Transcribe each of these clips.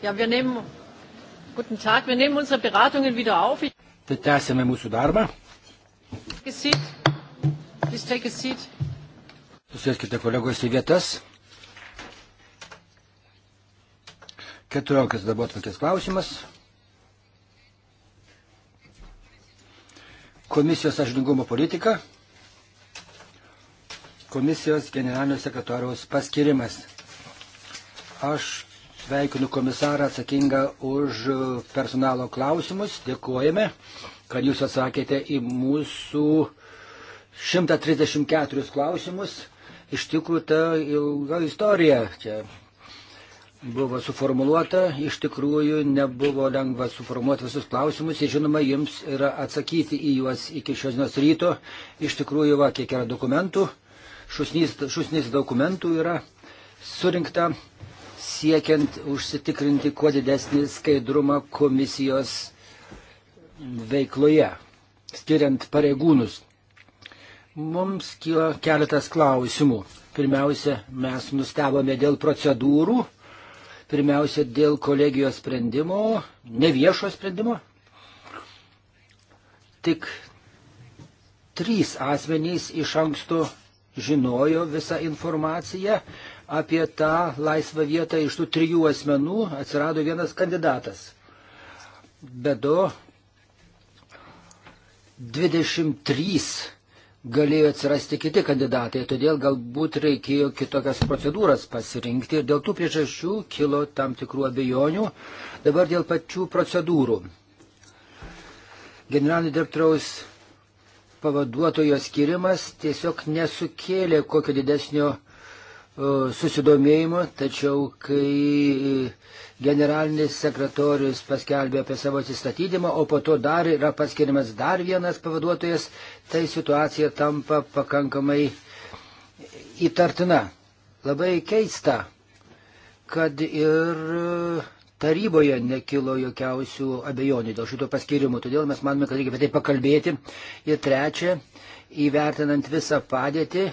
Ja, wir nehmen, guten Tag, wir nehmen unsere Beratungen wieder auf. Tad tęsėme mūsų darbą. Susėskite kolegos į vietas. 14 dabar atvarkės klausimas. Komisijos ašningumo politika. Komisijos generalinio sekretoriaus paskirimas. Aš Sveikinu komisarą atsakingą už personalo klausimus. Dėkojame, kad jūs atsakėte į mūsų 134 klausimus. Iš tikrųjų, ta ilga istorija čia buvo suformuoluota. Iš tikrųjų, nebuvo lengva suformuoti visus klausimus ir žinoma, jums yra atsakyti į juos iki šios dienos ryto. Iš tikrųjų, va, kiek yra dokumentų, šusnys, šusnys dokumentų yra surinkta siekiant užsitikrinti kuo didesnį skaidrumą komisijos veikloje, skiriant pareigūnus. Mums kyla keletas klausimų. Pirmiausia, mes nustebome dėl procedūrų, pirmiausia, dėl kolegijos sprendimo, ne viešo sprendimo. Tik trys asmenys iš anksto žinojo visą informaciją, apie tą laisvą vietą iš tų trijų asmenų atsirado vienas kandidatas. Be to, 23 galėjo atsirasti kiti kandidatai, todėl galbūt reikėjo kitokias procedūras pasirinkti ir dėl tų priežasčių kilo tam tikrų abejonių. Dabar dėl pačių procedūrų. Generalinio dirbtraus pavaduotojo skirimas tiesiog nesukėlė kokio didesnio E, susidomėjimo, tačiau kai e, generalinis sekretorius paskelbė apie savo atsistatydimą, o po to dar yra paskiriamas dar vienas pavaduotojas, tai situacija tampa pakankamai įtartina. Labai keista, kad ir taryboje nekilo jokiausių abejonių dėl šito paskirimų, todėl mes manome, kad reikia apie tai pakalbėti. Ir trečia, įvertinant visą padėtį,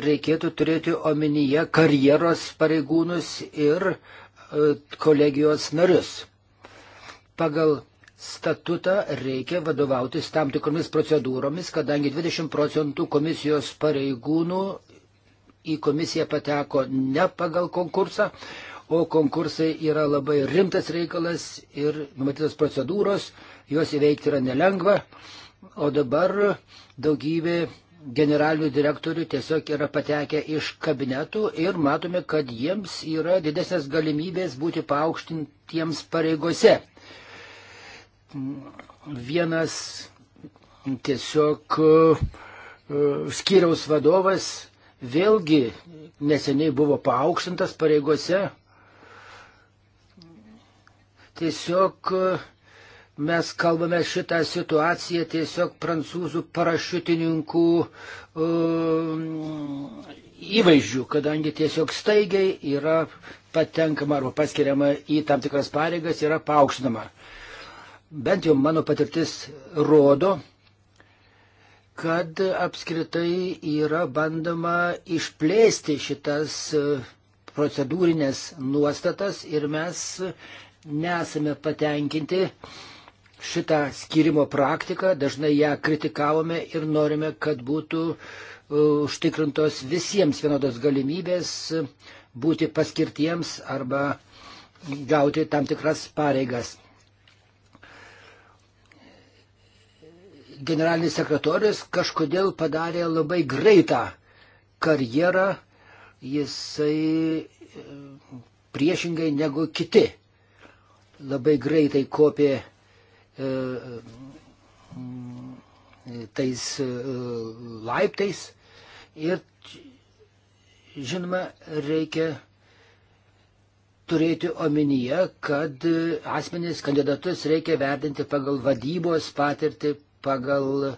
reikėtų turėti omenyje karjeros pareigūnus ir e, kolegijos narius. Pagal statutą reikia vadovautis tam tikromis procedūromis, kadangi 20 procentų komisijos pareigūnų į komisiją pateko ne pagal konkursą, o konkursai yra labai rimtas reikalas ir numatytos procedūros, juos įveikti yra nelengva, o dabar daugybė generalinių direktorių tiesiog yra patekę iš kabinetų ir matome, kad jiems yra didesnės galimybės būti paaukštintiems pareigose. Vienas tiesiog e, skyriaus vadovas vėlgi neseniai buvo paaukštintas pareigose. Tiesiog e, mes kalbame šitą situaciją tiesiog prancūzų parašiutininkų um, įvaizdžių, kadangi tiesiog staigiai yra patenkama arba paskiriama į tam tikras pareigas, yra paaukštinama. Bent jau mano patirtis rodo, kad apskritai yra bandoma išplėsti šitas uh, procedūrinės nuostatas ir mes nesame patenkinti uh, šitą skirimo praktiką, dažnai ją kritikavome ir norime, kad būtų e, užtikrintos visiems vienodos galimybės e, būti paskirtiems arba gauti tam tikras pareigas. Generalinis sekretorius kažkodėl padarė labai greitą karjerą, jisai e, priešingai negu kiti labai greitai kopė E, tais e, laiptais. Ir žinoma, reikia turėti omenyje, kad asmenys kandidatus reikia vertinti pagal vadybos patirtį, pagal e,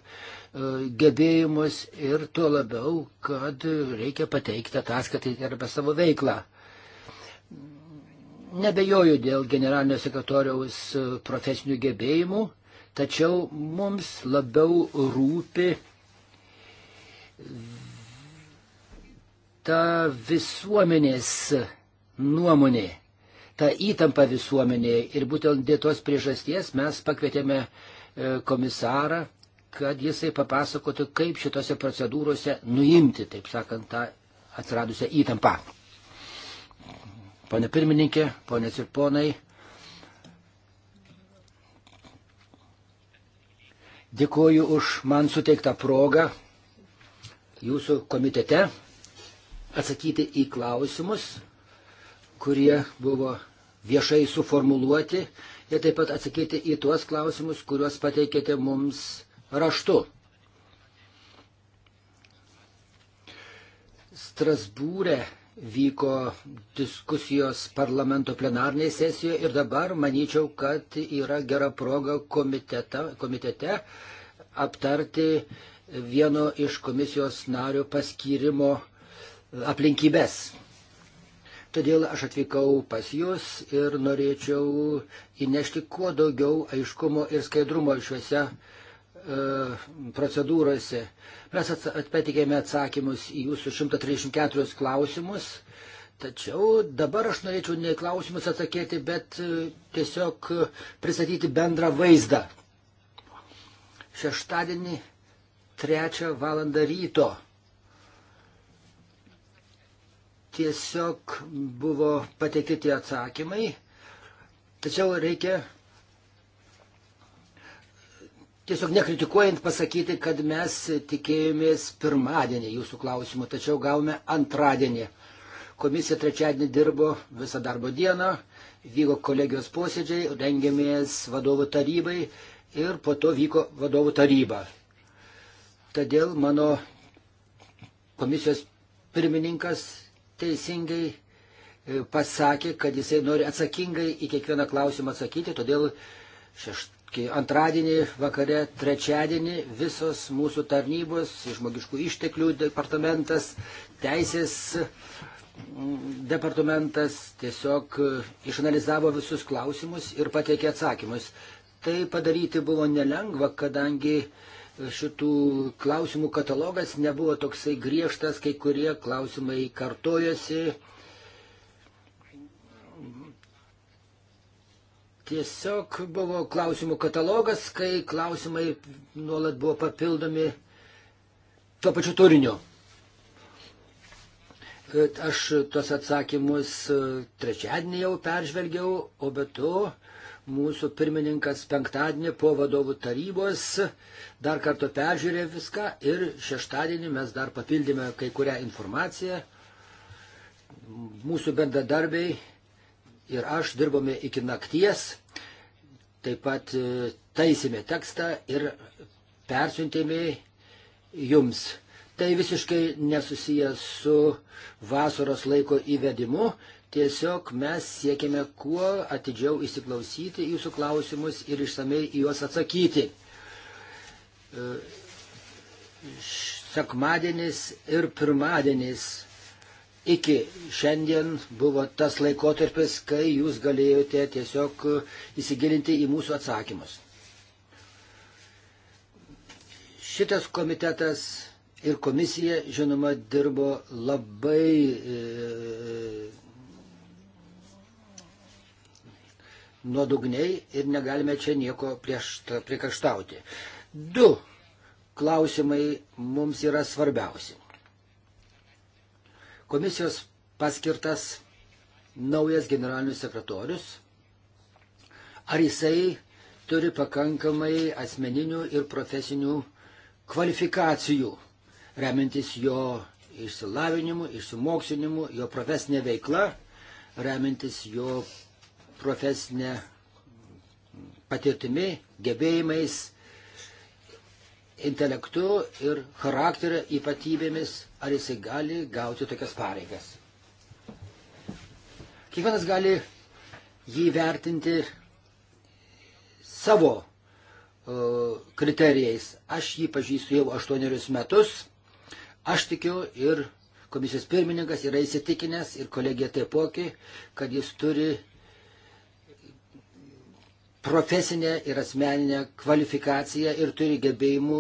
gebėjimus ir tuo labiau, kad reikia pateikti ataskaitą apie savo veiklą. Nebejoju dėl generalinio sekretoriaus e, profesinių gebėjimų, tačiau mums labiau rūpi ta visuomenės nuomonė, ta įtampa visuomenėje. Ir būtent dėl tos priežasties mes pakvietėme e, komisarą, kad jisai papasakotų, kaip šitose procedūrose nuimti, taip sakant, tą atsiradusią įtampą. Pane pirmininkė, ponės ir ponai, dėkoju už man suteiktą progą jūsų komitete atsakyti į klausimus, kurie buvo viešai suformuluoti ir taip pat atsakyti į tuos klausimus, kuriuos pateikėte mums raštu. Strasbūrė vyko diskusijos parlamento plenarnėje sesijoje ir dabar manyčiau, kad yra gera proga komiteta, komitete aptarti vieno iš komisijos nario paskyrimo e, aplinkybės. Todėl aš atvykau pas Jūs ir norėčiau įnešti kuo daugiau aiškumo ir skaidrumo šiuose E, procedūrose. Mes pateikėme atsakymus į jūsų 134 klausimus, tačiau dabar aš norėčiau ne klausimus atsakyti, bet e, tiesiog pristatyti bendrą vaizdą. Šeštadienį 3 val. ryto tiesiog buvo pateikti tie atsakymai, tačiau reikia tiesiog nekritikuojant pasakyti, kad mes tikėjomės pirmadienį jūsų klausimų, tačiau gavome antradienį. Komisija trečiadienį dirbo visą darbo dieną, vyko kolegijos posėdžiai, rengėmės vadovų tarybai ir po to vyko vadovų taryba. Todėl mano komisijos pirmininkas teisingai e, pasakė, kad jisai nori atsakingai į kiekvieną klausimą atsakyti, todėl šeš, antradienį vakare, trečiadienį visos mūsų tarnybos, žmogiškų išteklių departamentas, teisės mm, departamentas tiesiog e, išanalizavo visus klausimus ir pateikė atsakymus. Tai padaryti buvo nelengva, kadangi e, šitų klausimų katalogas nebuvo toksai griežtas, kai kurie klausimai kartojosi, Tiesiog buvo klausimų katalogas, kai klausimai nuolat buvo papildomi tuo pačiu turiniu. E, aš tuos atsakymus e, trečiadienį jau peržvelgiau, o be to mūsų pirmininkas penktadienį po vadovų tarybos dar kartą peržiūrė viską ir šeštadienį mes dar papildėme kai kurią informaciją. Mūsų bendradarbiai ir aš dirbome iki nakties, taip pat e, taisėme tekstą ir persiuntėme jums. Tai visiškai nesusijęs su vasaros laiko įvedimu, tiesiog mes siekiame kuo atidžiau įsiklausyti jūsų klausimus ir išsamei į juos atsakyti. E, sekmadienis ir pirmadienis iki šiandien buvo tas laikotarpis, kai jūs galėjote tiesiog e, įsigilinti į mūsų atsakymus. Šitas komitetas ir komisija, žinoma, dirbo labai e, nuodugniai ir negalime čia nieko prieš, priekaštauti. Du klausimai mums yra svarbiausi. Komisijos paskirtas naujas generalinis sekretorius, ar jisai turi pakankamai asmeninių ir profesinių kvalifikacijų, remintis jo išsilavinimu, išsimokslinimu, jo profesinė veikla, remintis jo profesinė patirtimi, gebėjimais, intelektu ir charakterio ypatybėmis, ar jisai gali gauti tokias pareigas. Kiekvienas gali jį vertinti savo uh, kriterijais. Aš jį pažįstu jau aštuonerius metus. Aš tikiu ir komisijos pirmininkas yra įsitikinęs ir kolegija taipogi, kad jis turi profesinę ir asmeninę kvalifikaciją ir turi gebėjimų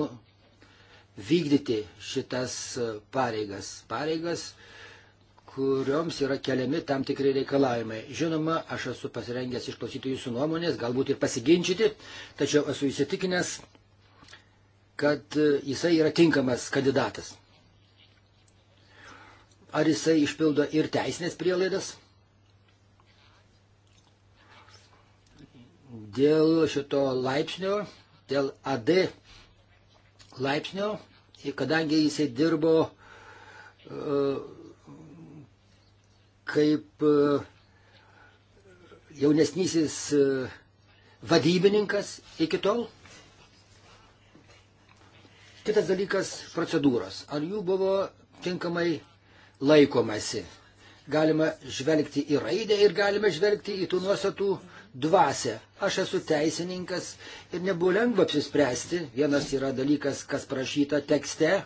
vykdyti šitas e, pareigas. Pareigas, kurioms yra keliami tam tikri reikalavimai. Žinoma, aš esu pasirengęs išklausyti jūsų nuomonės, galbūt ir pasiginčyti, tačiau esu įsitikinęs, kad e, jisai yra tinkamas kandidatas. Ar jisai išpildo ir teisinės prielaidas? dėl šito laipsnio, dėl AD laipsnio, kadangi jisai dirbo e, kaip e, jaunesnysis e, vadybininkas iki tol. Kitas dalykas - procedūros. Ar jų buvo tinkamai laikomasi? Galima žvelgti į raidę ir galime žvelgti į tų nuostatų uh, dvasę. Aš esu teisininkas ir nebuvo lengva apsispręsti. Vienas yra dalykas, kas prašyta tekste.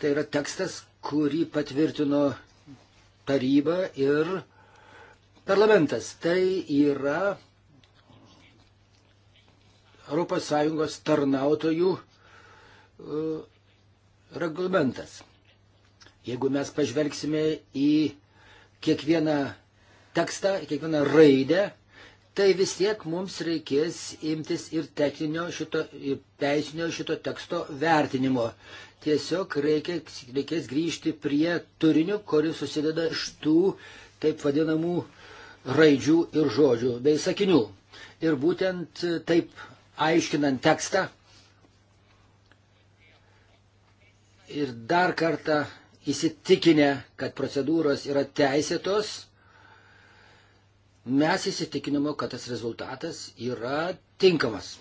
Tai yra tekstas, kurį patvirtino taryba ir parlamentas. Tai yra ES tarnautojų e, reglamentas. Jeigu mes pažvelgsime į kiekvieną tekstą, kiekvieną raidę, tai vis tiek mums reikės imtis ir techninio šito, ir teisinio šito teksto vertinimo. Tiesiog reikia, reikės grįžti prie turinio, kuris susideda iš tų taip vadinamų raidžių ir žodžių bei sakinių. Ir būtent taip aiškinant tekstą ir dar kartą įsitikinę, kad procedūros yra teisėtos, Mes įsitikinimo, kad tas rezultatas yra tinkamas.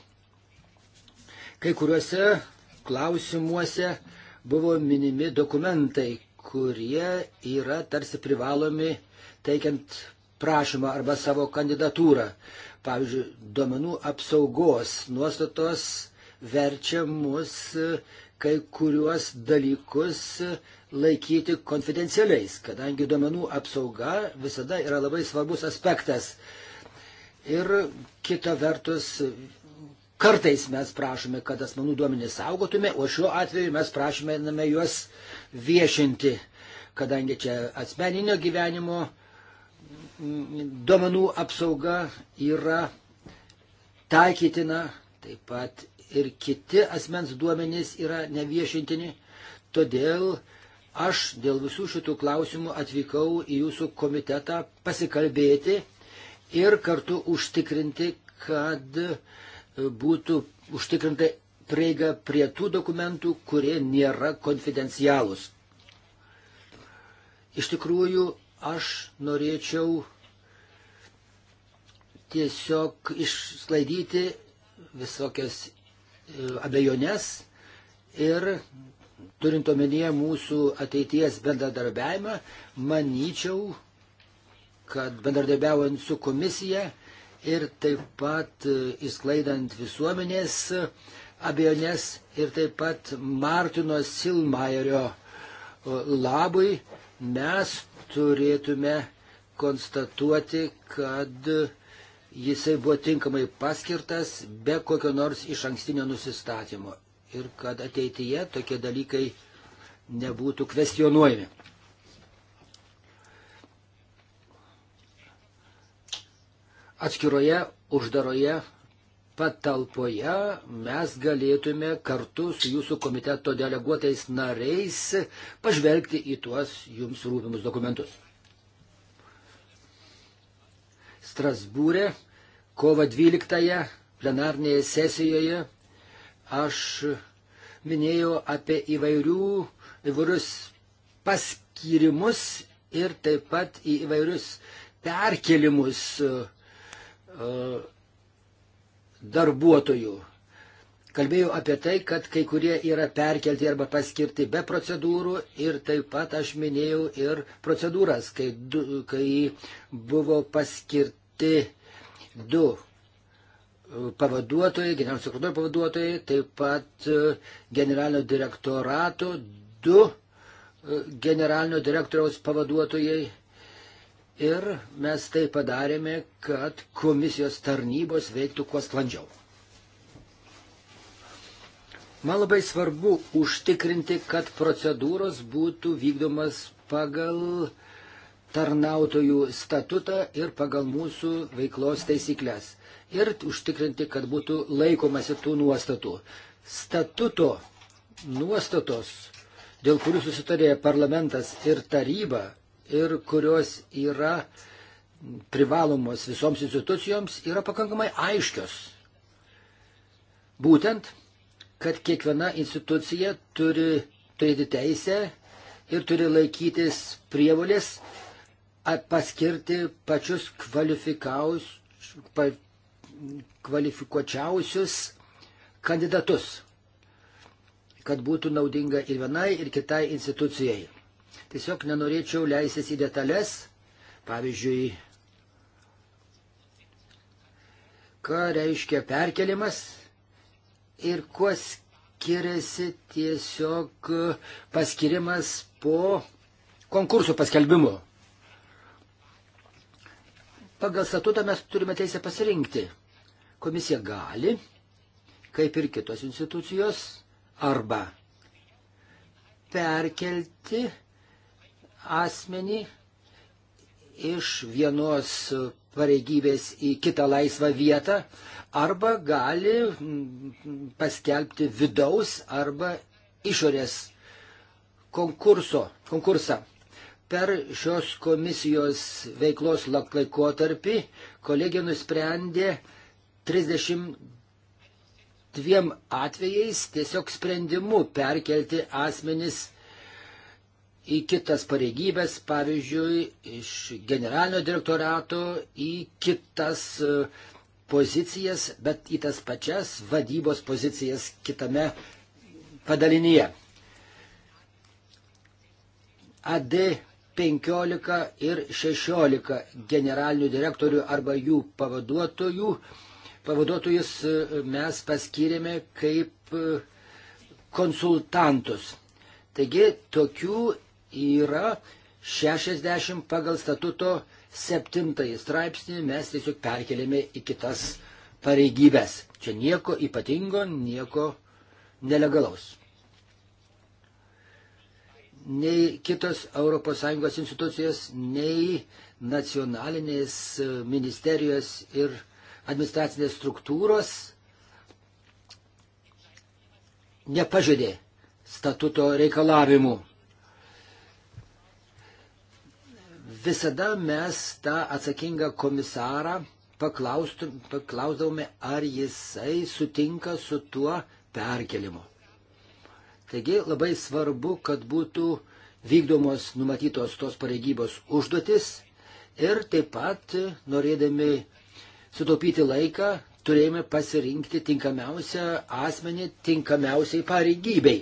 Kai kuriuose klausimuose buvo minimi dokumentai, kurie yra tarsi privalomi teikiant prašymą arba savo kandidatūrą. Pavyzdžiui, duomenų apsaugos nuostatos verčia mus kai kuriuos dalykus laikyti konfidencialiais, kadangi duomenų apsauga visada yra labai svarbus aspektas. Ir kita vertus, kartais mes prašome, kad asmenų duomenys saugotume, o šiuo atveju mes prašome juos viešinti, kadangi čia asmeninio gyvenimo mm, duomenų apsauga yra taikytina, taip pat ir kiti asmens duomenys yra neviešintini, todėl Aš dėl visų šitų klausimų atvykau į jūsų komitetą pasikalbėti ir kartu užtikrinti, kad e, būtų užtikrinta prieiga prie tų dokumentų, kurie nėra konfidencialūs. Iš tikrųjų, aš norėčiau tiesiog išsklaidyti visokias e, abejonės ir turint omenyje mūsų ateities bendradarbiavimą, manyčiau, kad bendradarbiaujant su komisija ir taip pat įsklaidant e, visuomenės e, abejonės ir taip pat Martino Silmajerio e, labui mes turėtume konstatuoti, kad jisai buvo tinkamai paskirtas be kokio nors iš ankstinio nusistatymo ir kad ateityje tokie dalykai nebūtų kvestionuojami. Atskiroje uždaroje patalpoje mes galėtume kartu su jūsų komiteto deleguotais nariais pažvelgti į tuos jums rūpimus dokumentus. Strasbūrė kovo 12 plenarnėje sesijoje aš minėjau apie įvairių, įvairius paskirimus ir taip pat į įvairius perkelimus e, e, darbuotojų. Kalbėjau apie tai, kad kai kurie yra perkelti arba paskirti be procedūrų ir taip pat aš minėjau ir procedūras, kai, du, kai buvo paskirti du pavaduotojai, generalinio sekretorio pavaduotojai, taip pat e, generalinio direktorato du e, generalinio direktoriaus pavaduotojai. Ir mes tai padarėme, kad komisijos tarnybos veiktų kuo sklandžiau. Man labai svarbu užtikrinti, kad procedūros būtų vykdomas pagal tarnautojų statutą ir pagal mūsų veiklos taisyklės ir užtikrinti, kad būtų laikomasi tų nuostatų. Statuto nuostatos, dėl kurių susitarė parlamentas ir taryba, ir kurios yra privalomos visoms institucijoms, yra pakankamai aiškios. Būtent, kad kiekviena institucija turi turėti teisę ir turi laikytis prievolės paskirti pačius kvalifikaus, pa, kvalifikuočiausius kandidatus, kad būtų naudinga ir vienai, ir kitai institucijai. Tiesiog nenorėčiau leistis į detalės, pavyzdžiui, ką reiškia perkelimas ir kuo skiriasi tiesiog paskirimas po konkursų paskelbimo. Pagal statutą mes turime teisę pasirinkti Komisija gali, kaip ir kitos institucijos, arba perkelti asmenį iš vienos pareigybės į kitą laisvą vietą arba gali mm, paskelbti vidaus arba išorės konkurso, konkursą. Per šios komisijos veiklos laikotarpį kolegija nusprendė 32 atvejais tiesiog sprendimu perkelti asmenis į kitas pareigybės, pavyzdžiui, iš generalinio direktorato į kitas e, pozicijas, bet į tas pačias vadybos pozicijas kitame padalinyje. AD 15 ir 16 generalinių direktorių arba jų pavaduotojų pavaduotojus mes paskyrėme kaip e, konsultantus. Taigi tokių yra 60 pagal statuto 7 straipsnį, mes tiesiog perkelėme į kitas pareigybės. Čia nieko ypatingo, nieko nelegalaus. Nei kitos ES institucijos, nei nacionalinės e, ministerijos ir administracinės struktūros nepažadė statuto reikalavimų. Visada mes tą atsakingą komisarą paklausdavome, ar jisai sutinka su tuo perkelimu. Taigi labai svarbu, kad būtų vykdomos numatytos tos pareigybos užduotis ir taip pat norėdami sutaupyti laiką, turėjome pasirinkti tinkamiausią asmenį tinkamiausiai pareigybei.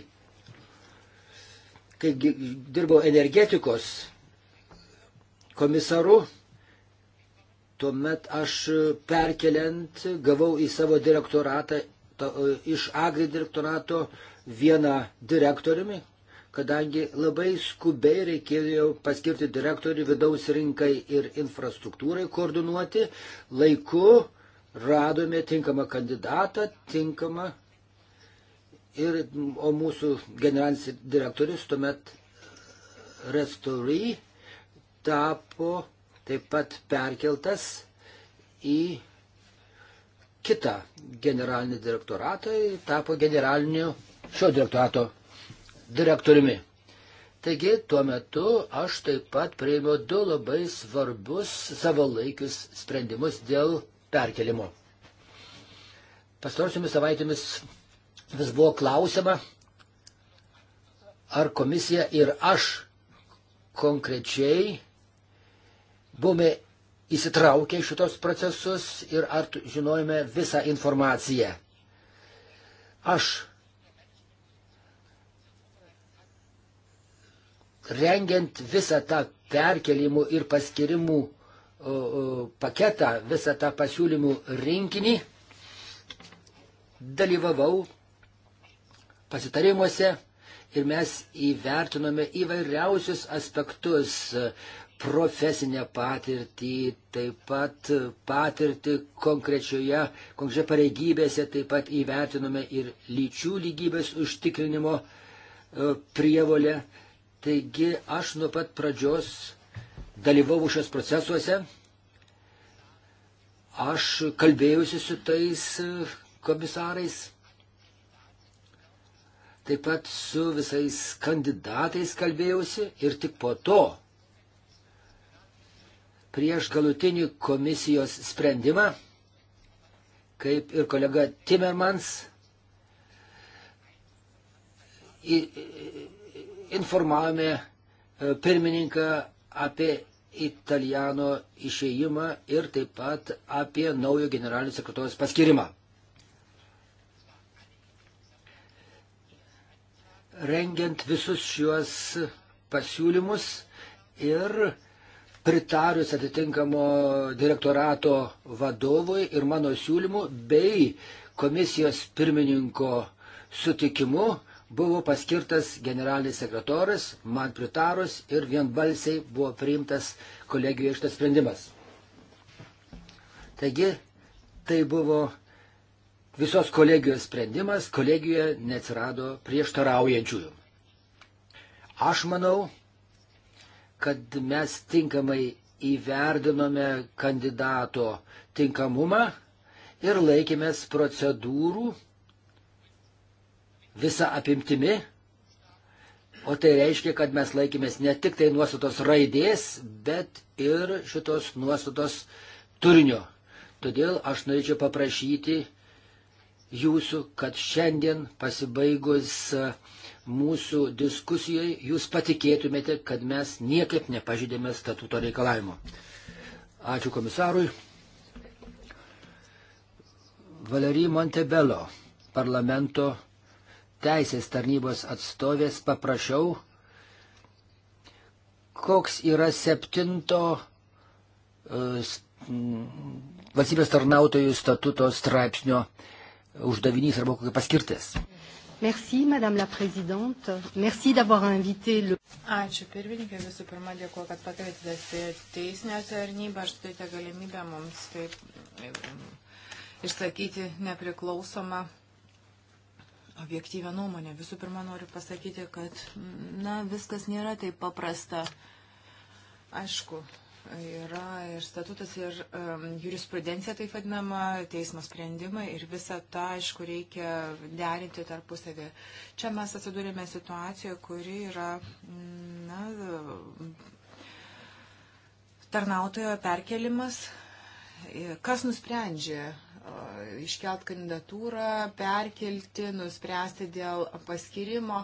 Kai dirbau energetikos komisaru, tuomet aš perkeliant gavau į savo direktoratą, to, iš agri direktorato vieną direktoriumi, kadangi labai skubiai reikėjo paskirti direktorių vidaus rinkai ir infrastruktūrai koordinuoti, laiku radome tinkamą kandidatą, tinkamą, ir, o mūsų generalinis direktorius tuomet eh, Restory tapo taip pat perkeltas į kitą generalinį direktoratą ir tapo generaliniu šio direktorato direktoriumi. Taigi tuo metu aš taip pat prieimiau du labai svarbus savalaikius sprendimus dėl perkelimo. Pastarosiomis savaitėmis vis buvo klausima, ar komisija ir aš konkrečiai buvome įsitraukę į šitos procesus ir ar žinojome visą informaciją. Aš rengiant visą tą perkelimų ir paskirimų paketą, visą tą pasiūlymų rinkinį, dalyvavau pasitarimuose ir mes įvertinome įvairiausius aspektus profesinę patirtį, taip pat patirtį konkrečioje, konkrečioje pareigybėse, taip pat įvertinome ir lyčių lygybės užtikrinimo e, prievolę. Taigi aš nuo pat pradžios dalyvau šios procesuose, aš kalbėjusi su tais uh, komisarais, taip pat su visais kandidatais kalbėjausi ir tik po to, prieš galutinį komisijos sprendimą, kaip ir kolega Timmermans, informavome e, pirmininką apie italiano išėjimą ir taip pat apie naujo generalinio sekretoriaus paskirimą. Rengiant visus šiuos pasiūlymus ir pritarius atitinkamo direktorato vadovui ir mano siūlymu bei komisijos pirmininko sutikimu, buvo paskirtas generalinis sekretoras, man pritarus ir vienbalsiai buvo priimtas kolegijoje šitas sprendimas. Taigi, tai buvo visos kolegijos sprendimas, kolegijoje neatsirado prieštaraujančiųjų. Aš manau, kad mes tinkamai įverdinome kandidato tinkamumą ir laikėmės procedūrų, visą apimtimi, o tai reiškia, kad mes laikėmės ne tik tai nuostatos raidės, bet ir šitos nuostatos turinio. Todėl aš norėčiau paprašyti jūsų, kad šiandien pasibaigus mūsų diskusijoje jūs patikėtumėte, kad mes niekaip nepažydėme statuto reikalavimo. Ačiū komisarui. Valery Montebello, parlamento teisės tarnybos atstovės paprašiau, koks yra septinto e, valstybės tarnautojų statuto straipsnio uždavinys arba kokia paskirtis. Merci, Madame la Présidente. Merci d'avoir invité le... Ačiū, pirmininkė. Visų pirma, dėkuoju, kad pakvietėte teisinę tarnybą. Aš turite galimybę mums taip e, išsakyti nepriklausomą objektyvę nuomonę. Visų pirma, noriu pasakyti, kad na, viskas nėra taip paprasta. Aišku, yra ir statutas, ir um, jurisprudencija taip vadinama, teismo sprendimai ir visą tą, aišku, reikia derinti tarpusavį. Čia mes atsidūrėme situacijoje, kuri yra, na, tarnautojo perkelimas. Kas nusprendžia, iškelt kandidatūrą, perkelti, nuspręsti dėl paskirimo.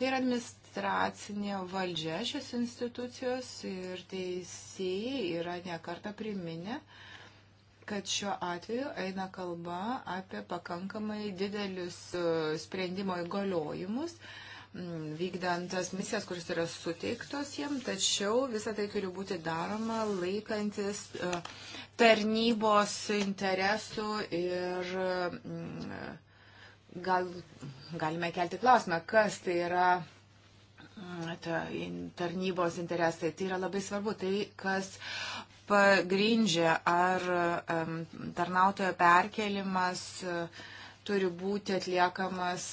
Tai yra administracinė valdžia šios institucijos ir teisėjai yra nekarta priminę, kad šiuo atveju eina kalba apie pakankamai didelius uh, sprendimo įgaliojimus. Uh, Mm, vykdant tas misijas, kuris yra suteiktos jiem, tačiau visą tai turi būti daroma laikantis e, tarnybos interesų ir mm, gal, galime kelti klausimą, kas tai yra mm, ta, tarnybos interesai. Tai yra labai svarbu, tai kas pagrindžia ar um, tarnautojo perkelimas uh, turi būti atliekamas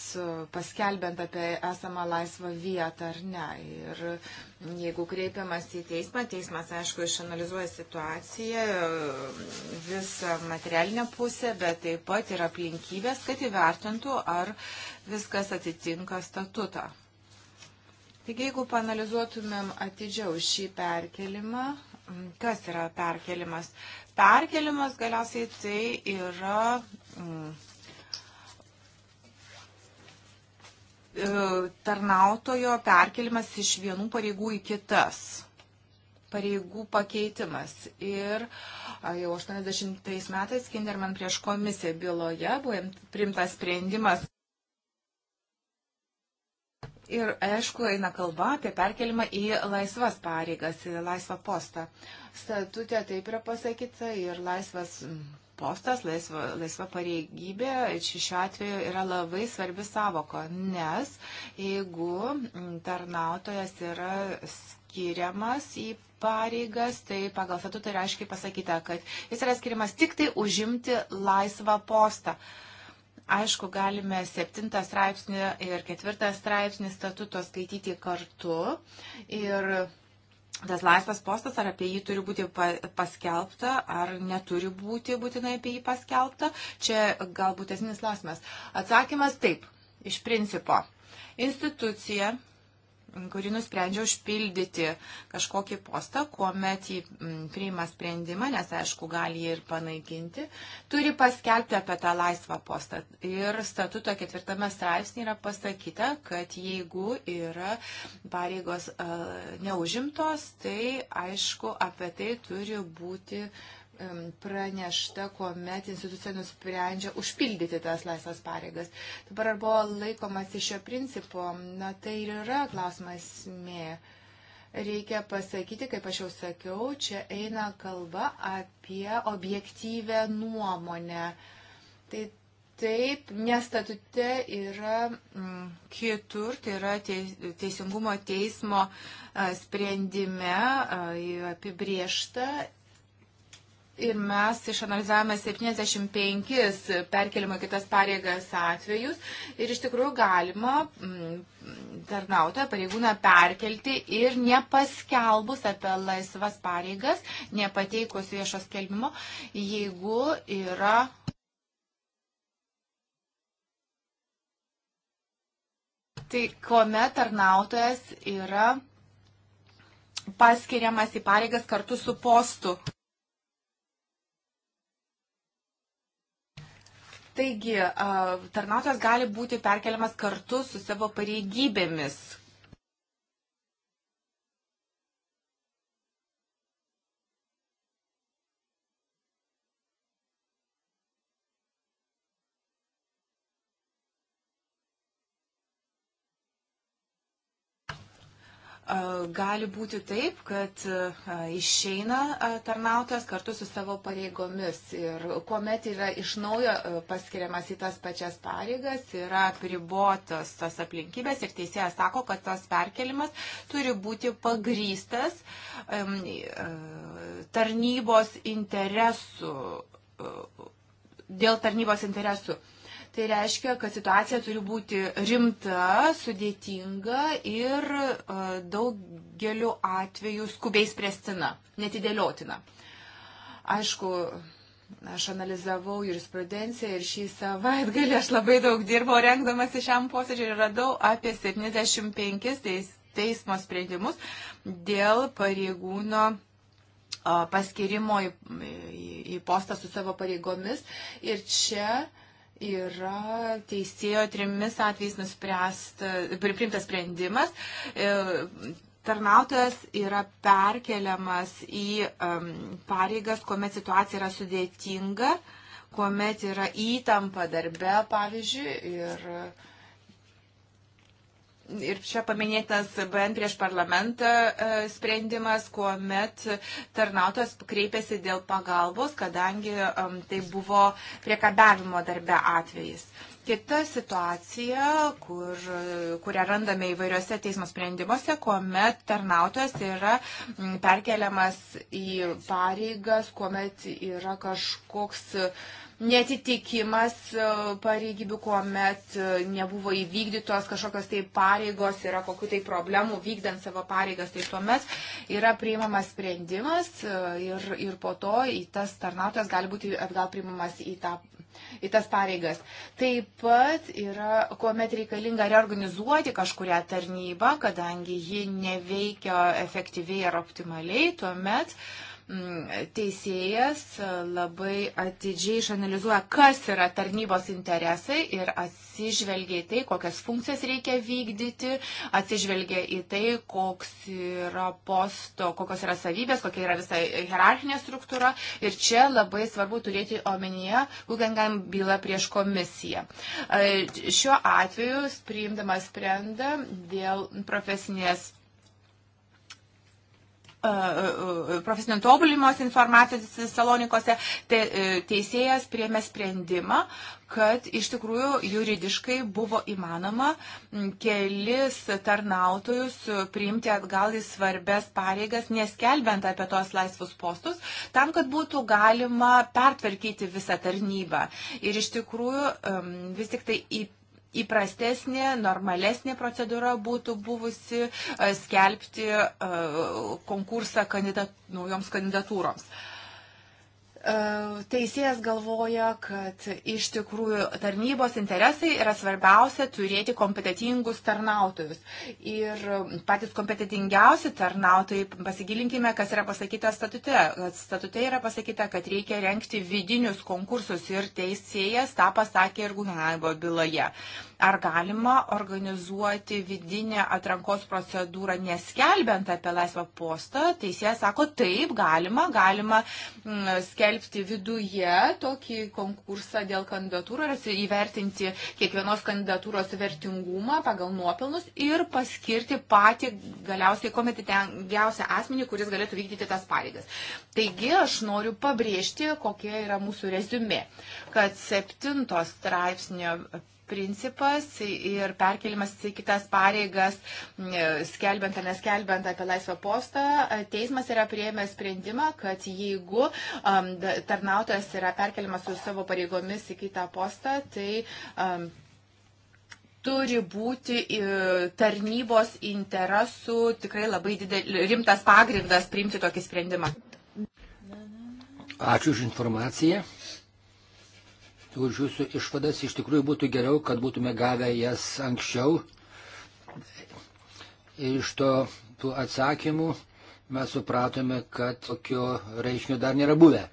paskelbent apie esamą laisvą vietą ar ne. Ir jeigu kreipiamas į teismą, teismas, aišku, išanalizuoja situaciją, visą materialinę pusę, bet taip pat ir aplinkybės, kad įvertintų, ar viskas atitinka statutą. Taigi, jeigu panalizuotumėm atidžiau šį perkelimą, kas yra perkelimas? Perkelimas galiausiai tai yra. Mm, E, tarnautojo perkelimas iš vienų pareigų į kitas pareigų pakeitimas. Ir jau 80 metais Kinderman prieš komisiją byloje buvo primtas sprendimas. Ir aišku, eina kalba apie perkelimą į laisvas pareigas, į laisvą postą. Statutė taip yra pasakyta ir laisvas postas, laisva, laisva pareigybė šiuo atveju yra labai svarbi savoko, nes jeigu mm, tarnautojas yra skiriamas į pareigas, tai pagal statutą yra aiškiai pasakyta, kad jis yra skiriamas tik tai užimti laisvą postą. Aišku, galime septintą straipsnį ir ketvirtą straipsnį statuto skaityti kartu ir tas laisvas postas, ar apie jį turi būti paskelbta, ar neturi būti būtinai apie jį paskelbta, čia galbūt esminis klausimas. Atsakymas taip, iš principo. Institucija kuri nusprendžia užpildyti kažkokį postą, kuomet jį mm, priima sprendimą, nes aišku, gali jį ir panaikinti, turi paskelbti apie tą laisvą postą. Ir statuto ketvirtame straipsnė yra pasakyta, kad jeigu yra pareigos e, neužimtos, tai aišku, apie tai turi būti pranešta, kuomet institucija nusprendžia užpildyti tas laisvas pareigas. Dabar ar buvo laikomas iš šio principo, na tai ir yra klausimas mė. Reikia pasakyti, kaip aš jau sakiau, čia eina kalba apie objektyvę nuomonę. Tai Taip, nestatute yra mm, kitur, tai yra teisingumo teismo a, sprendime a, apibriešta Ir mes išanalizavome 75 perkelimo kitas pareigas atvejus ir iš tikrųjų galima mm, tarnautoją pareigūną perkelti ir nepaskelbus apie laisvas pareigas, nepateikus viešo skelbimo, jeigu yra. Tai kuomet tarnautojas yra paskiriamas į pareigas kartu su postu. Taigi, tarnautojas gali būti perkeliamas kartu su savo pareigybėmis, gali būti taip, kad išeina tarnautojas kartu su savo pareigomis ir kuomet yra iš naujo paskiriamas į tas pačias pareigas, yra pribotos tos aplinkybės ir teisėjas sako, kad tas perkelimas turi būti pagrystas tarnybos interesų, dėl tarnybos interesų. Tai reiškia, kad situacija turi būti rimta, sudėtinga ir e, daugeliu atveju skubiai spręstina, netidėliotina. Aišku, aš analizavau jurisprudenciją ir šį savaitgalį aš labai daug dirbau rengdamas į šiam posėdžiui ir radau apie 75 teis, teismo sprendimus dėl pareigūno paskirimo į, į postą su savo pareigomis. Ir čia uh, yra teisėjo trimis atvejais priimtas sprendimas. E, tarnautojas yra perkeliamas į um, pareigas, kuomet situacija yra sudėtinga, kuomet yra įtampa darbe, pavyzdžiui, ir uh, Ir čia paminėtas BN prieš parlamentą e, sprendimas, kuomet tarnautojas kreipėsi dėl pagalbos, kadangi tai buvo priekabiavimo darbe atvejis. Kita situacija, kur, kurią randame įvairiuose teismo sprendimuose, kuomet tarnautojas yra perkeliamas į pareigas, kuomet yra kažkoks uh, netitikimas e, pareigybių, kuomet e, nebuvo įvykdytos kažkokios tai pareigos, yra kokių tai problemų vykdant savo pareigas, tai tuomet yra priimamas sprendimas e, ir, ir po to į tas tarnautojas gali būti atgal priimamas į, tą, į tas pareigas. Taip pat yra, kuomet reikalinga reorganizuoti kažkurią tarnybą, kadangi ji neveikia efektyviai ar optimaliai, tuomet uh, Mm, teisėjas e, labai atidžiai išanalizuoja, kas yra tarnybos interesai ir atsižvelgia į tai, kokias funkcijas reikia vykdyti, atsižvelgia į tai, koks yra posto, kokios yra savybės, kokia yra visa hierarchinė struktūra. Ir čia labai svarbu turėti omenyje Guggenheim bylą prieš komisiją. E, šiuo atveju, priimdamas sprendą dėl profesinės E, e, profesinio tobulimos informacijos salonikose, te, e, teisėjas priemė sprendimą, kad iš tikrųjų juridiškai buvo įmanoma kelis tarnautojus priimti atgal į svarbės pareigas, neskelbiant apie tos laisvus postus, tam, kad būtų galima pertvarkyti visą tarnybą. Ir iš tikrųjų vis tik tai į įprastesnė, normalesnė procedūra būtų buvusi e, skelbti e, konkursą kandidat, naujoms kandidatūroms. Uh, teisėjas galvoja, kad iš tikrųjų tarnybos interesai yra svarbiausia turėti kompetitingus tarnautojus. Ir patys kompetitingiausi tarnautojai, pasigilinkime, kas yra pasakyta statute. Statute yra pasakyta, kad reikia renkti vidinius konkursus ir teisėjas tą pasakė ir Guhenaibo byloje. Ar galima organizuoti vidinę atrankos procedūrą neskelbiant apie laisvą postą? Teisėjas sako, taip, galima, galima mm, skelbti viduje tokį konkursą dėl kandidatūros, įvertinti kiekvienos kandidatūros vertingumą pagal nuopelnus ir paskirti patį galiausiai kompetentingiausią asmenį, kuris galėtų vykdyti tas pareigas. Taigi aš noriu pabrėžti, kokia yra mūsų rezumė, kad septintos straipsnio principas ir perkelimas į kitas pareigas, e, skelbiant ar neskelbiant apie laisvą postą, e, teismas yra prieėmęs sprendimą, kad jeigu um, tarnautojas yra perkeliamas su savo pareigomis į kitą postą, tai um, turi būti e, tarnybos interesų tikrai labai didel, rimtas pagrindas priimti tokį sprendimą. Ačiū už informaciją už jūsų išvadas. Iš tikrųjų būtų geriau, kad būtume gavę jas anksčiau. Iš to tų atsakymų mes supratome, kad tokio reiškinio dar nėra buvę.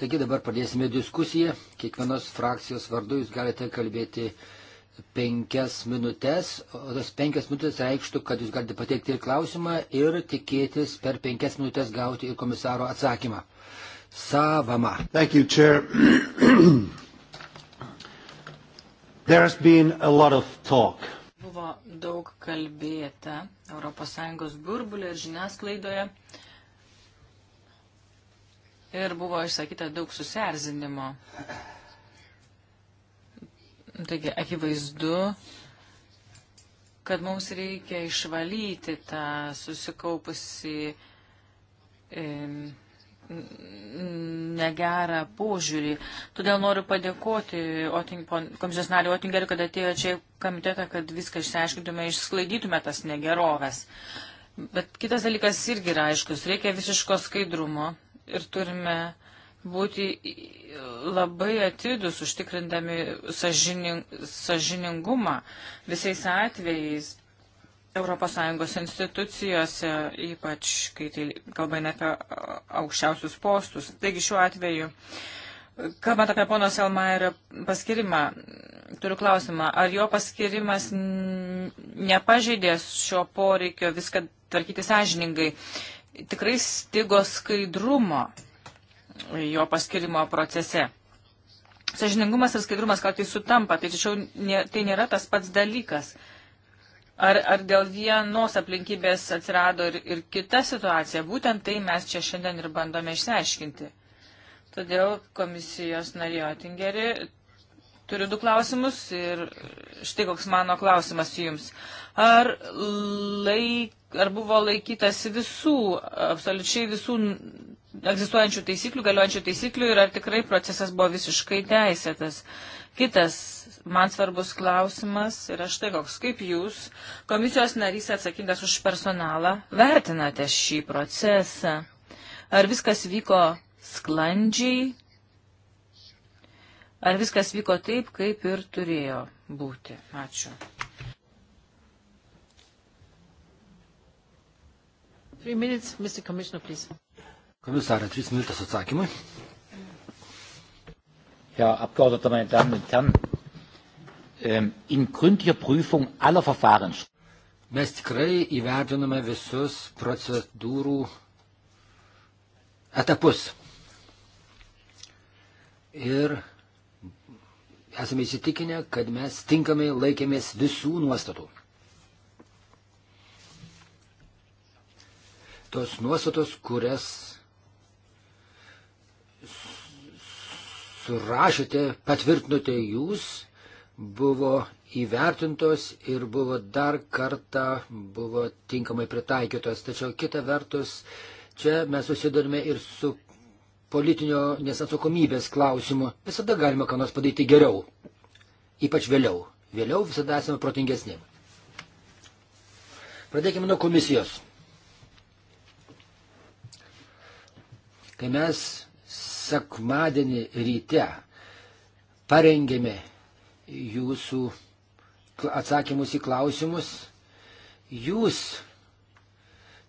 Taigi dabar pradėsime diskusiją. Kiekvienos frakcijos vardu jūs galite kalbėti penkias minutės, o tas penkias minutės reikštų, kad jūs galite pateikti ir klausimą ir tikėtis per penkias minutės gauti ir komisaro atsakymą. Savama. Thank you, Chair. There has been a lot of talk. Buvo daug kalbėta ES burbulė ir žiniasklaidoje ir buvo išsakyta daug susierzinimo. Taigi akivaizdu, kad mums reikia išvalyti tą susikaupusi e, negerą požiūrį. Todėl noriu padėkoti Oting, komisijos nariu Otingeriu, kad atėjo čia į komitetą, kad viską išsiaiškintume, išsklaidytume tas negeroves. Bet kitas dalykas irgi yra aiškus. Reikia visiško skaidrumo ir turime būti labai atidus užtikrindami sažining, sažiningumą visais atvejais, ES institucijose, ypač kai tai kalba eina apie aukščiausius postus. Taigi šiuo atveju, kalbant apie pono Selmairio paskirimą, turiu klausimą, ar jo paskirimas nepažeidė šio poreikio viską tvarkyti sąžiningai? Tikrai stigo skaidrumo jo paskirimo procese. Sažiningumas ir skaidrumas kartais sutampa, tai tačiau ne, tai nėra tas pats dalykas. Ar, ar dėl vienos aplinkybės atsirado ir, ir kita situacija? Būtent tai mes čia šiandien ir bandome išsiaiškinti. Todėl komisijos narėjo Tingeri turiu du klausimus ir štai koks mano klausimas jums. Ar, laik, ar buvo laikytasi visų, absoliučiai visų egzistuojančių taisyklių, galiojančių taisyklių ir ar tikrai procesas buvo visiškai teisėtas? Uh, Kitas man svarbus klausimas yra štai koks, kaip jūs, komisijos narys atsakingas už personalą, vertinate šį procesą? Ar viskas vyko sklandžiai? Ar viskas vyko taip, kaip ir turėjo būti? Ačiū. Komisarė, trys minutės atsakymai. Herr Abgeordneter, meine Damen und Herren, ähm, in gründlicher Prüfung aller Verfahren. Mes tikrai įvertiname visus procedūrų etapus. Ir esame įsitikinę, kad mes tinkamai laikėmės visų nuostatų. Tos nuostatos, kurias surašėte, patvirtinote jūs, buvo įvertintos ir buvo dar kartą buvo tinkamai pritaikytos. Tačiau kita vertus, čia mes susidurime ir su politinio nesatsakomybės klausimu. Visada galima ką nors padaryti geriau. Ypač vėliau. Vėliau visada esame protingesni. Pradėkime nuo komisijos. Kai mes sekmadienį ryte parengėme jūsų atsakymus į klausimus. Jūs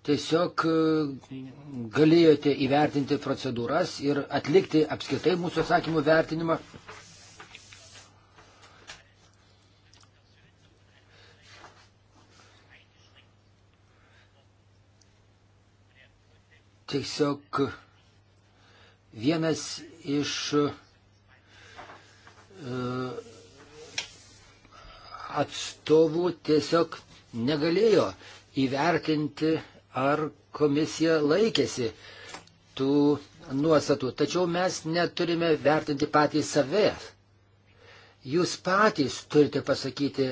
tiesiog e, galėjote įvertinti procedūras ir atlikti apskritai mūsų atsakymų vertinimą. Tiesiog Vienas iš e, atstovų tiesiog negalėjo įvertinti, ar komisija laikėsi tų nuostatų. Tačiau mes neturime vertinti patys save. Jūs patys turite pasakyti,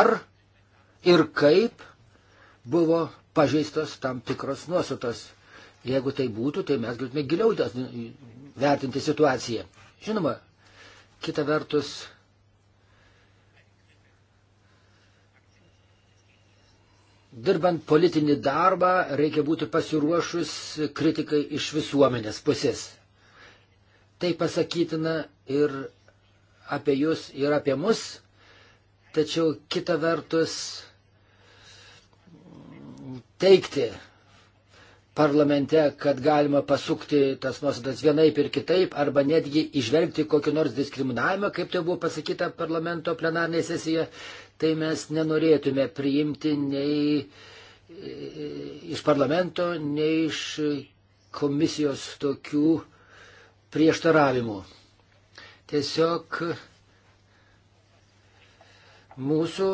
ar ir kaip buvo pažeistos tam tikros nuostatos. Jeigu tai būtų, tai mes galėtume giliau vertinti situaciją. Žinoma, kita vertus, dirbant politinį darbą reikia būti pasiruošus kritikai iš visuomenės pusės. Tai pasakytina ir apie jūs, ir apie mus, tačiau kita vertus teikti parlamente, kad galima pasukti tas nuostatas vienaip ir kitaip, arba netgi išvelgti kokį nors diskriminavimą, kaip tai buvo pasakyta parlamento plenarnėje sesijoje, tai mes nenorėtume priimti nei e, iš parlamento, nei iš komisijos tokių prieštaravimų. Tiesiog mūsų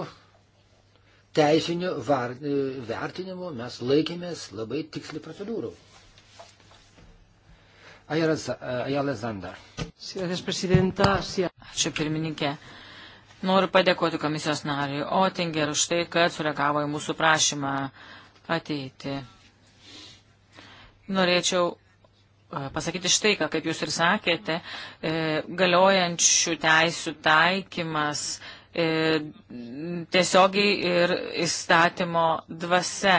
teisiniu var, e, vertinimu mes laikėmės labai tikslių procedūrų. Ajalė e, Zandar. Ačiū pirmininkė. Noriu padėkoti komisijos nariui Otinger už tai, kad sureagavo į mūsų prašymą ateiti. Norėčiau e, pasakyti štai, ką, kaip jūs ir sakėte, galiojančių teisų taikymas E, tiesiogiai ir įstatymo dvasia.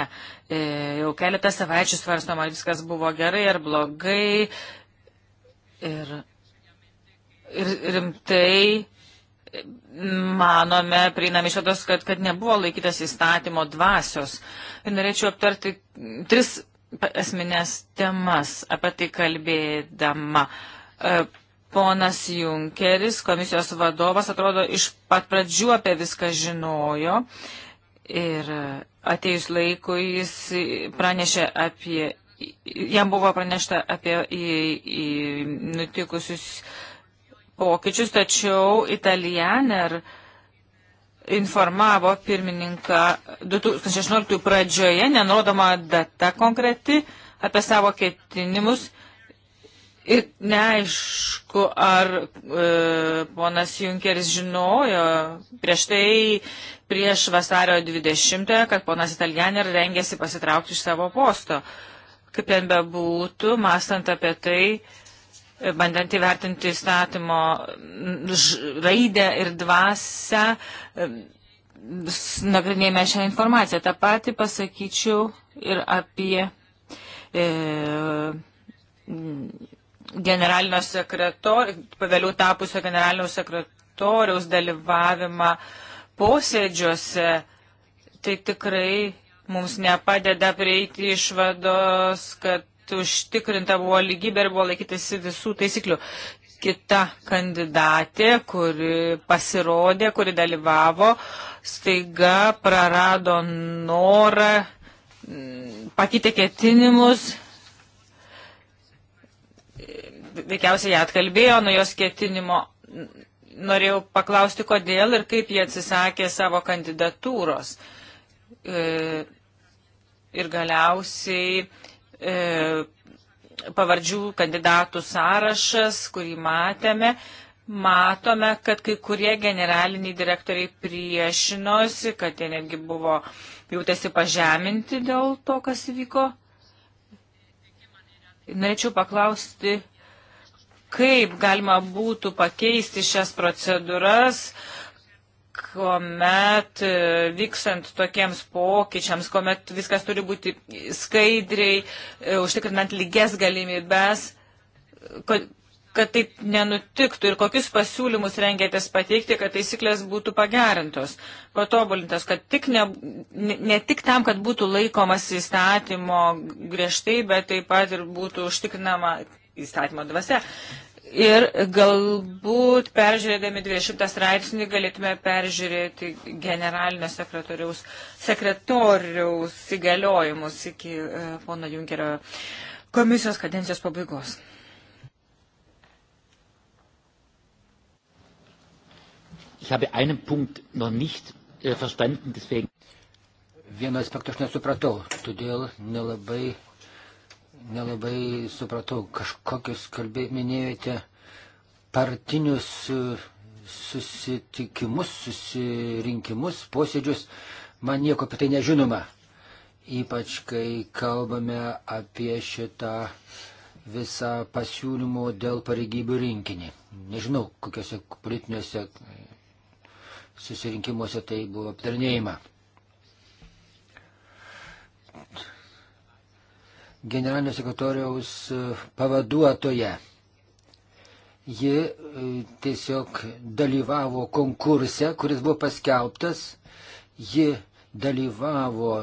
E, jau keletą savaičių svarstama, viskas buvo gerai ar blogai. Ir, ir rimtai manome, prieinam išvados, kad, kad nebuvo laikytas įstatymo dvasios. Ir norėčiau aptarti tris esminės temas apie tai kalbėdama. E, ponas Junkeris, komisijos vadovas, atrodo, iš pat pradžių apie viską žinojo ir atėjus laikui jis pranešė apie, jam buvo pranešta apie į, į nutikusius pokyčius, tačiau Italianer informavo pirmininką 2016 pradžioje, nenurodoma data konkreti, apie savo ketinimus Ir neaišku, ar e, ponas Junkeris žinojo prieš tai, prieš vasario 20-ąją, kad ponas Italianer rengėsi pasitraukti iš savo posto. Kaip ten bebūtų, mastant apie tai, e, bandant įvertinti įstatymo raidę ir dvasę, e, nagrinėjame šią informaciją. Ta pati pasakyčiau ir apie. E, generalinio sekretoriaus, pavėliau tapusio generalinio sekretoriaus dalyvavimą posėdžiuose, tai tikrai mums nepadeda prieiti išvados, kad užtikrinta buvo lygybė ir buvo laikytasi visų taisyklių. Kita kandidatė, kuri pasirodė, kuri dalyvavo, staiga prarado norą, pakeitė ketinimus veikiausiai ją atkalbėjo nuo jos ketinimo. Norėjau paklausti, kodėl ir kaip jie atsisakė savo kandidatūros. E, ir galiausiai e, pavardžių kandidatų sąrašas, kurį matėme, matome, kad kai kurie generaliniai direktoriai priešinosi, kad jie netgi buvo jautėsi pažeminti dėl to, kas įvyko. Norėčiau paklausti, kaip galima būtų pakeisti šias procedūras, kuomet e, vyksant tokiems pokyčiams, kuomet viskas turi būti skaidriai, e, užtikrinant lygias galimybės, kad taip nenutiktų ir kokius pasiūlymus rengėtės pateikti, kad taisyklės būtų pagerintos, patobulintos, kad tik ne, ne tik tam, kad būtų laikomas įstatymo griežtai, bet taip pat ir būtų užtikrinama įstatymo dvasia. Ir galbūt peržiūrėdami 20 straipsnį galėtume peržiūrėti generalinio sekretoriaus, sekretoriaus įgaliojimus iki e, pono Junkerio komisijos kadencijos pabaigos. Ich habe einen Punkt noch nicht äh, verstanden, deswegen. Vieną aspektą aš nesupratau, todėl nelabai nelabai supratau, kažkokius kalbė, minėjote partinius e, susitikimus, susirinkimus, posėdžius. Man nieko apie tai nežinoma. Ypač kai kalbame apie šitą visą pasiūlymų dėl pareigybių rinkinį. Nežinau, kokiuose politiniuose susirinkimuose tai buvo aptarnėjama generalinio sekretoriaus e, pavaduotoja. Ji e, tiesiog dalyvavo konkurse, kuris buvo paskelbtas. Ji dalyvavo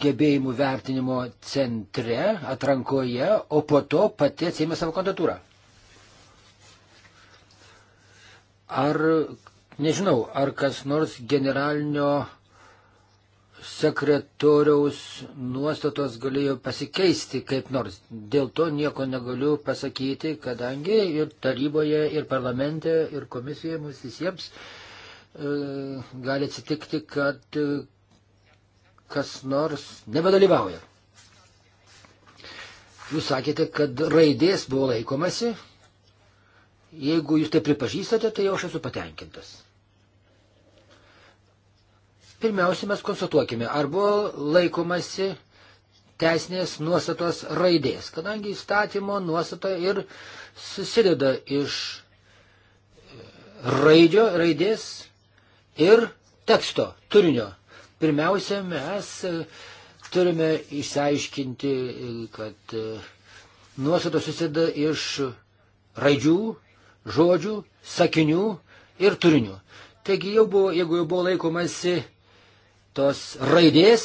gebėjimų vertinimo centre, atrankoje, o po to pati atsėmė savo kandidatūrą. Ar, nežinau, ar kas nors generalinio sekretoriaus nuostatos galėjo pasikeisti kaip nors. Dėl to nieko negaliu pasakyti, kadangi ir taryboje, ir parlamente, ir komisijoje mums visiems e, gali atsitikti, kad e, kas nors nebedalyvauja. Jūs sakėte, kad raidės buvo laikomasi. Jeigu jūs tai pripažįstate, tai jau aš esu patenkintas. Pirmiausia, mes konstatuokime, ar buvo laikomasi teisinės nuostatos raidės, kadangi įstatymo nuostata ir susideda iš e, raidžio, raidės ir teksto turinio. Pirmiausia, mes e, turime išsiaiškinti, e, kad nuostatos susideda iš raidžių, žodžių, sakinių ir turinių. Taigi jau buvo, jeigu jau buvo laikomasi tos raidės,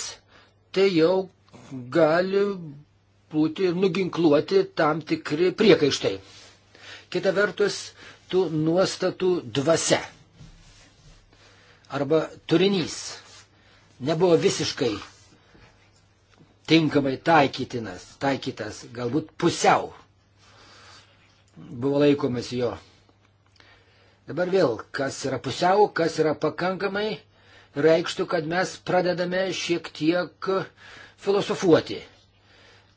tai jau gali būti nuginkluoti tam tikri priekaištai. Kita vertus, tų nuostatų dvasia arba turinys nebuvo visiškai tinkamai taikytinas, taikytas, galbūt pusiau buvo laikomas jo. Dabar vėl, kas yra pusiau, kas yra pakankamai, reikštų, kad mes pradedame šiek tiek filosofuoti.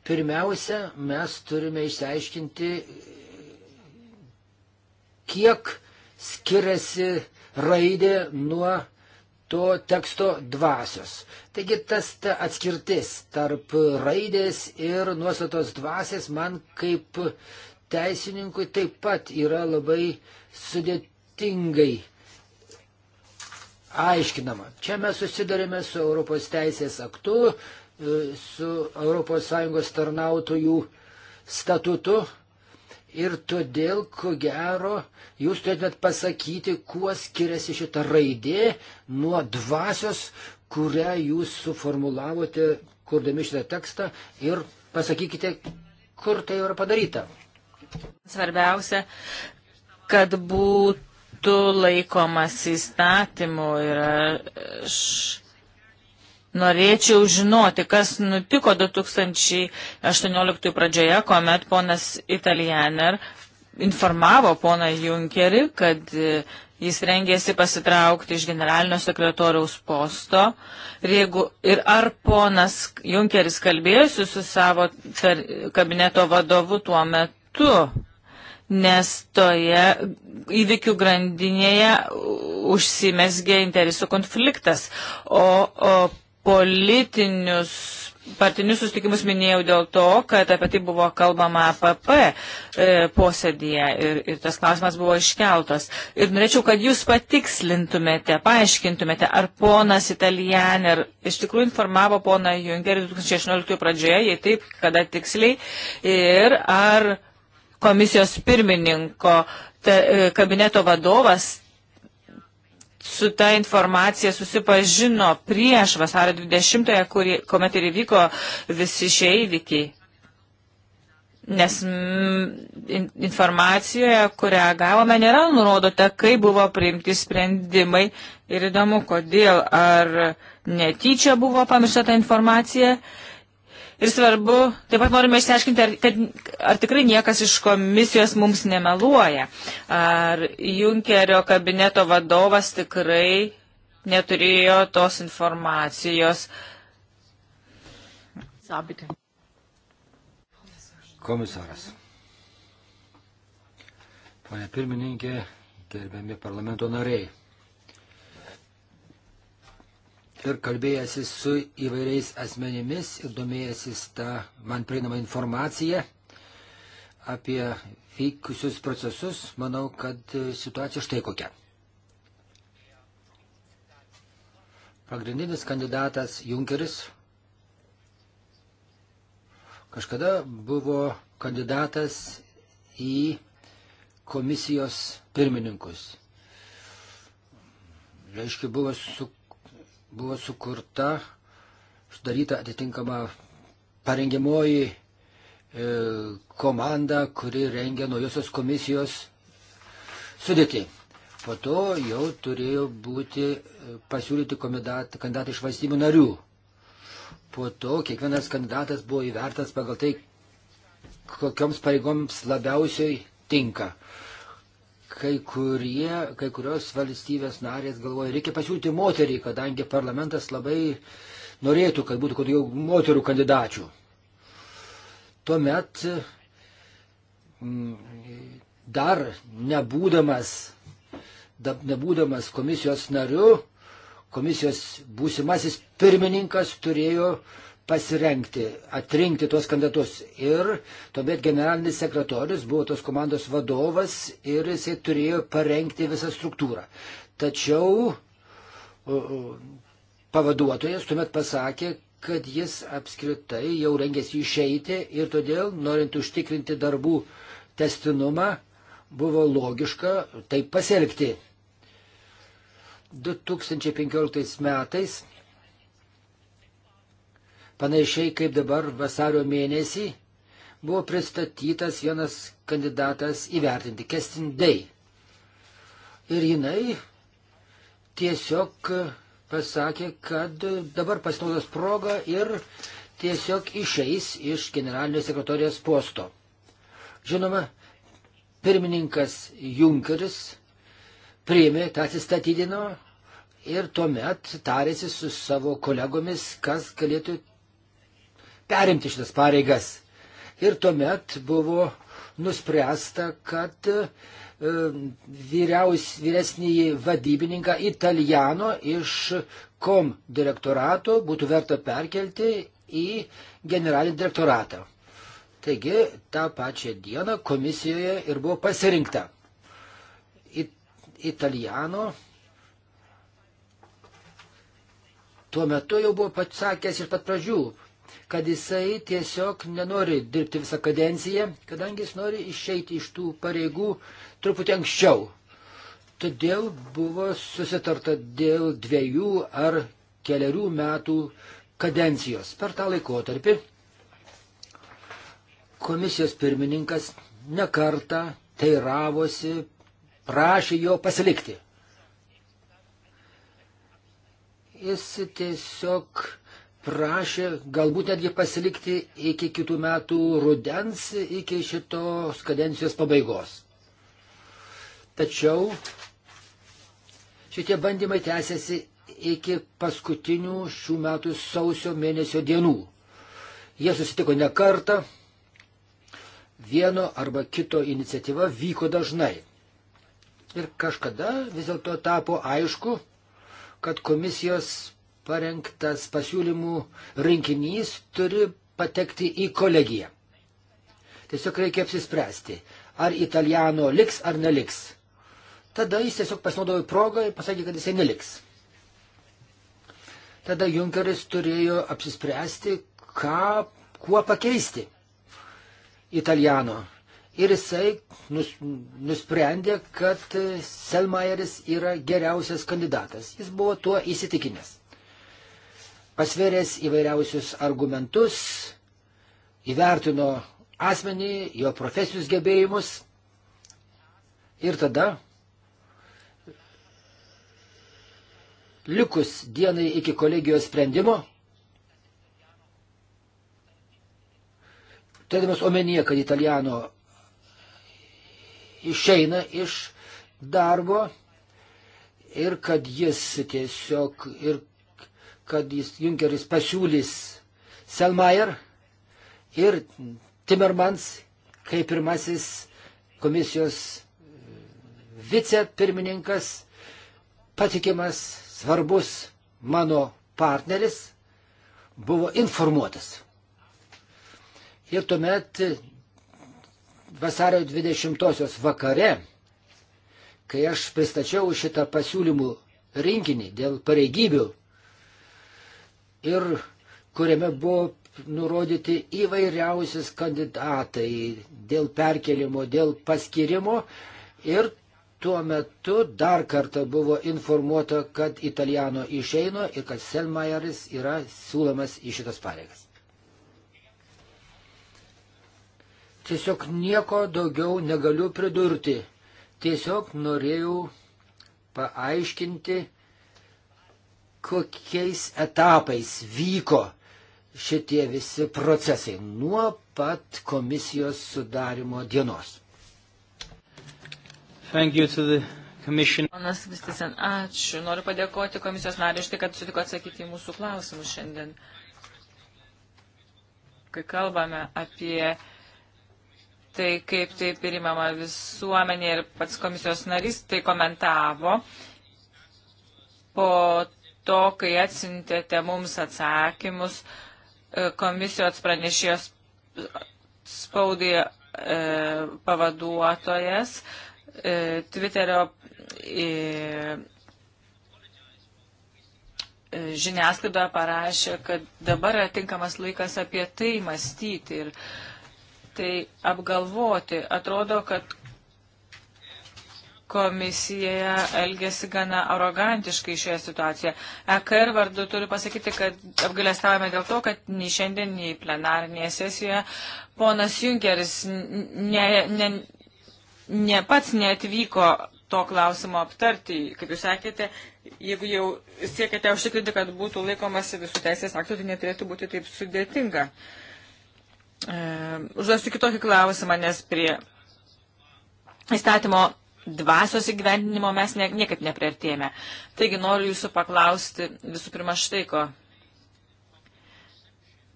Pirmiausia, mes turime išsiaiškinti, kiek skiriasi raidė nuo to teksto dvasios. Taigi tas ta atskirtis tarp raidės ir nuostatos dvasės man kaip teisininkui taip pat yra labai sudėtingai aiškinama. Čia mes susidarėme su Europos teisės aktu, e, su ES tarnautojų statutu ir todėl, ko gero, jūs turėtumėt pasakyti, kuo skiriasi šita raidė nuo dvasios, kurią jūs suformulavote, kurdami šitą tekstą ir pasakykite, kur tai yra padaryta. Svarbiausia, kad būtų metu laikomas įstatymų ir aš norėčiau žinoti, kas nutiko 2018 pradžioje, kuomet ponas Italianer informavo poną Junkerį, kad e, jis rengėsi pasitraukti iš generalinio sekretoriaus posto. Ir, jeigu, ir ar ponas Junkeris kalbėjusi su savo tar, kabineto vadovu tuo metu? nes toje įvykių grandinėje užsimesgė interesų konfliktas, o, o politinius partinius susitikimus minėjau dėl to, kad apie tai buvo kalbama APP e, posėdėje ir, ir tas klausimas buvo iškeltas. Ir norėčiau, kad jūs patikslintumėte, paaiškintumėte, ar ponas Italianer iš tikrųjų informavo poną Junkerį 2016 pradžioje, jei taip, kada tiksliai, ir ar komisijos pirmininko te, kabineto vadovas su ta informacija susipažino prieš vasario 20-ąją, kuomet ir įvyko visi šie įvykiai. Nes m, mm, informacijoje, kurią gavome, nėra nurodote, kai buvo priimti sprendimai ir įdomu, kodėl ar netyčia buvo pamiršta ta informacija. Uh, Ir svarbu, taip pat norime išsiaiškinti, ar, kad, ar tikrai niekas iš komisijos mums nemeluoja. Ar Junkerio kabineto vadovas tikrai neturėjo tos informacijos. Zabitė. Komisaras. Pone pirmininkė, gerbiami parlamento nariai ir kalbėjęsi su įvairiais asmenimis ir domėjęsis tą man prieinamą informaciją apie vykusius procesus, manau, kad e, situacija štai kokia. Pagrindinis kandidatas Junkeris kažkada buvo kandidatas į komisijos pirmininkus. Reiškia, buvo su buvo sukurta, sudaryta atitinkama parengiamoji e, komanda, kuri rengia naujosios komisijos sudėtį. Po to jau turėjo būti e, pasiūlyti kandidatai iš valstybių narių. Po to kiekvienas kandidatas buvo įvertas pagal tai, kokioms pareigoms labiausiai tinka kai, kurie, kai kurios valstybės narės galvoja, reikia pasiūlyti moterį, kadangi parlamentas labai norėtų, kad būtų kodėl moterų kandidačių. Tuomet mm, dar nebūdamas, dar nebūdamas komisijos nariu, komisijos būsimasis pirmininkas turėjo pasirengti, atrinkti tuos kandidatus. Ir tuomet generalinis sekretorius buvo tos komandos vadovas ir jisai turėjo parengti visą struktūrą. Tačiau pavaduotojas tuomet pasakė, kad jis apskritai jau rengėsi išeiti ir todėl, norint užtikrinti darbų testinumą, buvo logiška taip pasielgti. 2015 metais Panašiai kaip dabar vasario mėnesį buvo pristatytas vienas kandidatas įvertinti, Kestindai. Ir jinai tiesiog pasakė, kad dabar pasinaudos progą ir tiesiog išeis iš generalinio sekretorijos posto. Žinoma, pirmininkas Junkeris priėmė tą atsistatydino ir tuomet tarėsi su savo kolegomis, kas galėtų perimti šitas pareigas. Ir tuomet buvo nuspręsta, kad e, vyriaus, vyresnįjį vadybininką italijano iš kom direktorato būtų verta perkelti į generalinį direktoratą. Taigi tą pačią dieną komisijoje ir buvo pasirinkta. It, italijano tuo metu jau buvo pasakęs iš pat pradžių, kad jisai tiesiog nenori dirbti visą kadenciją, kadangi jis nori išeiti iš tų pareigų truputį anksčiau. Todėl buvo susitarta dėl dviejų ar keliarių metų kadencijos. Per tą laikotarpį komisijos pirmininkas nekarta teiravosi, prašė jo pasilikti. Jis tiesiog prašė galbūt netgi pasilikti iki kitų metų rudens, iki šitos kadencijos pabaigos. Tačiau šitie bandymai tęsiasi iki paskutinių šių metų sausio mėnesio dienų. Jie susitiko ne kartą, vieno arba kito iniciatyva vyko dažnai. Ir kažkada vis dėlto tapo aišku, kad komisijos parengtas pasiūlymų rinkinys turi patekti į kolegiją. Tiesiog reikia apsispręsti, ar italiano liks ar neliks. Tada jis tiesiog pasinaudojo progą ir pasakė, kad jisai neliks. Tada Junkeris turėjo apsispręsti, ką, kuo pakeisti italiano. Ir jisai nus, nusprendė, kad Selmayeris yra geriausias kandidatas. Jis buvo tuo įsitikinęs pasveręs įvairiausius argumentus, įvertino asmenį, jo profesinius gebėjimus ir tada likus dienai iki kolegijos sprendimo, turėdamas omenyje, kad italiano išeina iš darbo ir kad jis tiesiog ir kad jis Junkeris pasiūlys Selmayr ir Timmermans kaip pirmasis komisijos e, vicepirmininkas, patikimas, svarbus mano partneris, buvo informuotas. Ir tuomet vasario 20-osios vakare, kai aš pristačiau šitą pasiūlymų rinkinį dėl pareigybių ir kuriame buvo nurodyti įvairiausias kandidatai dėl perkelimo, dėl paskirimo ir tuo metu dar kartą buvo informuota, kad Italiano išeino ir kad Selmajeris yra siūlomas į šitas pareigas. Tiesiog nieko daugiau negaliu pridurti. Tiesiog norėjau paaiškinti, kokiais etapais vyko šitie visi procesai nuo pat komisijos sudarimo dienos. Ponas Vistisen, ačiū. Noriu padėkoti komisijos nariui už tai, kad sutiko atsakyti į mūsų klausimus šiandien. Kai kalbame apie tai, kaip tai pirimama visuomenė ir pats komisijos narys tai komentavo, po to, kai atsintėte mums atsakymus e, komisijos pranešėjos spaudai e, pavaduotojas, e, Twitterio e, e žiniasklaidoje parašė, kad dabar yra tinkamas laikas apie tai mąstyti ir tai apgalvoti. Atrodo, kad komisija elgėsi gana arogantiškai šioje situacijoje. EKR vardu turiu pasakyti, kad apgalėstavome dėl to, kad nei šiandien, nei plenarinėje sesijoje ponas Junkeris ne, ne, ne pats neatvyko to klausimo aptarti. Kaip jūs sakėte, jeigu jau siekiate užtikrinti, kad būtų laikomasi visų teisės aktų, tai neturėtų būti taip sudėtinga. E, užduosiu kitokį klausimą, nes prie įstatymo dvasios įgyvendinimo mes ne, niekaip neprieartėjame. Taigi noriu jūsų paklausti visų pirma štai ko.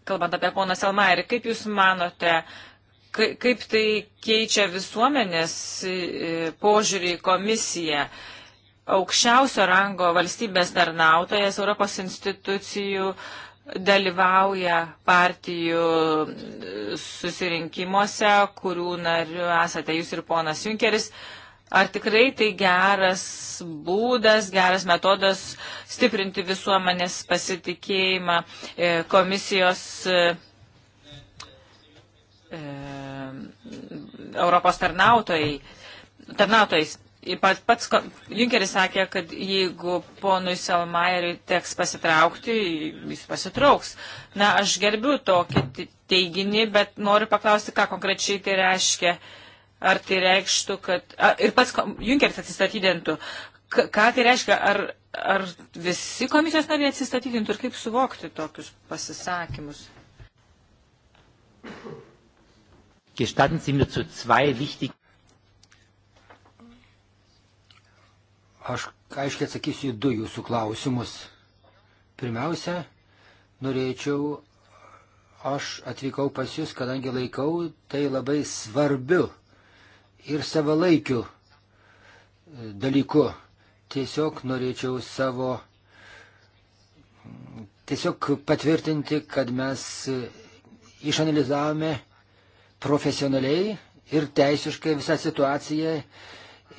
Kalbant apie poną Selmairį, kaip jūs manote, kaip tai keičia visuomenės e, požiūrį į komisiją? Aukščiausio rango valstybės tarnautojas Europos institucijų dalyvauja partijų e, susirinkimuose, kurių nariu esate jūs ir ponas Junkeris. Uh, Ar tikrai tai geras būdas, geras metodas stiprinti visuomenės pasitikėjimą e, komisijos e, e, Europos tarnautojai, tarnautojais. Pats, pats Junkeris sakė, kad jeigu ponui Selmayeriui teks pasitraukti, jis pasitrauks. Na, aš gerbiu tokį teiginį, bet noriu paklausti, ką konkrečiai tai reiškia. Uh, Ar tai reikštų, kad... A, ir pats Junkeris atsistatydintų. K ką tai reiškia? Ar, ar visi komisijos nariai atsistatydintų ir kaip suvokti tokius pasisakymus? Gestatten Sie mir zu zwei wichtigen. Aš aiškiai atsakysiu į du jūsų klausimus. Pirmiausia, norėčiau, aš atvykau pas jūs, kadangi laikau tai labai svarbiu ir savalaikiu e, dalyku. Tiesiog norėčiau savo. Tiesiog patvirtinti, kad mes e, išanalizavome profesionaliai ir teisiškai visą situaciją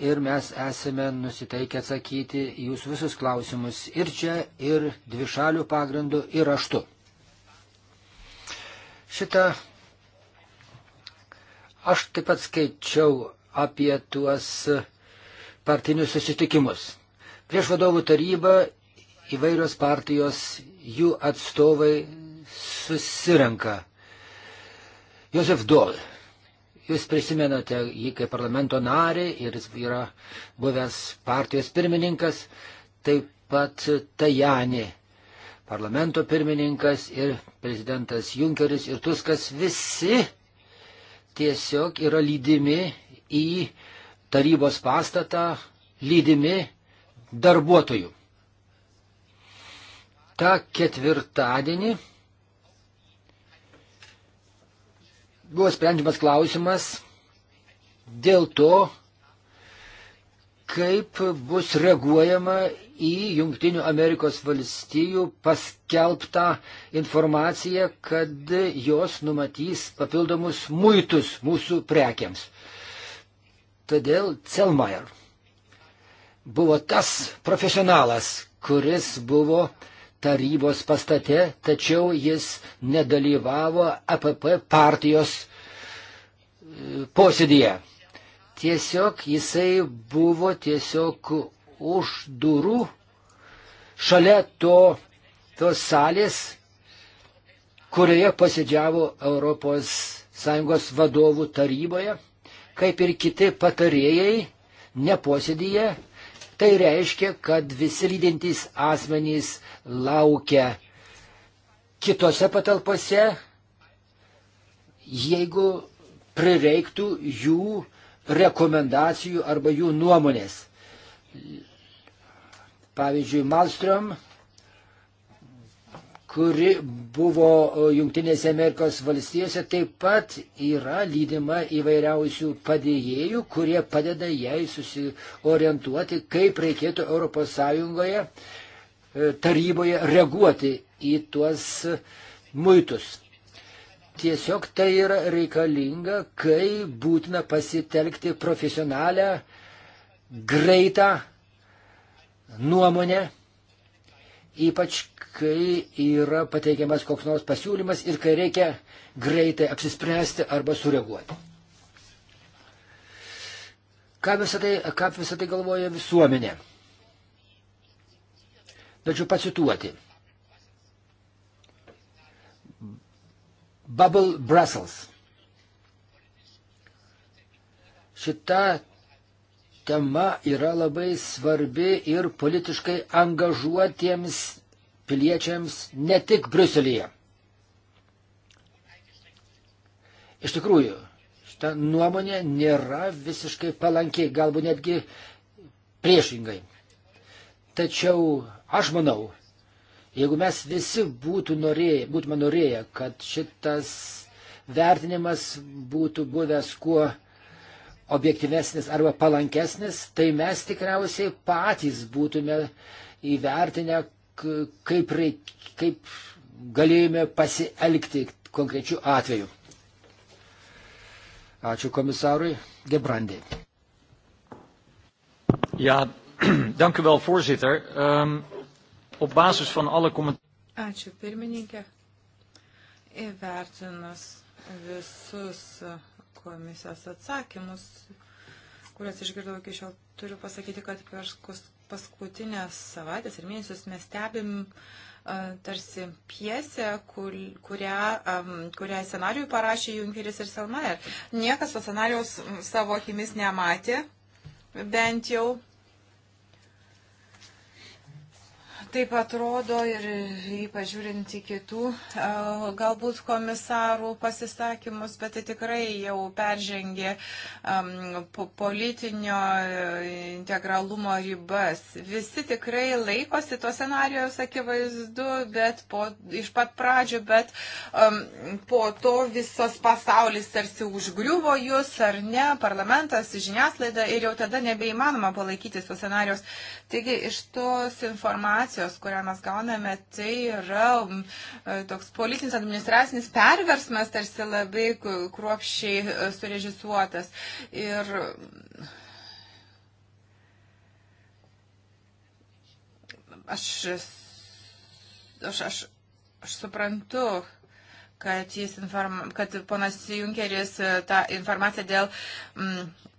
ir mes esame nusiteikę atsakyti jūs visus klausimus ir čia, ir dvišalių pagrindų, ir raštu. Šitą Aš taip pat skaičiau apie tuos partinius susitikimus. Prieš vadovų tarybą įvairios partijos, jų atstovai susirenka. Josef Dol, jūs prisimenate jį kaip parlamento narį ir jis yra buvęs partijos pirmininkas, taip pat Tajani, parlamento pirmininkas ir prezidentas Junkeris ir Tuskas visi tiesiog yra lydimi į tarybos pastatą, lydimi darbuotojų. Ta ketvirtadienį buvo sprendžiamas klausimas dėl to, kaip bus reaguojama į Junktinių Amerikos valstijų paskelbtą informaciją, kad jos numatys papildomus muitus mūsų prekiams. Todėl Celmajer buvo tas profesionalas, kuris buvo tarybos pastate, tačiau jis nedalyvavo APP partijos e, posėdėje. Tiesiog jisai buvo tiesiog už durų, šalia to, tos salės, kurioje posėdžiavo ES vadovų taryboje, kaip ir kiti patarėjai, neposėdyje. Tai reiškia, kad visi lydintys asmenys laukia kitose patalpose, jeigu prireiktų jų rekomendacijų arba jų nuomonės. Pavyzdžiui, Malstrom, kuri buvo e, Junktinėse Amerikos valstijose, taip pat yra lydima įvairiausių padėjėjų, kurie padeda jai susiorientuoti, kaip reikėtų ES e, taryboje reaguoti į tuos muitus. Tiesiog tai yra reikalinga, kai būtina pasitelkti profesionalę, greitą nuomonę, ypač kai yra pateikiamas koks nors pasiūlymas ir kai reikia greitai apsispręsti arba sureaguoti. Ką visą tai, ką visą tai galvoja visuomenė? Tačiau pacituoti. Bubble Brussels. Šita tema yra labai svarbi ir politiškai angažuotiems piliečiams ne tik Bruselėje. Iš tikrųjų, šita nuomonė nėra visiškai palankiai, galbūt netgi priešingai. Tačiau aš manau, jeigu mes visi būtų norėję, būtume norėję, kad šitas vertinimas būtų buvęs kuo objektyvesnis arba palankesnis, tai mes tikriausiai patys būtume įvertinę, kaip, reik, kaip galėjome pasielgti konkrečių atvejų. Ačiū komisarui Gebrandė. Ja, dank u wel, voorzitter. Um, op basis van alle commentaren. Ačiū, pirmininkė. Įvertinus visus uh, komisijos atsakymus, kurias išgirdau iki šiol. Turiu pasakyti, kad per paskutinės savaitės ir mėnesius mes stebim tarsi piesę, kur, kurią, um, kurią scenarijų parašė Junkeris ir Selmayer. Niekas to scenarijaus savo akimis nematė, bent jau Taip atrodo ir ypač žiūrint į kitų galbūt komisarų pasisakymus, bet tai tikrai jau peržengė um, politinio e, integralumo ribas. Visi tikrai laikosi to scenarijos akivaizdu, bet po, iš pat pradžių, bet um, po to visas pasaulis tarsi užgriuvo jūs ar ne, parlamentas, žiniaslaida ir jau tada nebeįmanoma palaikyti to scenarijos. Taigi iš tos informacijos informacijos, kurią mes gauname, tai yra e, toks politinis administracinis perversmas, tarsi labai kruopščiai e, surežisuotas. Ir aš, aš, aš, aš suprantu, kad, inform, kad ponas Junkeris e, tą informaciją dėl mm,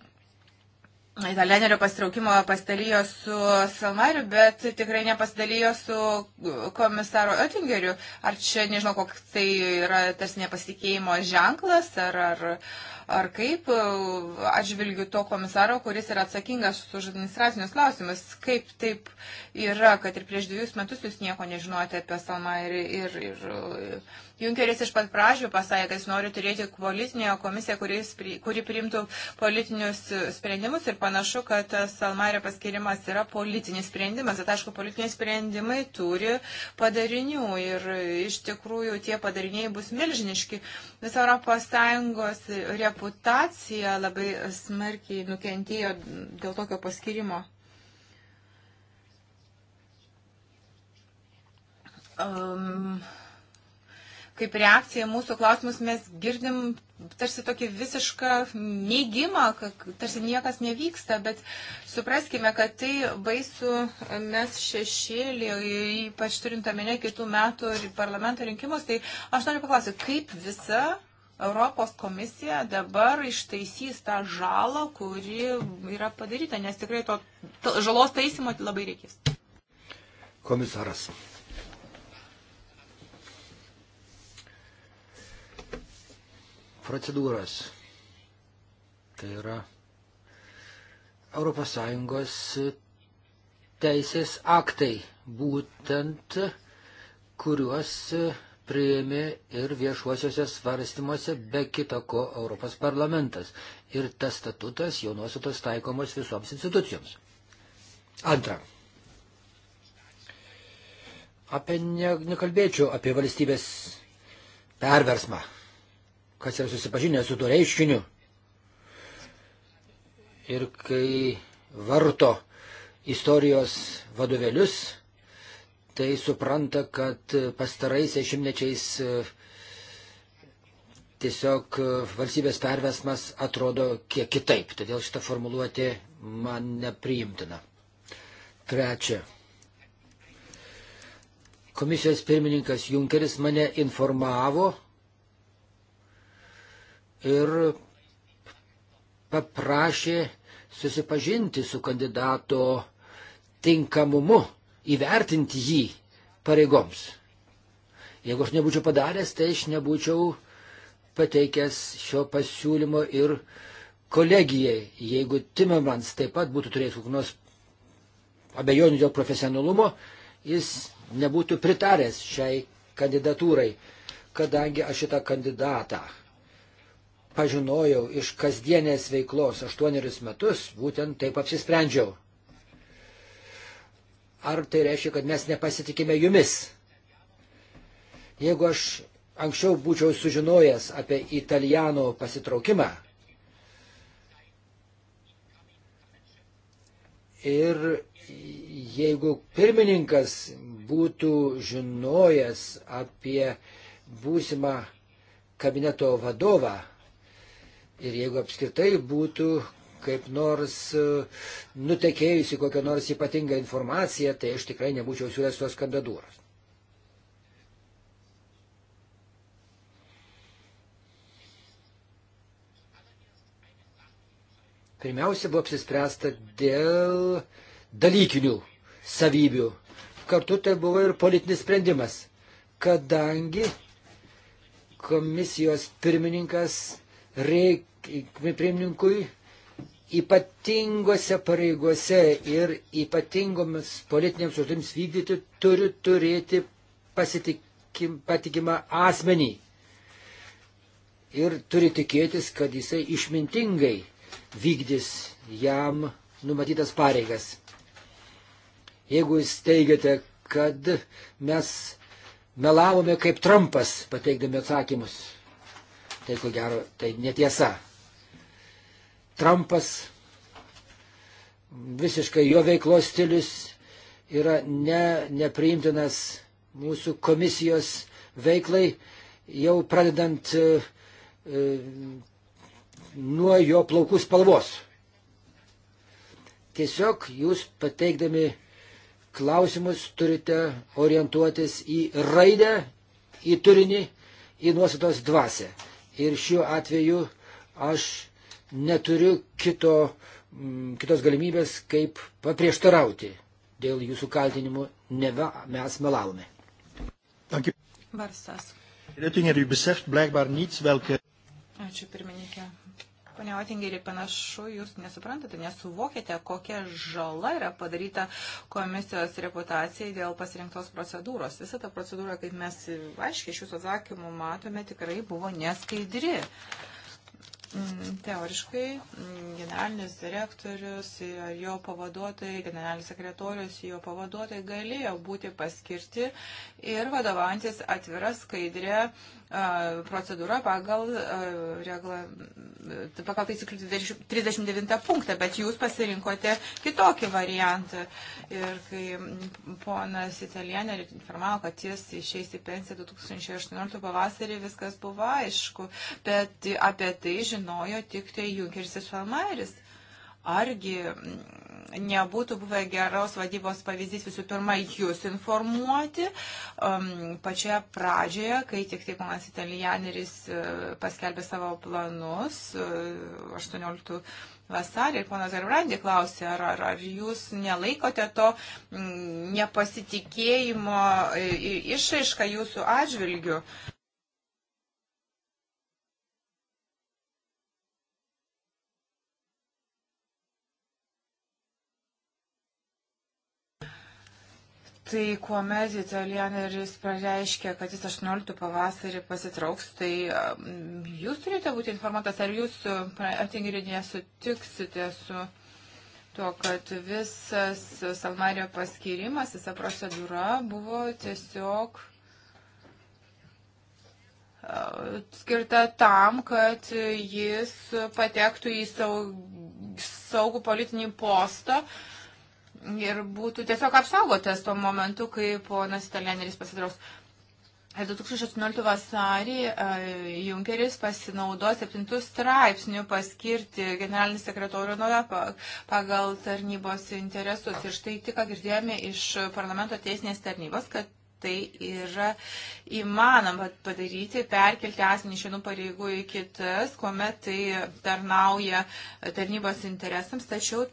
Lenerio pastraukimo pasidalijo su Salmariu, bet tikrai nepasidalijo su komisaro Oettingeriu. Ar čia, nežinau, koks tai yra tas nepasitikėjimo ženklas, ar, ar ar kaip e, atžvilgiu to komisaro, kuris yra atsakingas už administracinius klausimus, kaip taip yra, kad ir prieš dviejus metus jūs nieko nežinote apie Salmairį ir, ir, ir e, Junkeris iš pat pradžių pasakė, kad jis nori turėti politinę komisiją, kuris, kuri priimtų politinius sprendimus ir panašu, kad Salmario paskirimas yra politinis sprendimas. Bet aišku, politiniai sprendimai turi padarinių ir iš tikrųjų tie padariniai bus milžiniški. Visą Europos Sąjungos reputacija labai smarkiai nukentėjo dėl tokio paskirimo. Um, kaip reakcija mūsų klausimus mes girdim tarsi tokį visišką neigimą, kad tarsi niekas nevyksta, bet supraskime, kad tai baisų mes šešėlį, ypač turint omenyje kitų metų parlamento rinkimus, tai aš noriu paklausyti, kaip visa Europos komisija dabar ištaisys tą žalą, kuri yra padaryta, nes tikrai to žalos taisymo labai reikės. Komisaras. Procedūras. Tai yra ES teisės aktai, būtent kuriuos priėmė ir viešuosiuose svarstymuose, be kita ko, Europos parlamentas. Ir tas statutas, jo nuostatos taikomos visoms institucijoms. Antra. Apie ne, nekalbėčiau apie valstybės perversmą, kas yra susipažinęs su tuo reiškiniu. Ir kai varto istorijos vadovėlius, tai supranta, kad pastaraisiais šimtmečiais e, tiesiog e, valstybės pervesmas atrodo kiek kitaip. Todėl šitą formuluotę man nepriimtina. Trečia. Komisijos pirmininkas Junkeris mane informavo ir paprašė susipažinti su kandidato tinkamumu įvertinti jį pareigoms. Jeigu aš nebūčiau padaręs, tai aš nebūčiau pateikęs šio pasiūlymo ir kolegijai. Jeigu Timmermans taip pat būtų turėjęs kokios abejonių dėl profesionalumo, jis nebūtų pritaręs šiai kandidatūrai, kadangi aš šitą kandidatą pažinojau iš kasdienės veiklos aštuonerius metus, būtent taip apsisprendžiau ar tai reiškia, kad mes nepasitikime jumis? Jeigu aš anksčiau būčiau sužinojęs apie italiano pasitraukimą ir jeigu pirmininkas būtų žinojęs apie būsimą kabineto vadovą ir jeigu apskritai būtų kaip nors e, nutekėjusi kokią nors ypatingą informaciją, tai aš tikrai nebūčiau siūlęs tos kandidatūros. Pirmiausia, buvo apsispręsta dėl dalykinių savybių. Kartu tai buvo ir politinis sprendimas, kadangi komisijos pirmininkas reik, pirmininkui ypatingose pareigose ir ypatingomis politinėms užduotims vykdyti turi turėti patikimą asmenį. Ir turi tikėtis, kad jisai išmintingai vykdys jam numatytas pareigas. Jeigu jūs teigiate, kad mes melavome kaip Trumpas pateikdami atsakymus, tai ko gero, tai netiesa. Trumpas, visiškai jo veiklos stilius yra ne, nepriimtinas mūsų komisijos veiklai, jau pradedant e, e, nuo jo plaukų spalvos. Tiesiog jūs pateikdami klausimus turite orientuotis į raidę, į turinį, į nuostatos dvasę. Ir šiuo atveju aš neturiu kito, mm, kitos galimybės, kaip paprieštarauti dėl jūsų kaltinimų, neva mes melavome. Varsas. Rutinger, jūs beseft blijkbaar niets, welke. Ačiū pirmininkė. Pane Otingeri, panašu, jūs nesuprantate, nesuvokėte, kokia žala yra padaryta komisijos reputacijai dėl pasirinktos procedūros. Visa ta procedūra, kaip mes aiškiai iš jūsų atsakymų matome, tikrai buvo neskaidri. Uh, Mm, teoriškai mm, generalinis direktorius ir jo pavaduotojai, generalinis sekretorius, jo pavaduotojai galėjo būti paskirti ir vadovantis atviras skaidrė procedūra pagal, regla, pagal taisyklių 39 punktą, bet jūs pasirinkote kitokį variantą. Ir kai ponas Italienė informavo, kad jis išeis į pensiją 2018 pavasarį, viskas buvo aišku, bet apie tai žinojo tik tai Junkeris ir Salmaris argi nebūtų buvę geros vadybos pavyzdys visų pirma jūs informuoti um, pačioje pradžioje, kai tik tai ponas Italijaneris e, paskelbė savo planus 18 e, vasarį ir ponas Arbrandi klausė, ar, ar, ar jūs nelaikote to mm, nepasitikėjimo e, išraišką jūsų atžvilgiu. Tai kuomet italieneris pareiškė, kad jis 18 pavasarį pasitrauks, tai mm, jūs turite būti informuotas, ar jūs atingridinė sutiksite su tuo, kad visas Salmario paskirimas, visa procedūra buvo tiesiog skirta tam, kad jis patektų į saugų politinį postą, uh, ir būtų tiesiog apsaugotas tuo momentu, kai ponas Italianeris pasidraus. 2018 vasarį e, Junkeris pasinaudo 7 straipsnių paskirti generalinį sekretorių naują pagal tarnybos interesus. Ir štai tik girdėjome iš parlamento teisinės tarnybos, kad tai yra įmanoma padaryti, perkelti asmenį iš vienų pareigų į kitas, kuomet tai tarnauja tarnybos interesams, tačiau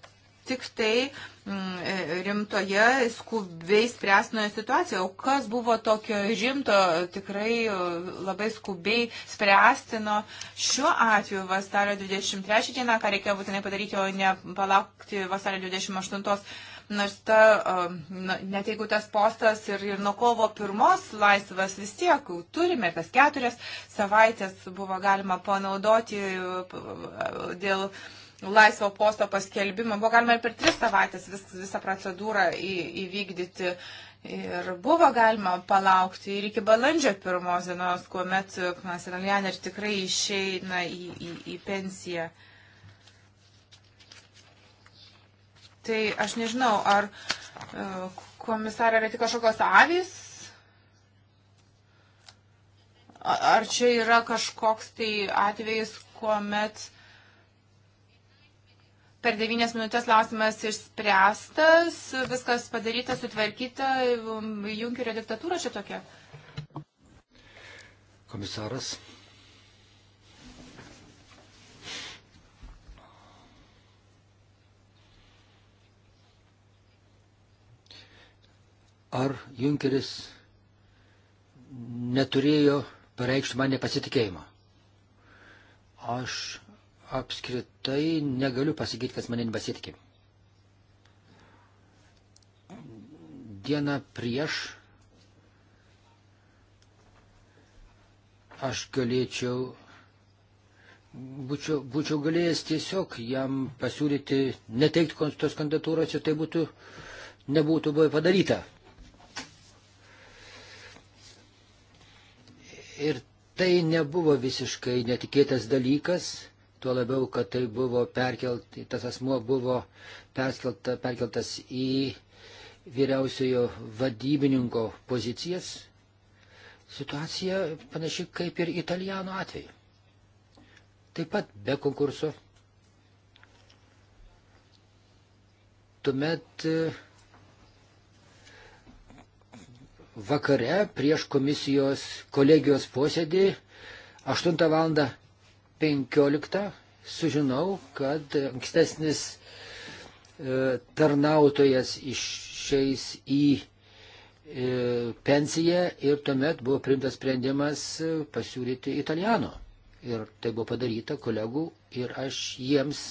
tik tai mm, e, rimtoje skubiai spręstinoje situacijoje. O kas buvo tokio rimto, tikrai e, labai skubiai spręstino šiuo atveju vasario 23 dieną, ką reikėjo būtinai padaryti, o ne palaukti vasario 28. Nors ta, e, net jeigu tas postas ir, ir nuo kovo pirmos laisvas vis tiek turime, tas keturias savaitės buvo galima panaudoti dėl laisvo posto paskelbimo. Buvo galima ir per tris savaitės vis, visą procedūrą į, įvykdyti. Ir buvo galima palaukti ir iki balandžio pirmos dienos, kuomet Knas Ranlianer tikrai išeina į, į, į pensiją. Tai aš nežinau, ar e, komisarė yra tik kažkokios avys, ar čia yra kažkoks tai atvejis, kuomet uh, per devynės minutės klausimas išspręstas, viskas padaryta, sutvarkyta, Junkerio diktatūra čia tokia. Komisaras. Ar Junkeris neturėjo pareikšti man nepasitikėjimą? Aš apskritai negaliu pasakyti, kas manim pasitikė. Diena prieš aš galėčiau, būčiau, būčiau galėjęs tiesiog jam pasiūlyti neteikti tos kandidatūros ir tai būtų, nebūtų buvę padaryta. Ir tai nebuvo visiškai netikėtas dalykas, tuo labiau, kad tai buvo perkelt, tas asmuo buvo perskelta, perkeltas į vyriausiojo vadybininko pozicijas. Situacija panaši kaip ir italijano atveju. Taip pat be konkurso. Tuomet vakare prieš komisijos kolegijos posėdį 8 val. 15 sužinau, kad ankstesnis e, tarnautojas išeis į e, pensiją ir tuomet buvo priimtas sprendimas e, pasiūlyti italiano. Ir tai buvo padaryta kolegų ir aš jiems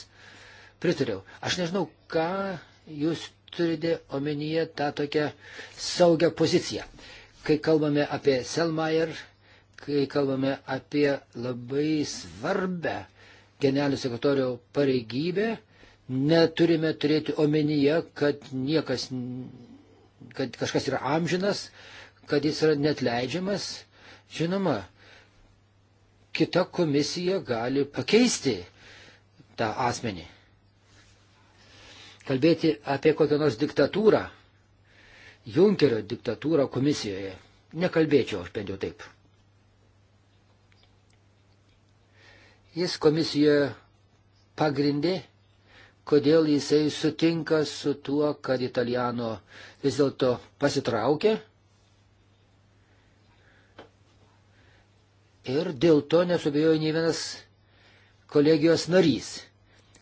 pritariau. Aš nežinau, ką jūs turite omenyje tą tokią saugią poziciją. Kai kalbame apie Selmayr kai kalbame apie labai svarbę generalinio sekretorio pareigybę, neturime turėti omenyje, kad, niekas, kad kažkas yra amžinas, kad jis yra netleidžiamas. Žinoma, kita komisija gali pakeisti tą asmenį. Kalbėti apie kokią nors diktatūrą, Junkerio diktatūrą komisijoje, nekalbėčiau aš bent jau taip. Jis komisijoje pagrindė, kodėl jisai sutinka su tuo, kad Italiano vis dėlto pasitraukė. Ir dėl to nesubėjo nei vienas kolegijos narys.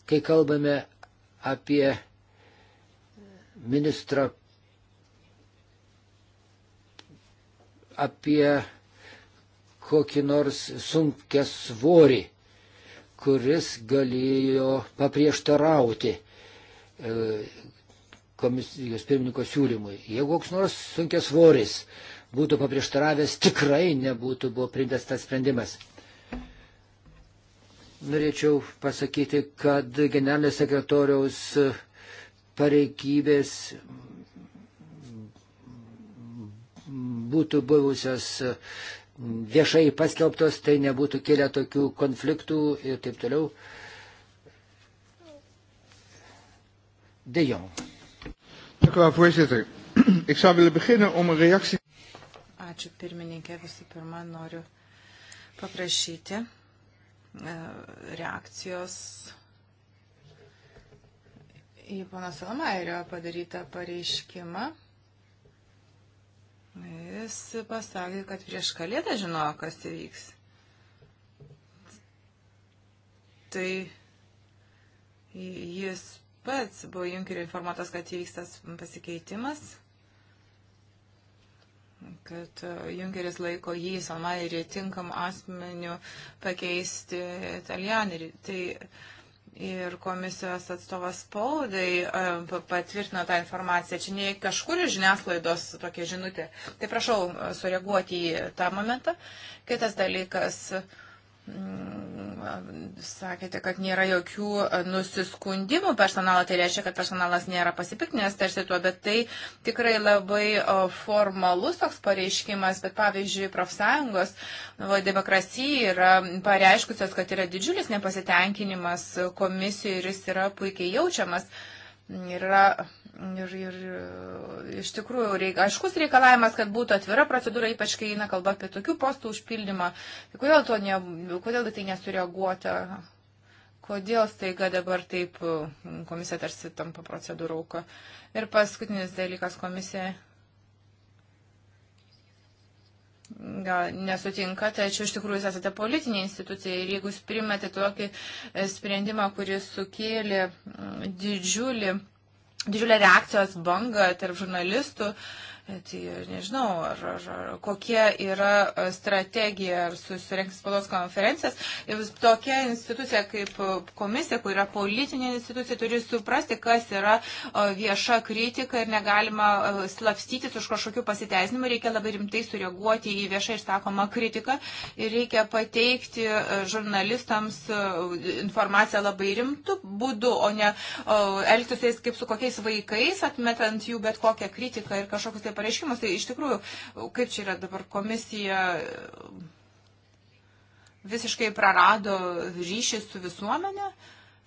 Kai kalbame apie ministrą, apie kokį nors sunkę svorį kuris galėjo paprieštarauti e, komisijos pirmininko siūlymui. Jeigu koks nors sunkias svoris būtų paprieštaravęs, tikrai nebūtų buvo priimtas tas sprendimas. Norėčiau pasakyti, kad generalinio sekretoriaus pareikybės būtų buvusios viešai paskelbtos, tai nebūtų kilę tokių konfliktų ir taip toliau. De Jong. Dank u wel, voorzitter. Ik zou willen beginnen om een reactie. Ačiū pirmininkė, visų pirma noriu paprašyti e, reakcijos į pono Salamairio padarytą pareiškimą. Jis pasakė, kad prieš kalėdą žinojo, kas įvyks. Tai jis pats buvo Junkerio informuotas, kad įvyks tas pasikeitimas, kad Junkeris laiko jį Somairį tinkam asmeniu pakeisti italianerį. Tai Ir komisijos atstovas spaudai e, patvirtino tą informaciją. Čia ne kažkur iš žiniasklaidos tokia žinutė. Tai prašau e, sureaguoti į tą momentą. Kitas dalykas. Uh, Mm, sakėte, kad nėra jokių e, nusiskundimų personalo, tai reiškia, kad personalas nėra pasipiktinęs tarsi tuo, bet tai tikrai labai formalus toks pareiškimas, bet pavyzdžiui, profsąjungos demokratija yra pareiškusios, kad yra didžiulis nepasitenkinimas e, komisijų ir jis yra puikiai jaučiamas. Uh, yra ir, ir iš tikrųjų reik, aiškus reikalavimas, kad būtų atvira procedūra, ypač kai eina kalba apie tokių postų užpildymą. Kodėl, to ne, kodėl tai nesureaguota? Kodėl staiga dabar taip mm, komisija tarsi tampa procedūrauka? Ir paskutinis dalykas komisija gal nesutinka, tačiau iš tikrųjų jūs esate politinė institucija ir jeigu jūs primate tokį e, sprendimą, kuris sukėlė didžiulį, didžiulę reakcijos bangą tarp žurnalistų, uh, Tai nežinau, ar, ar, ar kokie yra e, strategija, ar susirenks spaudos konferencijas. Tokia institucija kaip e, komisija, kur yra politinė institucija, turi suprasti, kas yra e, vieša kritika ir negalima slapstytis už kažkokių pasiteisinimų. Reikia labai rimtai sureaguoti į viešai išsakomą kritiką ir reikia pateikti žurnalistams informaciją labai rimtų būdų, o ne elgtis kaip su kokiais vaikais, atmetant jų bet kokią kritiką ir kažkokius tai pareiškimus. Tai iš tikrųjų, kaip čia yra dabar komisija e, visiškai prarado ryšį su visuomenė.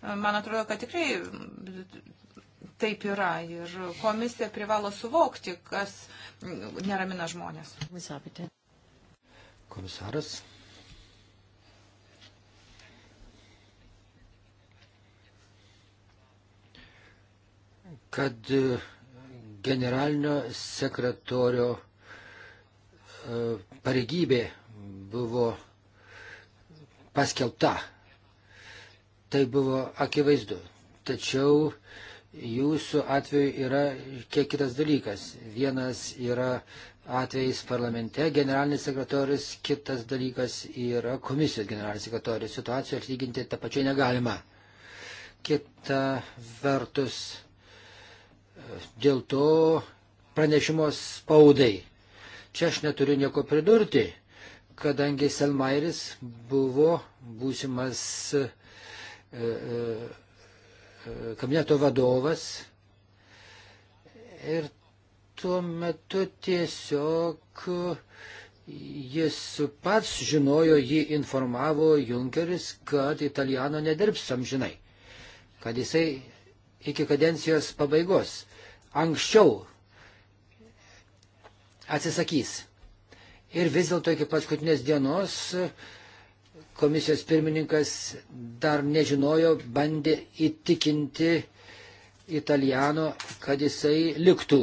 E, man atrodo, kad tikrai taip yra ir komisija privalo suvokti, kas neramina žmonės. Komisaras. Kad e, generalinio sekretorio e, pareigybė buvo paskelbta. Tai buvo akivaizdu. Tačiau jūsų atveju yra kiek kitas dalykas. Vienas yra atvejais parlamente generalinis sekretorius, kitas dalykas yra komisijos generalinis sekretorius. Situacijų atlyginti tą pačią negalima. Kita vertus, dėl to pranešimo spaudai. Čia aš neturiu nieko pridurti, kadangi Selmairis buvo būsimas e, e, kabineto vadovas ir tuo metu tiesiog jis pats žinojo, jį informavo Junkeris, kad Italijano nedirbs amžinai, kad jisai iki kadencijos pabaigos anksčiau atsisakys. Ir vis dėlto iki paskutinės dienos komisijos pirmininkas dar nežinojo, bandė įtikinti Italijano, kad jisai liktų.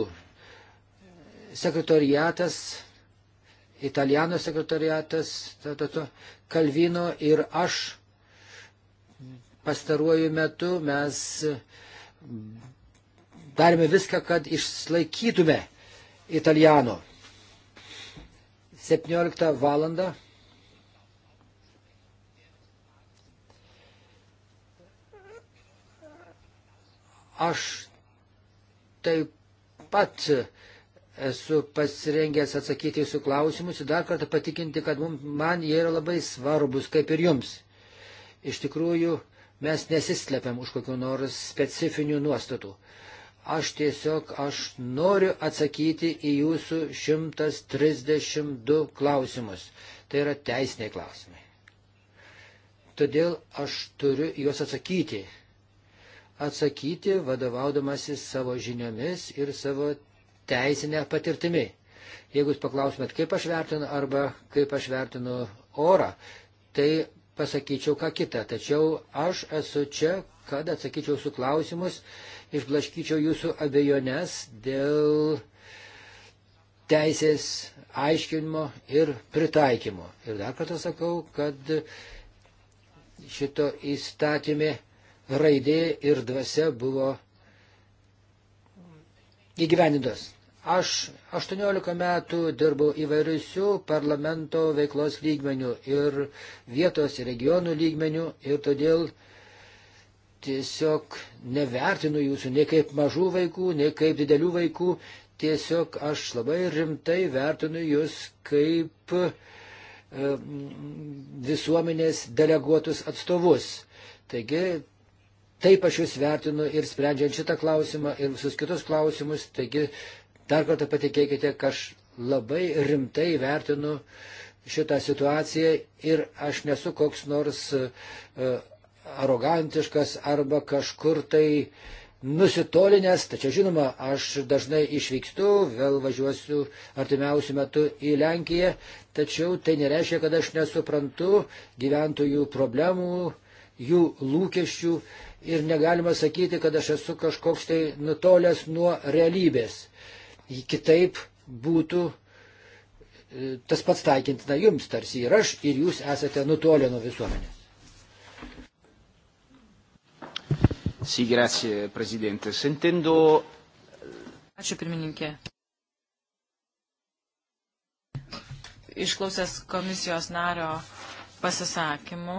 Sekretoriatas, Italijano sekretoriatas, to, to, to, Kalvino ir aš pastaruoju metu mes darėme viską, kad išlaikytume italiano. 17 valandą aš taip pat esu pasirengęs atsakyti jūsų klausimus ir dar kartą patikinti, kad mums, man jie yra labai svarbus, kaip ir jums. Iš tikrųjų, mes nesislepiam už kokiu nors specifinių nuostatų. Aš tiesiog, aš noriu atsakyti į jūsų 132 klausimus. Tai yra teisiniai klausimai. Todėl aš turiu juos atsakyti. Atsakyti vadovaudamasis savo žiniomis ir savo teisinę patirtimi. Jeigu jūs paklausimėt, kaip aš vertinu arba kaip aš vertinu orą, tai pasakyčiau ką kitą. Tačiau aš esu čia, kad atsakyčiau su klausimus išblaškyčiau jūsų abejonės dėl teisės aiškinimo ir pritaikymo. Ir dar kartą sakau, kad šito įstatymė raidė ir dvasia buvo įgyvendintos. Aš 18 metų dirbau įvairiusių parlamento veiklos lygmenių ir vietos ir regionų lygmenių ir todėl tiesiog nevertinu jūsų nei kaip mažų vaikų, nei kaip didelių vaikų. Tiesiog aš labai rimtai vertinu jūs kaip e, visuomenės deleguotus atstovus. Taigi, taip aš jūs vertinu ir sprendžiant šitą klausimą ir visus kitus klausimus. Taigi, dar kartą patikėkite, kad aš labai rimtai vertinu šitą situaciją ir aš nesu koks nors. E, arogantiškas arba kažkur tai nusitolinęs, tačiau žinoma, aš dažnai išvykstu, vėl važiuosiu artimiausių metų į Lenkiją, tačiau tai nereiškia, kad aš nesuprantu gyventojų problemų, jų lūkesčių ir negalima sakyti, kad aš esu kažkoks tai nutolęs nuo realybės. Kitaip būtų e, tas pats taikintina jums, tarsi ir aš, ir jūs esate nutolę nuo visuomenės. Sì, grazie, Presidente. Sentendo... Eh, Ačiū, pirmininkė. Išklausęs komisijos nario pasisakymų,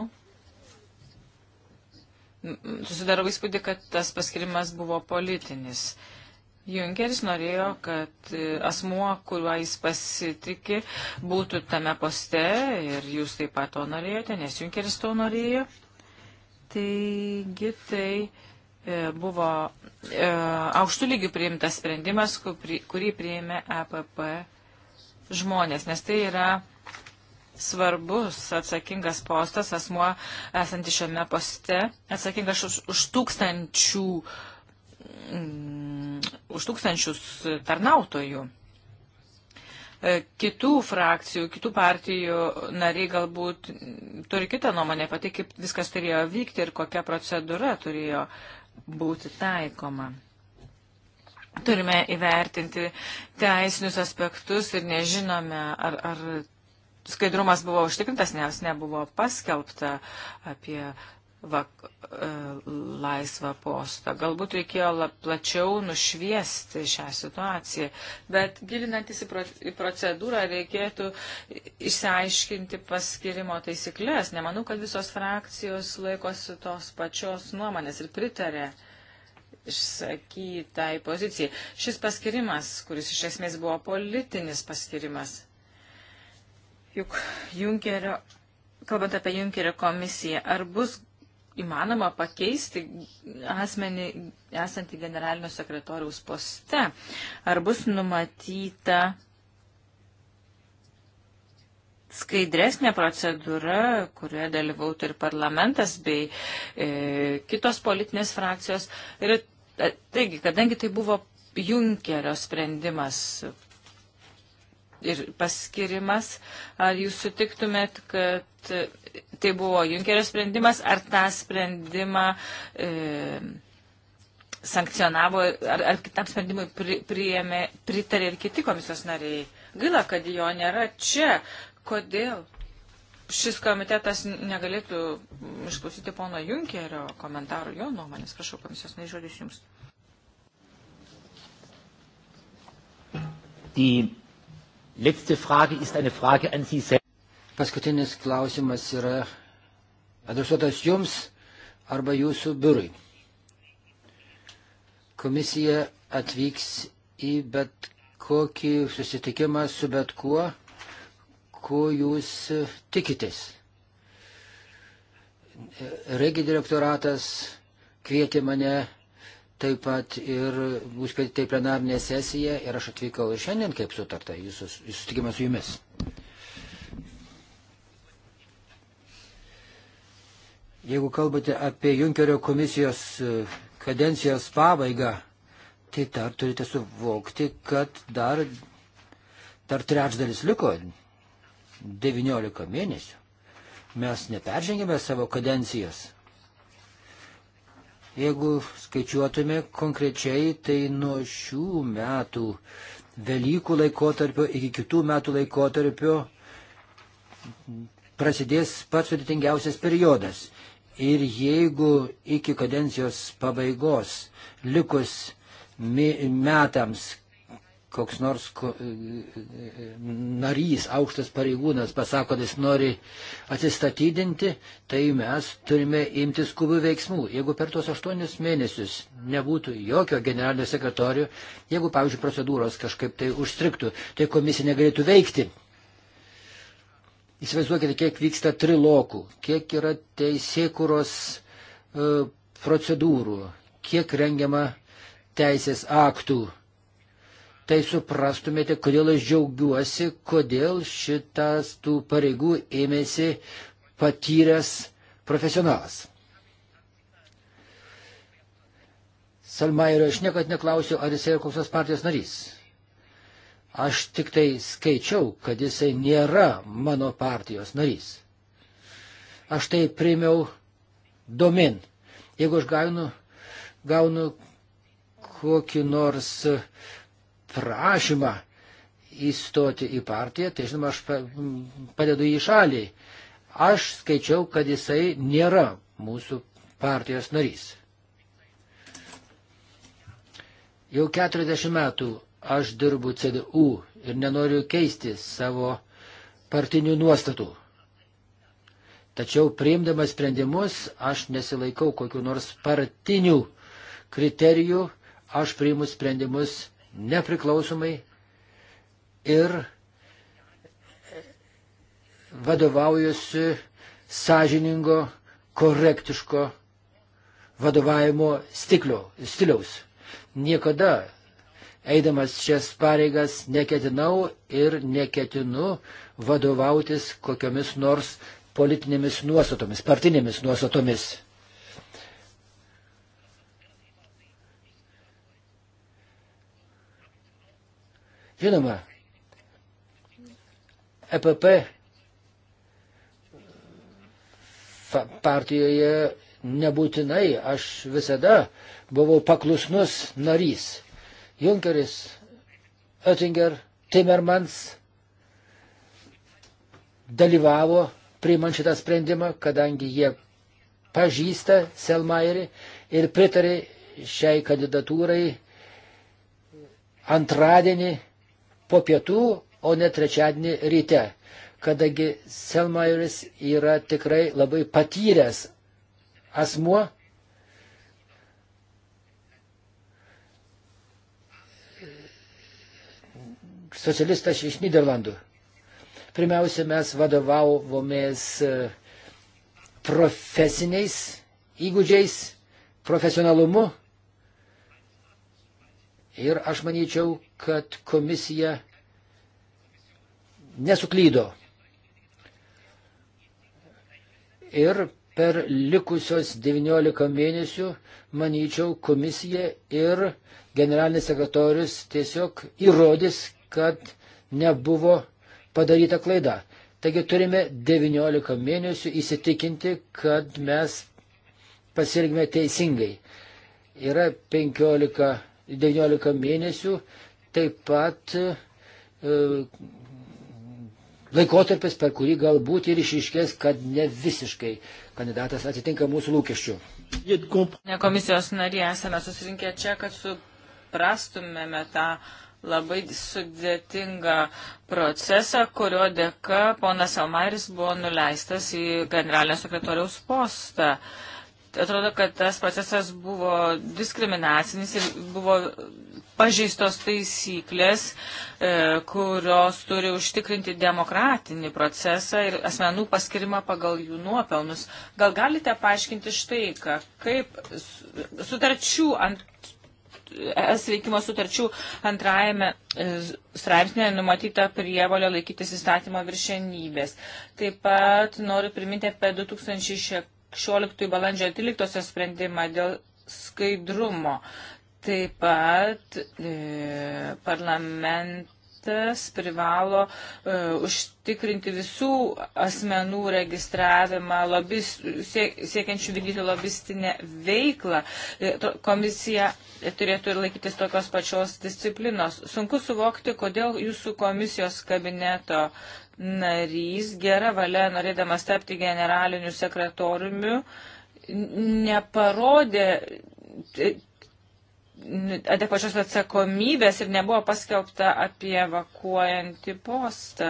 susidarau įspūdį, kad tas paskirimas buvo politinis. Junkeris norėjo, kad e, asmuo, kuriuo jis pasitikė, būtų tame poste ir jūs taip pat to norėjote, nes Junkeris to norėjo. Taigi tai E, buvo e, aukštų lygių priimtas sprendimas, kurį priėmė APP e žmonės, nes tai yra svarbus atsakingas postas, asmuo esanti šiame poste, atsakingas už, už tūkstančių mm, už tūkstančius tarnautojų. Kitų frakcijų, kitų partijų nariai galbūt turi kitą nuomonę apie tai, kaip viskas turėjo vykti ir kokia procedūra turėjo uh, būti taikoma. Turime įvertinti teisinius aspektus ir nežinome, ar, ar skaidrumas buvo užtikrintas, nes nebuvo paskelbta apie vak, e, laisvą postą. Galbūt reikėjo la, plačiau nušviesti šią situaciją, bet gilinantis į, pro, į procedūrą reikėtų išsiaiškinti paskirimo taisyklės. Nemanau, kad visos frakcijos laikosi tos pačios nuomonės ir pritarė išsakytai pozicijai. Šis paskirimas, kuris iš esmės buvo politinis paskirimas, juk Junkerio kalbant apie Junkerio komisiją, ar bus įmanoma pakeisti asmenį esantį generalinio sekretoriaus poste? Ar bus numatyta skaidresnė procedūra, kurioje dalyvautų ir parlamentas bei e, kitos politinės frakcijos? Ir, e, taigi, kadangi tai buvo Junkerio sprendimas ir paskirimas. Ar jūs sutiktumėt, kad tai buvo Junkerio sprendimas, ar tą sprendimą e, sankcionavo, ar, ar kitam sprendimui pri, priėmė, pritarė ir kiti komisijos nariai? Gaila, kad jo nėra čia. Kodėl? Šis komitetas negalėtų išklausyti pono Junkerio komentarų, jo nuomonės. Prašau, komisijos nariai, žodis jums. Die Paskutinis klausimas yra adresuotas jums arba jūsų biurui. Komisija atvyks į bet kokį susitikimą su bet kuo, ko jūs tikitės. Regi direktoratas kvietė mane taip pat ir užpildyti plenarinę sesiją ir aš atvykau ir šiandien, kaip sutarta, jūsų susitikimą su jumis. Jeigu kalbate apie Junkerio komisijos e, kadencijos pabaigą, tai dar turite suvokti, kad dar, dar trečdalis liko 19 mėnesių. Mes neperžengėme savo kadencijos Jeigu skaičiuotume konkrečiai, tai nuo šių metų Velykų laikotarpio iki kitų metų laikotarpio prasidės pats sudėtingiausias periodas. Ir jeigu iki kadencijos pabaigos likus metams koks nors ko, e, e, narys, aukštas pareigūnas pasako, kad jis nori atsistatydinti, tai mes turime imtis skubių veiksmų. Jeigu per tuos aštuonis mėnesius nebūtų jokio generalinio sekretorio, jeigu, pavyzdžiui, procedūros kažkaip tai užstriktų, tai komisija negalėtų veikti. Įsivaizduokite, kiek vyksta trilokų, kiek yra teisėkuros e, procedūrų, kiek rengiama teisės aktų tai suprastumėte, kodėl aš džiaugiuosi, kodėl šitas tų pareigų ėmėsi patyręs profesionalas. Salmairio aš niekad neklausiu, ar jis yra koks nors partijos narys. Aš tik tai skaičiau, kad jisai nėra mano partijos narys. Aš tai primiau domin. Jeigu aš gaunu, gaunu kokį nors prašymą įstoti į partiją, tai žinoma, aš padedu jį šaliai. Aš skaičiau, kad jisai nėra mūsų partijos narys. Jau 40 metų aš dirbu CDU ir nenoriu keisti savo partinių nuostatų. Tačiau priimdamas sprendimus aš nesilaikau kokiu nors partinių kriterijų, aš priimu sprendimus nepriklausomai ir vadovaujusi sąžiningo, korektiško vadovavimo stiklio, stiliaus. Niekada eidamas šias pareigas neketinau ir neketinu vadovautis kokiomis nors politinėmis nuostatomis, partinėmis nuostatomis. Žinoma, EPP partijoje nebūtinai aš visada buvau paklusnus narys. Junkeris, Oettinger, Timmermans dalyvavo priimant šitą sprendimą, kadangi jie pažįsta Selmairį ir pritarė šiai kandidatūrai antradienį po pietų, o ne trečiadienį ryte, kadangi Selmairis yra tikrai labai patyręs asmuo. Socialistas iš Niderlandų. Pirmiausia, mes vadovavomės e, profesiniais įgūdžiais, profesionalumu Ir aš manyčiau, kad komisija nesuklydo. Ir per likusios 19 mėnesių, manyčiau, komisija ir generalinis sekretorius tiesiog įrodys, kad nebuvo padaryta klaida. Taigi turime 19 mėnesių įsitikinti, kad mes pasirgime teisingai. Yra 15 19 mėnesių, taip pat e, laikotarpis, per kurį galbūt ir išiškės, kad ne visiškai kandidatas atitinka mūsų lūkesčių. Ne komisijos narė esame susirinkę čia, kad suprastumėme tą labai sudėtingą procesą, kurio dėka ponas Elmaris buvo nuleistas į generalinio sekretoriaus postą. Uh, atrodo, kad tas procesas buvo diskriminacinis ir buvo pažeistos taisyklės, e, kurios turi užtikrinti demokratinį procesą ir asmenų paskirimą pagal jų nuopelnus. Gal galite paaiškinti štai, ką, kaip sutarčių ant. Es veikimo sutarčių antrajame e, straipsnėje numatyta prievalio laikytis įstatymo viršenybės. Taip pat noriu priminti apie 2006 16 balandžio 13 sprendimą dėl skaidrumo. Taip pat e, parlamentas privalo e, užtikrinti visų asmenų registravimą, lobis, siek, siekiančių vykdyti lobistinę veiklą. E, to, komisija turėtų ir laikytis tokios pačios disciplinos. Sunku suvokti, kodėl jūsų komisijos kabineto narys gera valia, norėdamas tapti generaliniu sekretoriumi, neparodė e, adekvačios atsakomybės ir nebuvo paskelbta apie evakuojantį postą.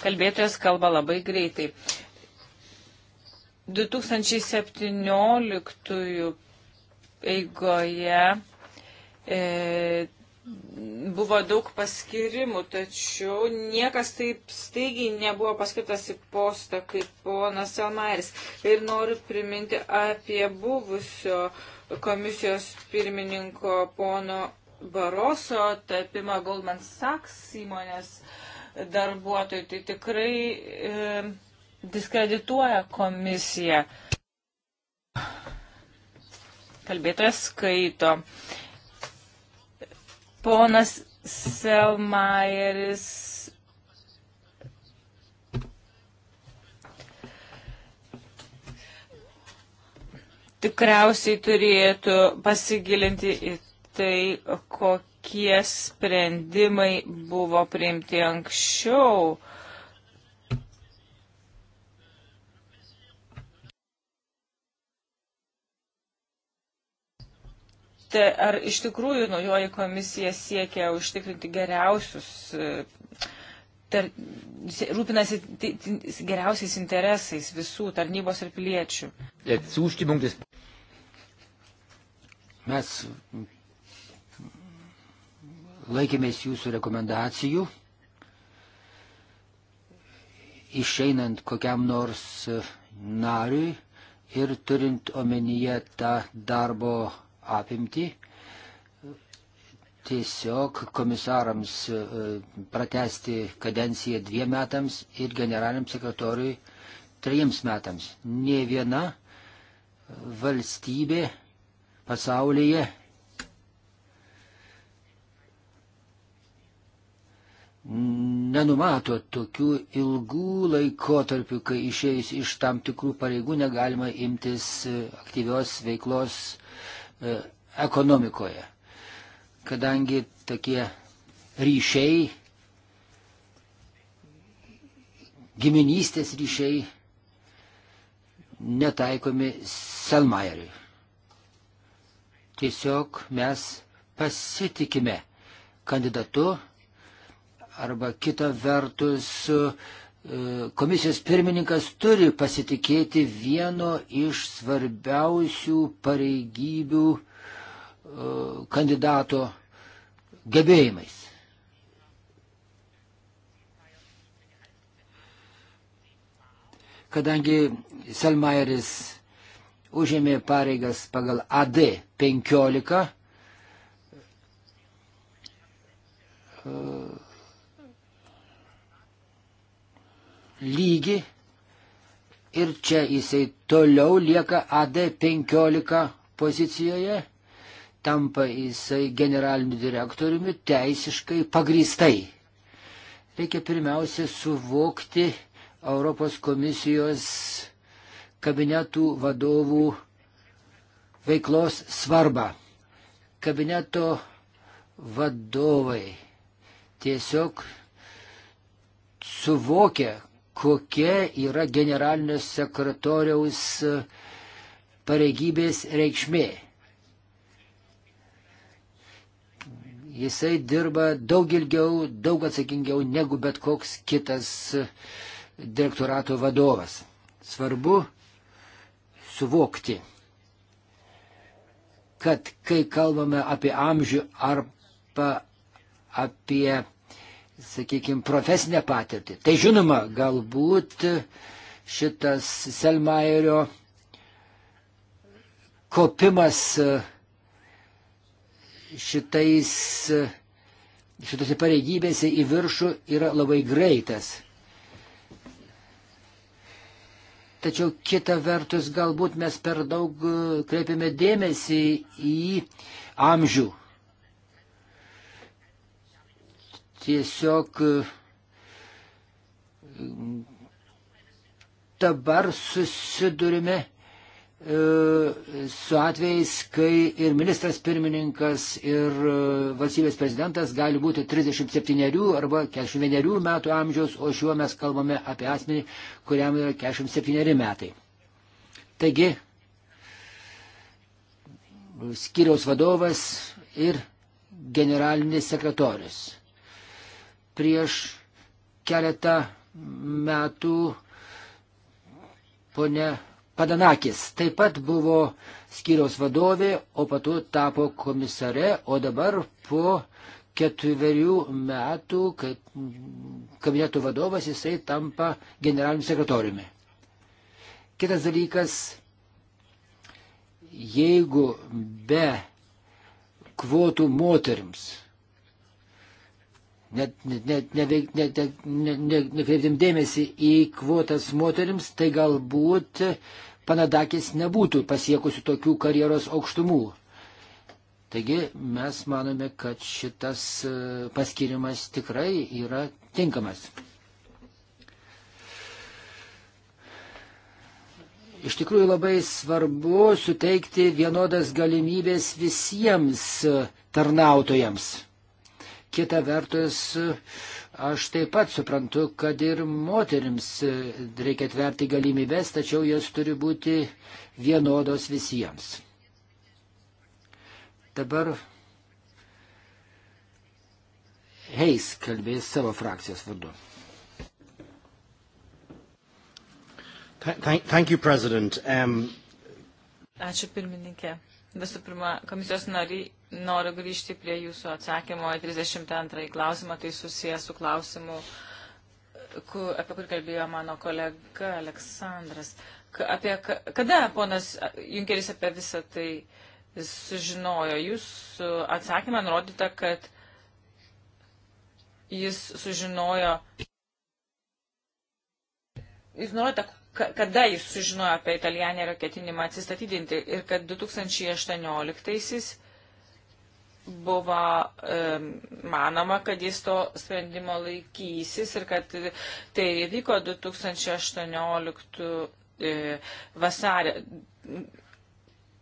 Kalbėtojas kalba labai greitai. 2017 eigoje E, buvo daug paskirimų, tačiau niekas taip staigiai nebuvo paskirtas į postą kaip ponas Elmaris. Ir noriu priminti apie buvusio komisijos pirmininko pono Baroso tapimą Goldman Sachs įmonės darbuotojų. Tai tikrai e, diskredituoja komisiją. Kalbėtojas skaito. E, Ponas Selmajeris. Tikriausiai turėtų pasigilinti į tai, kokie sprendimai buvo priimti anksčiau paklausti, ar iš tikrųjų naujoji komisija siekia užtikrinti geriausius, e, tar, rūpinasi geriausiais interesais visų tarnybos ir piliečių. Mes laikėmės jūsų rekomendacijų, išeinant kokiam nors e, nariui ir turint omenyje tą darbo apimti. Tiesiog komisarams e, pratesti kadenciją dviem metams ir generaliniam sekretoriui trejiems metams. Ne viena valstybė pasaulyje nenumato tokių ilgų laikotarpių, kai išėjus iš tam tikrų pareigų negalima imtis aktyvios veiklos E, ekonomikoje, kadangi tokie ryšiai, giminystės ryšiai netaikomi Selmayeriui. Tiesiog mes pasitikime kandidatu arba kita vertus komisijos pirmininkas turi pasitikėti vieno iš svarbiausių pareigybių e, kandidato gebėjimais. Kadangi Selmairis užėmė pareigas pagal AD 15, lygį ir čia jisai toliau lieka AD15 pozicijoje, tampa jisai generaliniu direktoriumi teisiškai pagristai. Reikia pirmiausia suvokti Europos komisijos kabinetų vadovų veiklos svarbą. Kabineto vadovai tiesiog suvokia, kokia yra generalinio sekretoriaus e, pareigybės reikšmė. Jisai dirba daug ilgiau, daug atsakingiau negu bet koks kitas e, direktorato vadovas. Svarbu suvokti, kad kai kalbame apie amžių arba apie sakykime, profesinę patirtį. Tai žinoma, galbūt šitas Selmaierio kopimas šitais, šitose pareigybėse į viršų yra labai greitas. Tačiau kita vertus galbūt mes per daug kreipiame dėmesį į amžių, tiesiog dabar susidurime e, su atvejais, kai ir ministras pirmininkas, ir e, valstybės prezidentas gali būti 37 arba 41 metų amžiaus, o šiuo mes kalbame apie asmenį, kuriam yra 47 metai. Taigi, skyriaus vadovas ir generalinis sekretorius. Prieš keletą metų ponė Padanakis taip pat buvo skyriaus vadovė, o pato tapo komisare, o dabar po ketverių metų, kaip kabineto vadovas, jisai tampa generaliniu sekretoriumi. Kitas dalykas, jeigu be kvotų moteriams net, net, net, neveik, net, net, net, net nekreiptim dėmesį į kvotas moteriams, tai galbūt Panadakis nebūtų pasiekusi tokių karjeros aukštumų. Taigi mes manome, kad šitas e, paskirimas tikrai yra tinkamas. Iš tikrųjų labai svarbu suteikti vienodas galimybės visiems e, tarnautojams. Kita vertus, aš taip pat suprantu, kad ir moterims reikia atverti galimybės, tačiau jos turi būti vienodos visiems. Dabar Heis kalbės savo frakcijos vardu. Thank, thank you, President. Um... Ačiū pirmininkė. Visų pirma, komisijos nariai Noriu grįžti prie jūsų atsakymo į 32 klausimą, tai susijęs su klausimu, ku, apie kur kalbėjo mano kolega Aleksandras. K apie, kada ponas Junkeris apie visą tai sužinojo? Jūsų atsakymą nurodyta, kad jis sužinojo. Jūs nurodote, kada jis sužinojo apie italianę raketinimą atsistatydinti ir kad 2018-aisiais buvo e, manoma, kad jis to sprendimo laikysis ir kad tai įvyko 2018 e, vasarį.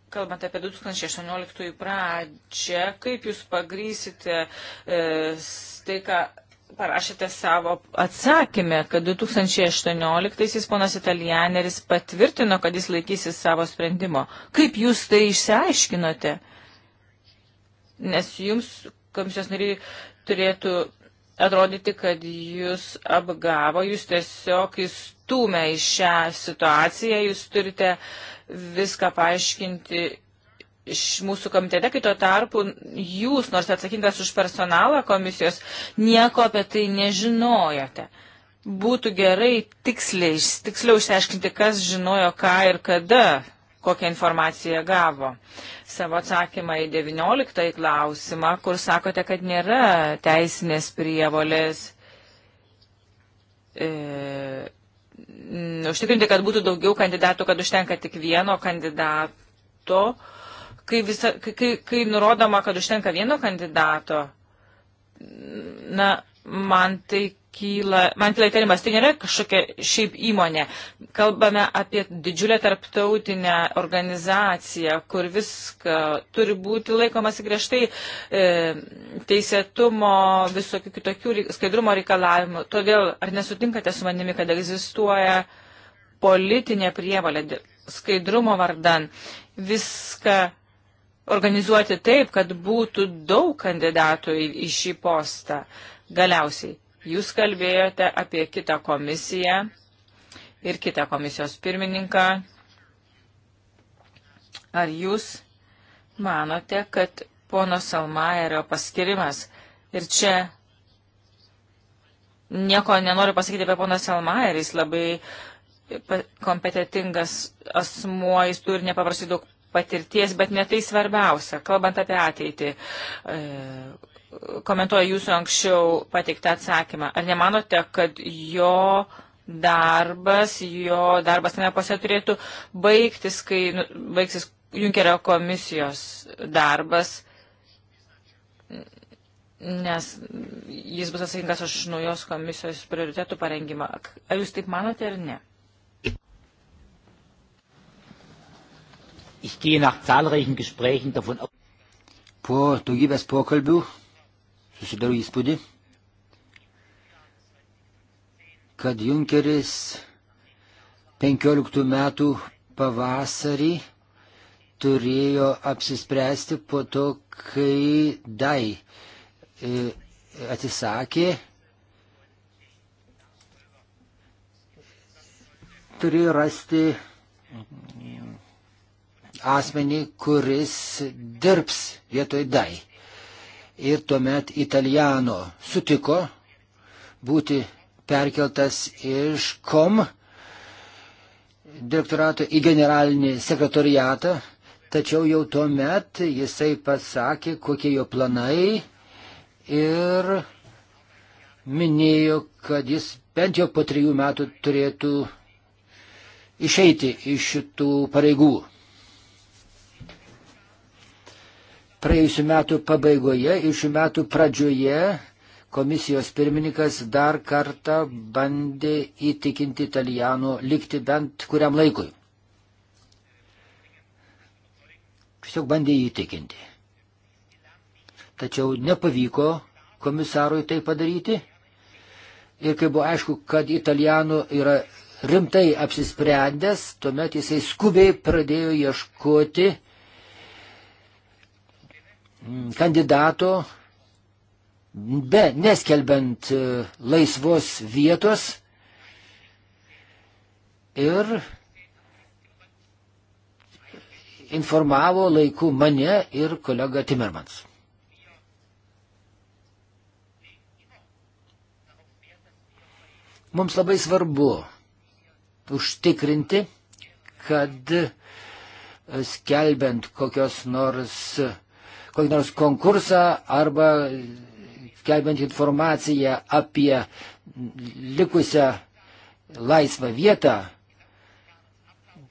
Kalbant apie 2018 pradžią, kaip jūs pagrysite e, tai, ką parašėte savo atsakymę, kad 2018-aisiais ponas Italianeris patvirtino, kad jis laikysis savo sprendimo. Kaip jūs tai išsiaiškinote? nes jums, komisijos nariai, turėtų atrodyti, kad jūs apgavo, jūs tiesiog įstumė į šią situaciją, jūs turite viską paaiškinti iš mūsų komitete, kai tuo tarpu jūs, nors atsakingas už personalą komisijos, nieko apie tai nežinojote. Būtų gerai tiksliai, tiksliau išsiaiškinti, kas žinojo ką ir kada kokią informaciją gavo. Savo atsakymą į 19 klausimą, kur sakote, kad nėra teisinės prievolės e, užtikrinti, kad būtų daugiau kandidatų, kad užtenka tik vieno kandidato. Kai, visa, kai, kai nurodoma, kad užtenka vieno kandidato, na, man tai kyla, man kyla įtarimas, tai nėra kažkokia šiaip įmonė. Kalbame apie didžiulę tarptautinę organizaciją, kur viską turi būti laikomasi griežtai e, teisėtumo, visokių kitokių skaidrumo reikalavimų. Todėl ar nesutinkate su manimi, kad egzistuoja politinė prievalė skaidrumo vardan viską organizuoti taip, kad būtų daug kandidatų į, į šį postą galiausiai Jūs kalbėjote apie kitą komisiją ir kitą komisijos pirmininką. Ar jūs manote, kad pono Salmaerio paskirimas ir čia nieko nenoriu pasakyti apie poną Salmaerį, jis labai kompetitingas asmuo, jis turi nepaprastai daug patirties, bet ne tai svarbiausia, kalbant apie ateitį. E, komentuoja jūsų anksčiau pateiktą atsakymą. Ar nemanote, kad jo darbas, jo darbas tame pose turėtų baigtis, kai nu, baigsis Junkerio komisijos darbas, nes jis bus atsakingas už naujos komisijos prioritetų parengimą. Ar jūs taip manote ar ne? Po daugybės pokalbių susidariau įspūdį, kad Junkeris 15 metų pavasarį turėjo apsispręsti po to, kai Dai e, atsisakė, turėjo rasti asmenį, kuris dirbs vietoj Dai ir tuomet Italiano sutiko būti perkeltas iš kom direktorato į generalinį sekretoriatą, tačiau jau tuo met jisai pasakė, kokie jo planai ir minėjo, kad jis bent jau po trijų metų turėtų išeiti iš šitų pareigų. Praėjusiu metu pabaigoje ir šių metų pradžioje komisijos pirmininkas dar kartą bandė įtikinti italijanų likti bent kuriam laikui. Tiesiog bandė įtikinti. Tačiau nepavyko komisarui tai padaryti. Ir kai buvo aišku, kad italijanų yra rimtai apsisprendęs, tuomet jisai skubiai pradėjo ieškoti Mm, kandidato, be neskelbent e, laisvos vietos ir informavo laiku mane ir kolega Timermans. Mums labai svarbu užtikrinti, kad e, skelbiant kokios nors kokį nors konkursą arba skelbiant informaciją apie likusią laisvą vietą,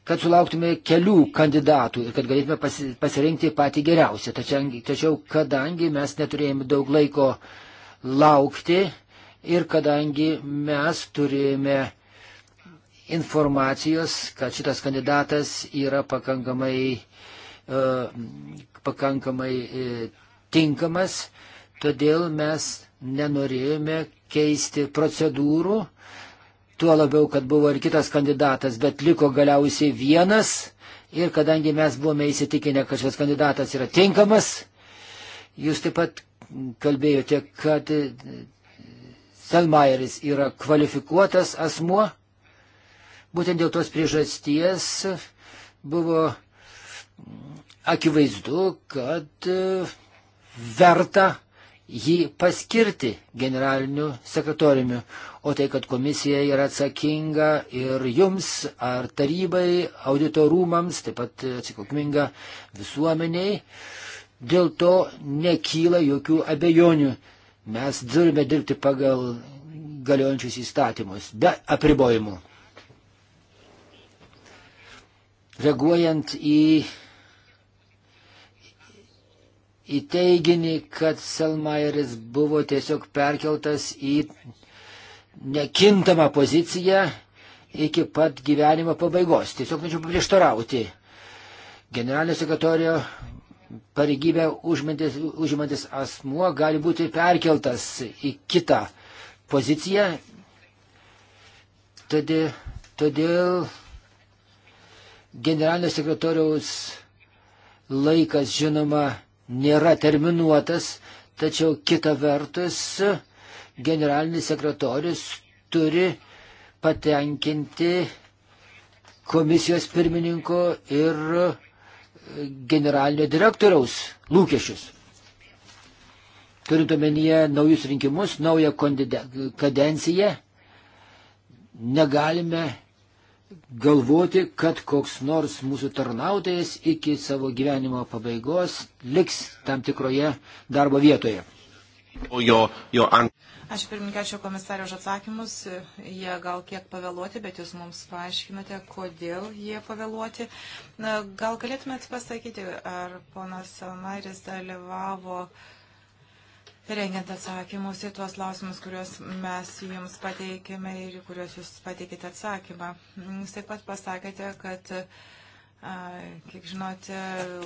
kad sulauktume kelių kandidatų ir kad galėtume pasirinkti patį geriausią. Tačiau, tačiau kadangi mes neturėjome daug laiko laukti ir kadangi mes turėjome informacijos, kad šitas kandidatas yra pakankamai uh, E, pakankamai e, tinkamas, todėl mes nenorėjome keisti procedūrų, tuo labiau, kad buvo ir kitas kandidatas, bet liko galiausiai vienas ir kadangi mes buvome įsitikinę, kad šis kandidatas yra tinkamas, jūs taip pat kalbėjote, kad Selmayeris yra kvalifikuotas asmuo, būtent dėl tos priežasties buvo akivaizdu, kad e, verta jį paskirti generaliniu sekretoriumi, o tai, kad komisija yra atsakinga ir jums, ar tarybai, auditorumams, taip pat atsikokminga visuomeniai, dėl to nekyla jokių abejonių. Mes turime dirbti pagal galiojančius įstatymus, be apribojimų. Reaguojant į į teiginį, kad Selmairis buvo tiesiog perkeltas į nekintamą poziciją iki pat gyvenimo pabaigos. Tiesiog norėčiau paprieštarauti. Generalinio sekretorio pareigybę užimantis asmuo gali būti perkeltas į kitą poziciją. Todėl, todėl generalinio sekretoriaus laikas, žinoma, nėra terminuotas, tačiau kita vertus generalinis sekretorius turi patenkinti komisijos pirmininko ir generalinio direktoriaus lūkesčius. Turint omenyje naujus rinkimus, naują kadenciją, negalime galvoti, kad koks nors mūsų tarnautojas iki savo gyvenimo pabaigos liks tam tikroje darbo vietoje. O jo, jo ant. Aš pirmininkačiau komisarė už atsakymus. Jie gal kiek pavėluoti, bet jūs mums paaiškinote, kodėl jie pavėluoti. Gal galėtumėt pasakyti, ar ponas Mairis dalyvavo uh, rengiant atsakymus į tuos klausimus, kuriuos mes jums pateikėme ir kuriuos jūs pateikite atsakymą. Jūs taip pat pasakėte, kad, kiek žinote,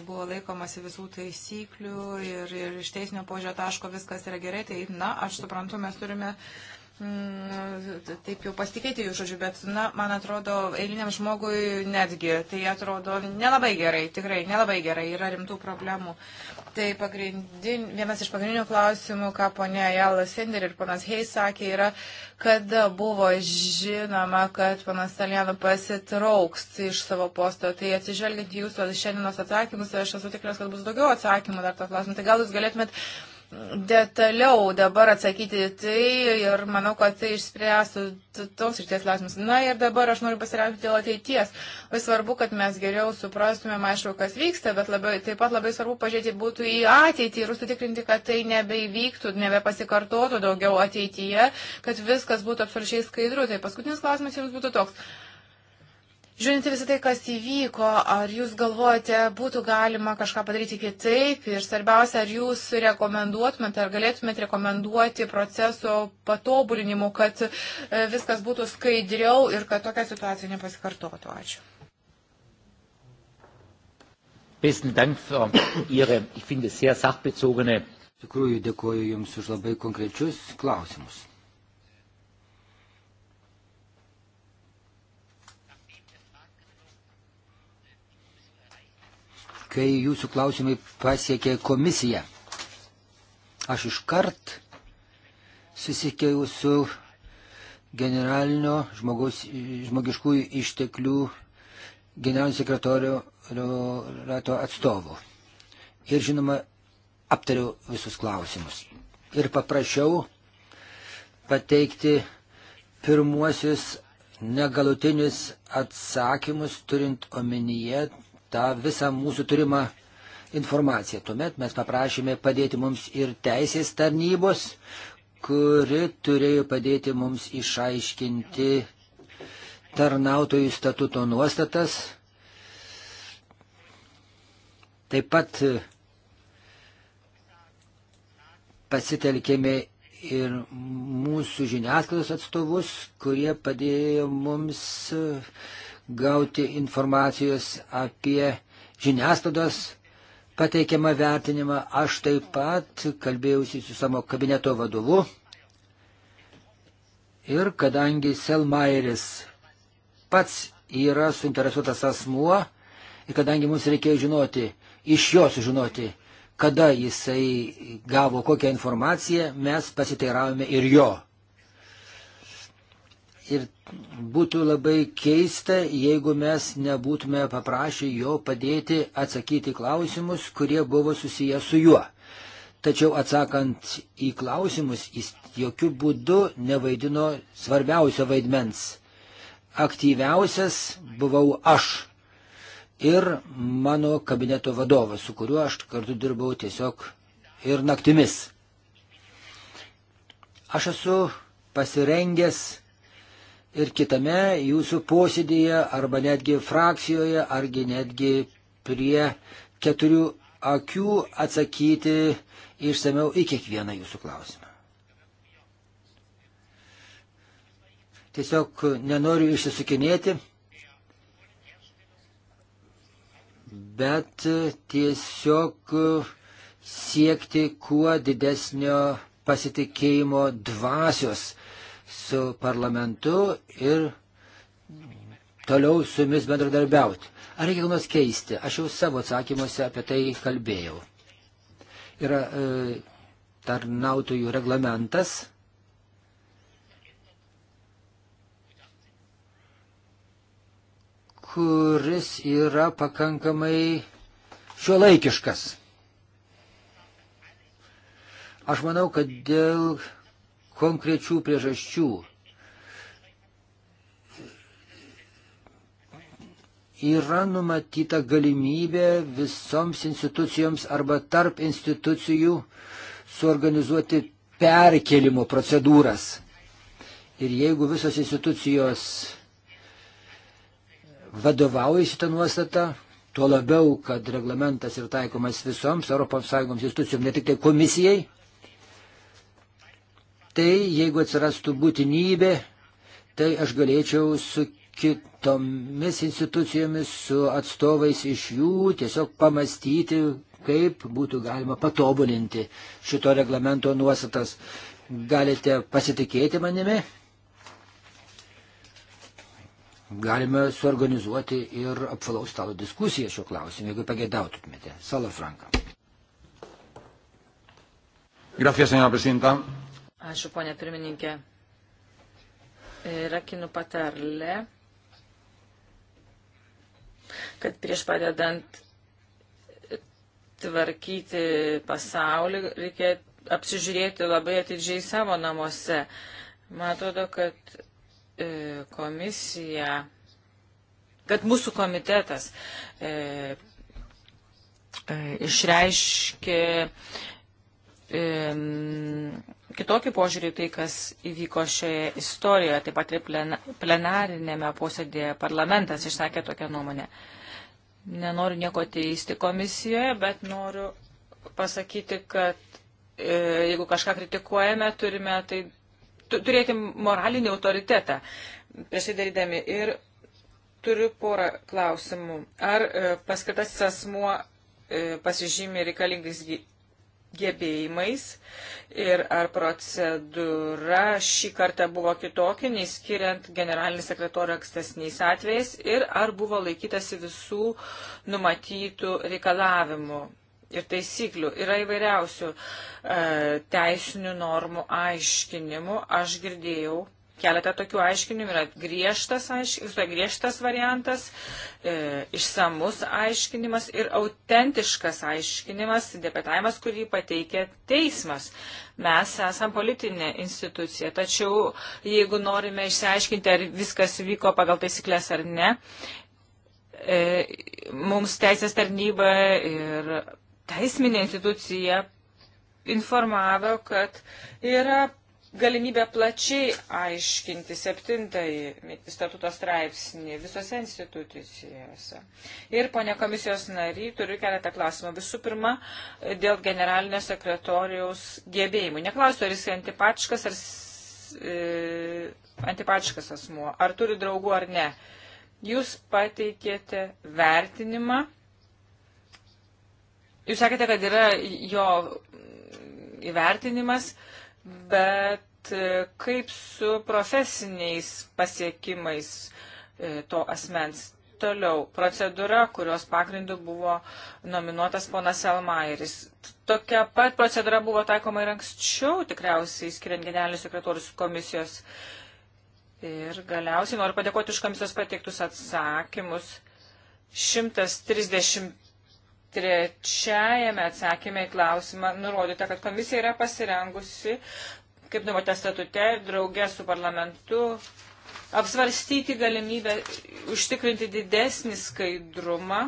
buvo laikomasi visų taisyklių ir, ir iš teisinio požio taško viskas yra gerai. Tai, na, aš suprantu, mes turime uh, Mm, taip jau pasitikėti jų žodžiu, bet, na, man atrodo, eiliniam žmogui netgi tai atrodo nelabai gerai, tikrai nelabai gerai, yra rimtų problemų. Tai pagrindin, vienas iš pagrindinių klausimų, ką ponė Jala Sender ir ponas Heis sakė, yra, kada buvo žinoma, kad ponas Talianu pasitrauks iš savo posto. Tai atsižvelgiant į jūsų šiandienos atsakymus, aš esu tikras, kad bus daugiau atsakymų dar to klausimą. Tai gal jūs galėtumėt detaliau dabar atsakyti tai ir manau, kad tai išspręstų tos išties klausimus. Na ir dabar aš noriu pasiremti dėl ateities. Vis svarbu, kad mes geriau suprastumėm, aišku, kas vyksta, bet labai, taip pat labai svarbu pažiūrėti būtų į ateitį ir užsitikrinti, kad tai nebeivyktų, nebepasikartotų daugiau ateityje, kad viskas būtų absoliučiai skaidru. Tai paskutinis klausimas jums būtų toks. Žiūrint visą tai, kas įvyko, ar jūs galvojate, būtų galima kažką padaryti kitaip ir svarbiausia, ar jūs rekomenduotumėte, ar galėtumėte rekomenduoti proceso patobulinimu, kad e, viskas būtų skaidriau ir kad tokia situacija nepasikartotų. Ačiū. Besten Dank für Ihre, ich finde, sehr sachbezogene. Iš tikrųjų, dėkuoju Jums už labai konkrečius klausimus. kai jūsų klausimai pasiekė komisiją. Aš iškart susikėjau su generalinio žmogus, žmogiškųjų išteklių generalinio sekretorio rato atstovu. Ir žinoma, aptariau visus klausimus. Ir paprašiau pateikti pirmuosius negalutinius atsakymus, turint omenyje tą visą mūsų turimą informaciją. Tuomet mes paprašėme padėti mums ir teisės tarnybos, kuri turėjo padėti mums išaiškinti tarnautojų statuto nuostatas. Taip pat e, pasitelkėme ir mūsų žiniasklaidos atstovus, kurie padėjo mums uh, gauti informacijos apie žiniasklaidos pateikiamą vertinimą. Aš taip pat kalbėjausi su savo kabineto vadovu. Ir kadangi Selmairis pats yra suinteresuotas asmuo, ir kadangi mums reikėjo žinoti, iš jo sužinoti, kada jisai gavo kokią informaciją, mes pasiteiravome ir jo. Ir būtų labai keista, jeigu mes nebūtume paprašę jo padėti atsakyti klausimus, kurie buvo susiję su juo. Tačiau atsakant į klausimus, jis jokių būdų nevaidino svarbiausio vaidmens. Aktyviausias buvau aš ir mano kabineto vadovas, su kuriuo aš kartu dirbau tiesiog ir naktimis. Aš esu pasirengęs ir kitame jūsų posėdėje arba netgi frakcijoje, argi netgi prie keturių akių atsakyti išsameu į kiekvieną jūsų klausimą. Tiesiog nenoriu išsisukinėti, bet tiesiog siekti kuo didesnio pasitikėjimo dvasios su parlamentu ir toliau su jumis bendradarbiauti. Ar reikia nors keisti? Aš jau savo atsakymuose apie tai kalbėjau. Yra e, tarnautojų reglamentas. kuris yra pakankamai šiuolaikiškas. Aš manau, kad dėl konkrečių priežasčių. Yra numatyta galimybė visoms institucijoms arba tarp institucijų suorganizuoti perkelimo procedūras. Ir jeigu visos institucijos vadovauja šitą nuostatą, tuo labiau, kad reglamentas yra taikomas visoms ES institucijoms, ne tik tai komisijai, tai jeigu atsirastų būtinybė, tai aš galėčiau su kitomis institucijomis, su atstovais iš jų tiesiog pamastyti, kaip būtų galima patobulinti šito reglamento nuostatas. Galite pasitikėti manimi, galime suorganizuoti ir apvalaus stalo diskusiją šiuo klausimu, jeigu pageidautumėte. Sala Franka. Gracias, señora presidenta. Ačiū, ponė pirmininkė. Rakinų patarlė, kad prieš padedant tvarkyti pasaulį reikia apsižiūrėti labai atidžiai savo namuose. Man atrodo, kad e, komisija, kad mūsų komitetas e, e, išreiškė e, kitokį požiūrį tai, kas įvyko šioje istorijoje. Taip pat ir plena, plenarinėme posėdėje parlamentas išsakė tokią nuomonę. Nenoriu nieko teisti komisijoje, bet noriu pasakyti, kad e, jeigu kažką kritikuojame, turime tai turėti moralinį autoritetą prieš tai darydami. Ir turiu porą klausimų. Ar e, paskirtasis asmuo e, pasižymė reikalingais gebėjimais ir ar procedūra šį kartą buvo kitokia, nei skiriant generalinį sekretorių ankstesniais atvejais ir ar buvo laikytasi visų numatytų reikalavimų. Ir taisyklių yra įvairiausių e, teisinių normų aiškinimų. Aš girdėjau keletą tokių aiškinimų. Yra griežtas, yra griežtas variantas, e, išsamus aiškinimas ir autentiškas aiškinimas, depetavimas, kurį pateikia teismas. Mes esam politinė institucija, tačiau jeigu norime išsiaiškinti, ar viskas vyko pagal taisyklės ar ne, e, mums teisės tarnyba ir teisminė institucija informavo, kad yra galimybę plačiai aiškinti septintąjį statuto straipsnį visose institucijose. Ir, ponė komisijos nary, turiu keletą klausimų. Visų pirma, dėl generalinio sekretoriaus gebėjimų. Neklausiu, ar jis antipatiškas ar e, antipatiškas asmuo, ar turi draugų ar ne. Jūs pateikėte vertinimą. Jūs sakėte, kad yra jo įvertinimas. E, bet e, kaip su profesiniais pasiekimais e, to asmens? Toliau, procedūra, kurios pagrindu buvo nominuotas ponas Elmairis. Tokia pat procedūra buvo taikoma ir anksčiau, tikriausiai, skiriant generalinius sekretorius komisijos. Ir galiausiai noriu padėkoti už komisijos pateiktus atsakymus. 130 trečiajame atsakymė į klausimą nurodyta, kad komisija yra pasirengusi, kaip numatyta statute, draugė su parlamentu apsvarstyti galimybę užtikrinti didesnį skaidrumą,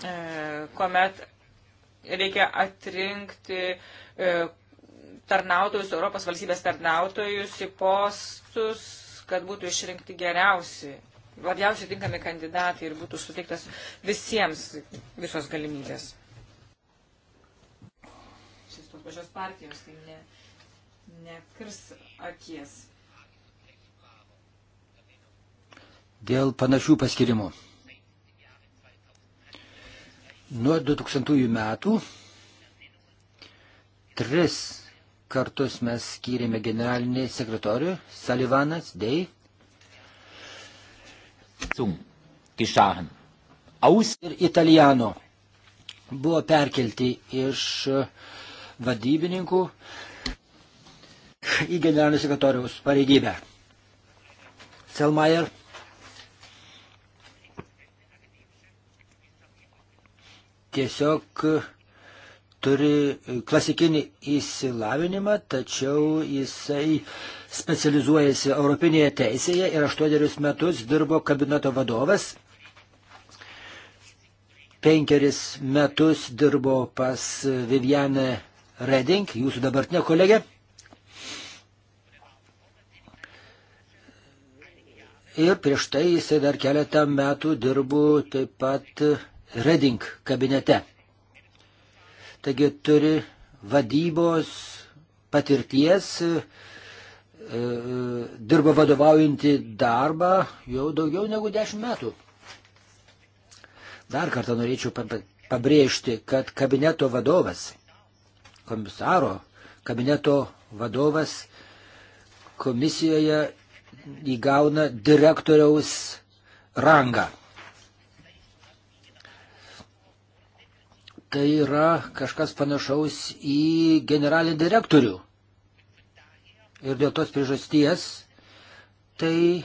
e, kuomet reikia atrinkti e, tarnautojus, Europos valstybės tarnautojus į postus, kad būtų išrinkti geriausi labiausiai tinkami kandidatai ir būtų suteiktas visiems visos galimybės. Šis tos pačios partijos, tai ne, nekirs akies. Dėl panašių paskirimų. Nuo 2000 metų tris kartus mes skyrėme generalinį sekretorių Salivanas Dei geschahen. Aus ir italiano buvo perkelti iš e, vadybininkų į generalinio sekretoriaus pareigybę. Selmayer tiesiog e, turi klasikinį įsilavinimą, tačiau jisai uh, specializuojasi Europinėje teisėje ir aštuonerius metus dirbo kabineto vadovas. Penkeris metus dirbo pas Viviane Reding, jūsų dabartinė kolegė. Ir prieš tai jisai dar keletą metų dirbo taip pat Reding kabinete. Taigi turi vadybos patirties E, dirba vadovaujantį darbą jau daugiau negu dešimt metų. Dar kartą norėčiau pabrėžti, kad kabineto vadovas, komisaro kabineto vadovas komisijoje įgauna direktoriaus rangą. Tai yra kažkas panašaus į generalinį direktorių ir dėl tos priežasties tai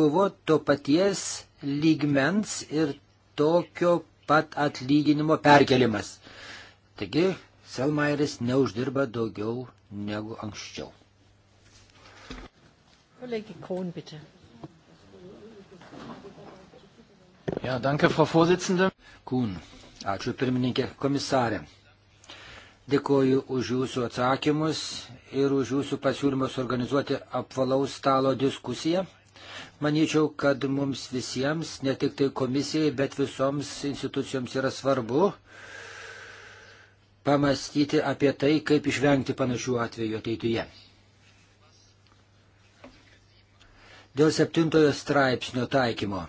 buvo to paties lygmens ir tokio pat atlyginimo perkelimas. Taigi, Selmairis neuždirba daugiau negu anksčiau. Kolegė Kohn, bitte. Ja, danke, Frau Vorsitzende. Kuhn, ačiū pirmininkė komisarė. Dėkuoju už jūsų atsakymus ir už jūsų pasiūlymus organizuoti apvalaus stalo diskusiją. Manyčiau, kad mums visiems, ne tik tai komisijai, bet visoms institucijoms yra svarbu pamastyti apie tai, kaip išvengti panašių atvejų ateityje. Dėl septintojo straipsnio taikymo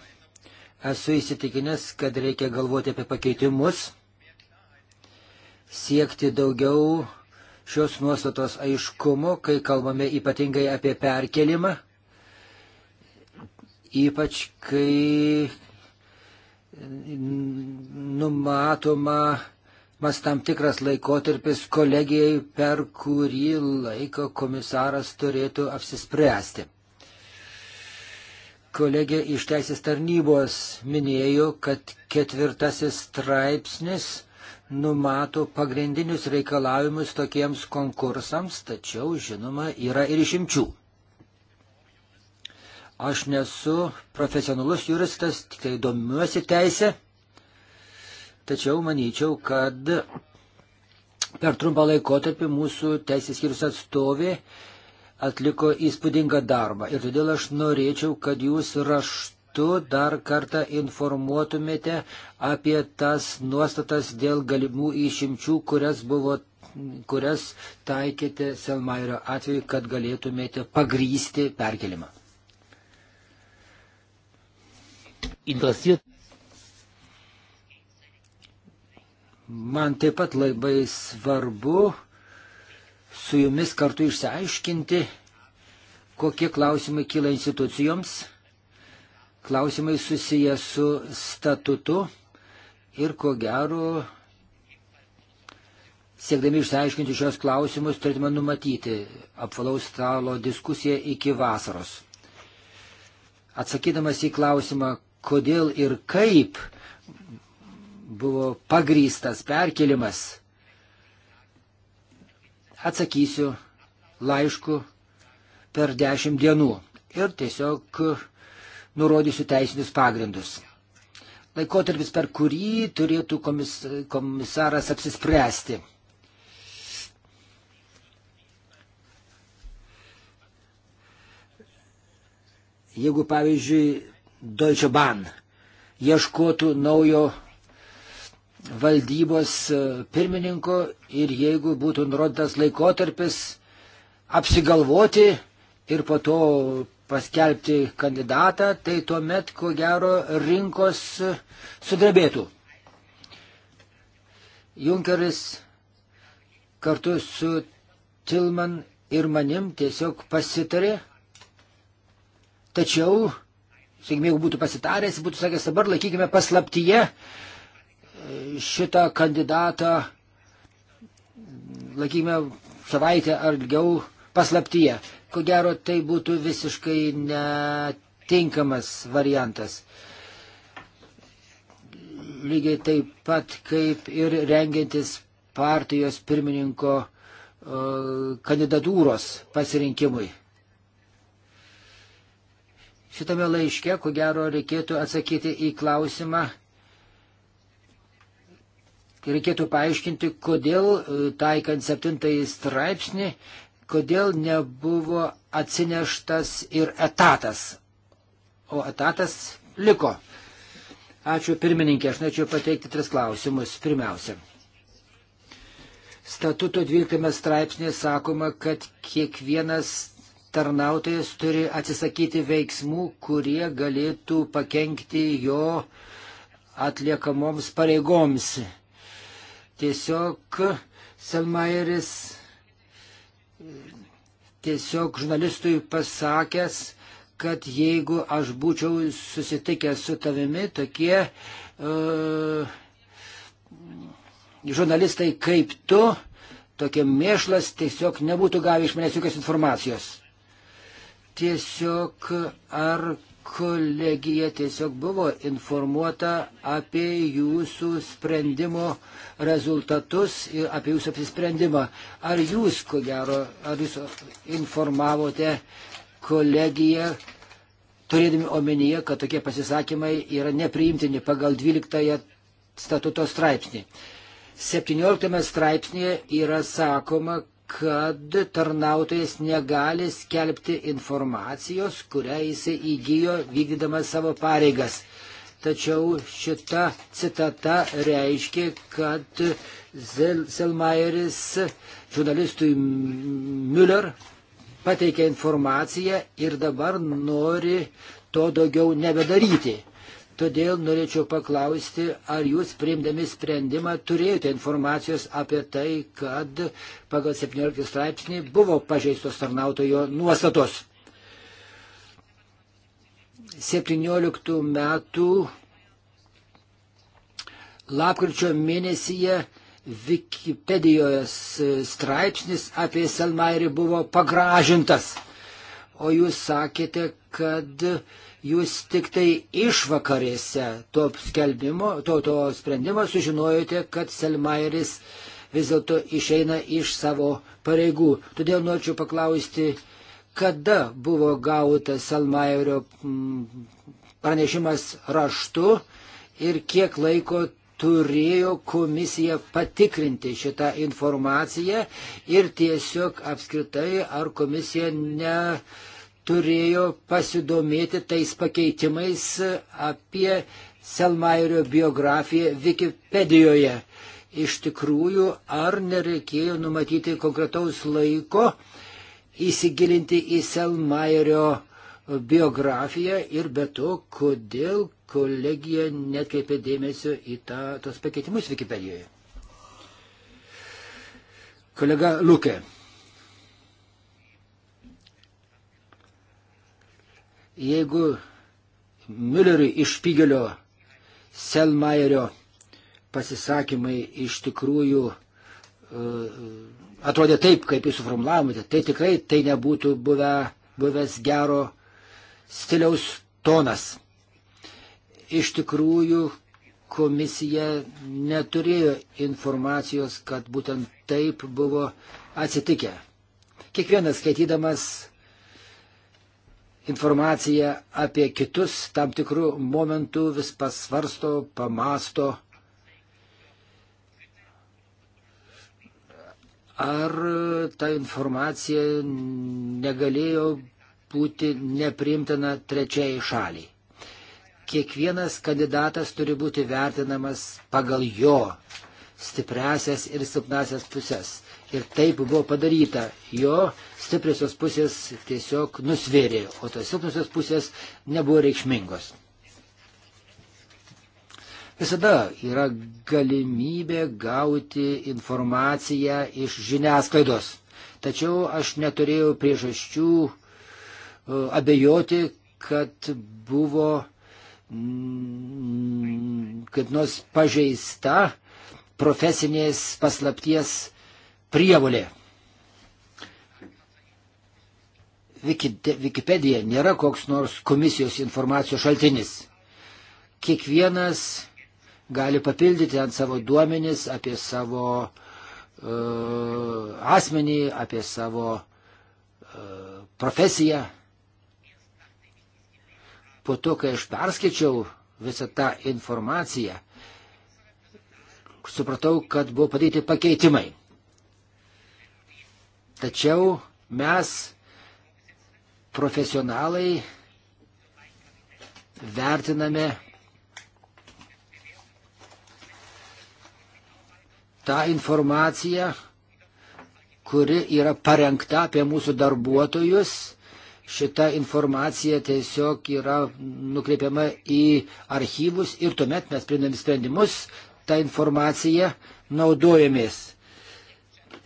esu įsitikinęs, kad reikia galvoti apie pakeitimus siekti daugiau šios nuostatos aiškumo, kai kalbame ypatingai apie perkelimą, ypač kai numatoma mas tam tikras laikotarpis kolegijai, per kurį laiką komisaras turėtų apsispręsti. Kolegė iš teisės tarnybos minėjo, kad ketvirtasis straipsnis numato pagrindinius reikalavimus tokiems konkursams, tačiau, žinoma, yra ir išimčių. Aš nesu profesionalus juristas, tik tai domiuosi teisę, tačiau manyčiau, kad per trumpą laikotarpį mūsų teisės skyrius atstovė atliko įspūdingą darbą. Ir todėl aš norėčiau, kad jūs raštu metu dar kartą informuotumėte apie tas nuostatas dėl galimų išimčių, kurias, buvo, kurias taikėte Selmairio atveju, kad galėtumėte pagrysti perkelimą. Interesiert. Man taip pat labai svarbu su jumis kartu išsiaiškinti, kokie klausimai kyla institucijoms klausimai susiję su statutu ir ko gero, siekdami išsiaiškinti šios klausimus, turėtume numatyti apvalaus stalo diskusiją iki vasaros. Atsakydamas į klausimą, kodėl ir kaip buvo pagrystas perkelimas, atsakysiu laišku per dešimt dienų. Ir tiesiog nurodysiu teisinius pagrindus. Laikotarpis, per kurį turėtų komis, komisaras apsispręsti. Jeigu, pavyzdžiui, Deutsche Bahn ieškotų naujo valdybos e, pirmininko ir jeigu būtų nurodytas laikotarpis apsigalvoti ir po to paskelbti kandidatą, tai tuomet, ko gero, rinkos sudrebėtų. Junkeris kartu su Tilman ir manim tiesiog pasitarė, tačiau, sakykime, jeigu būtų pasitaręs, būtų sakęs, dabar laikykime paslaptyje šitą kandidatą, laikykime savaitę ar ilgiau paslaptyje. Ko gero, tai būtų visiškai netinkamas variantas. Lygiai taip pat kaip ir rengiantis partijos pirmininko kandidatūros pasirinkimui. Šitame laiške, ko gero, reikėtų atsakyti į klausimą, reikėtų paaiškinti, kodėl e, taikant septintąjį straipsnį kodėl nebuvo atsineštas ir etatas. O etatas liko. Ačiū pirmininkė, aš norėčiau pateikti tris klausimus. Pirmiausia. Statuto 12 straipsnė sakoma, kad kiekvienas tarnautojas turi atsisakyti veiksmų, kurie galėtų pakengti jo atliekamoms pareigoms. Tiesiog Selmayeris tiesiog žurnalistui pasakęs, kad jeigu aš būčiau susitikęs su tavimi, tokie uh, žurnalistai kaip tu, tokie mėšlas tiesiog nebūtų gavę iš manęs jokios informacijos. Tiesiog ar kolegija tiesiog buvo informuota apie jūsų sprendimo rezultatus ir apie jūsų apsisprendimą. Ar jūs, ko gero, ar jūs informavote kolegiją, turėdami omenyje, kad tokie pasisakymai yra nepriimtini pagal 12 statuto straipsnį. 17 straipsnėje yra sakoma, kad tarnautojas negali skelbti informacijos, kurią jisai įgyjo vykdydamas savo pareigas. Tačiau šita citata reiškia, kad Selmayeris žurnalistui Müller pateikė informaciją ir dabar nori to daugiau nebedaryti. Todėl norėčiau paklausti, ar jūs priimdami sprendimą turėjote informacijos apie tai, kad pagal 17 straipsnį buvo pažeistos tarnautojo nuostatos. 17 metų lapkričio mėnesyje Wikipedijos e, straipsnis apie Selmairį buvo pagražintas, o jūs sakėte, kad uh, jūs tik tai išvakarėse to skelbimo, to, to sprendimo sužinojote, kad Selmairis vis dėlto išeina iš savo pareigų. Todėl norėčiau paklausti, kada buvo gautas Selmairio mm, pranešimas raštu ir kiek laiko turėjo komisija patikrinti šitą informaciją ir tiesiog apskritai, ar komisija ne turėjo pasidomėti tais pakeitimais apie Selmairio biografiją Wikipedijoje. Iš tikrųjų, ar nereikėjo numatyti konkretaus laiko įsigilinti į Selmairio biografiją ir be to, kodėl kolegija netkreipė dėmesio į tą, tos pakeitimus Wikipedijoje. Kolega Lukė. Jeigu Mülleriui iš Pigelio Selmayerio pasisakymai iš tikrųjų uh, atrodė taip, kaip jūs suformulavote, tai tikrai tai nebūtų buvę, buvęs gero stiliaus tonas. Iš tikrųjų, komisija neturėjo informacijos, kad būtent taip buvo atsitikę. Kiekvienas skaitydamas informaciją apie kitus tam tikrų momentų vis pasvarsto, pamasto. Ar ta informacija negalėjo būti nepriimtina trečiai šaliai? Kiekvienas kandidatas turi būti vertinamas pagal jo stipresias ir silpnasias pusės. Ir taip buvo padaryta. Jo stipriosios pusės tiesiog nusvėrė, o tos silpnosios pusės nebuvo reikšmingos. Visada yra galimybė gauti informaciją iš žiniasklaidos. Tačiau aš neturėjau priežasčių e, abejoti, kad buvo kad nors pažeista profesinės paslapties prievolė. Wikipedija nėra koks nors komisijos informacijos šaltinis. Kiekvienas gali papildyti ant savo duomenis apie savo uh, asmenį, apie savo uh, profesiją. Po to, kai aš perskaičiau visą tą informaciją, supratau, kad buvo padaryti pakeitimai. Tačiau mes, profesionalai, vertiname tą informaciją, kuri yra parengta apie mūsų darbuotojus. Šita informacija tiesiog yra nukreipiama į archyvus ir tuomet mes priimdami sprendimus tą informaciją naudojamės.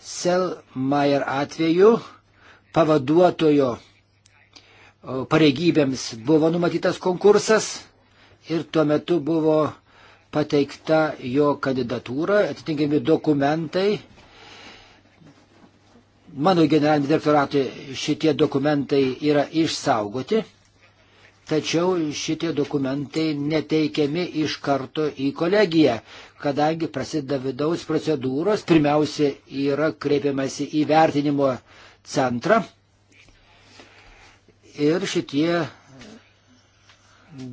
Selmayer atveju pavaduotojo pareigybėms buvo numatytas konkursas ir tuo metu buvo pateikta jo kandidatūra, atitinkami dokumentai. Mano generalinė direktoratė šitie dokumentai yra išsaugoti, tačiau šitie dokumentai neteikiami iš karto į kolegiją kadangi prasideda vidaus procedūros, pirmiausia yra kreipiamasi į vertinimo centrą ir šitie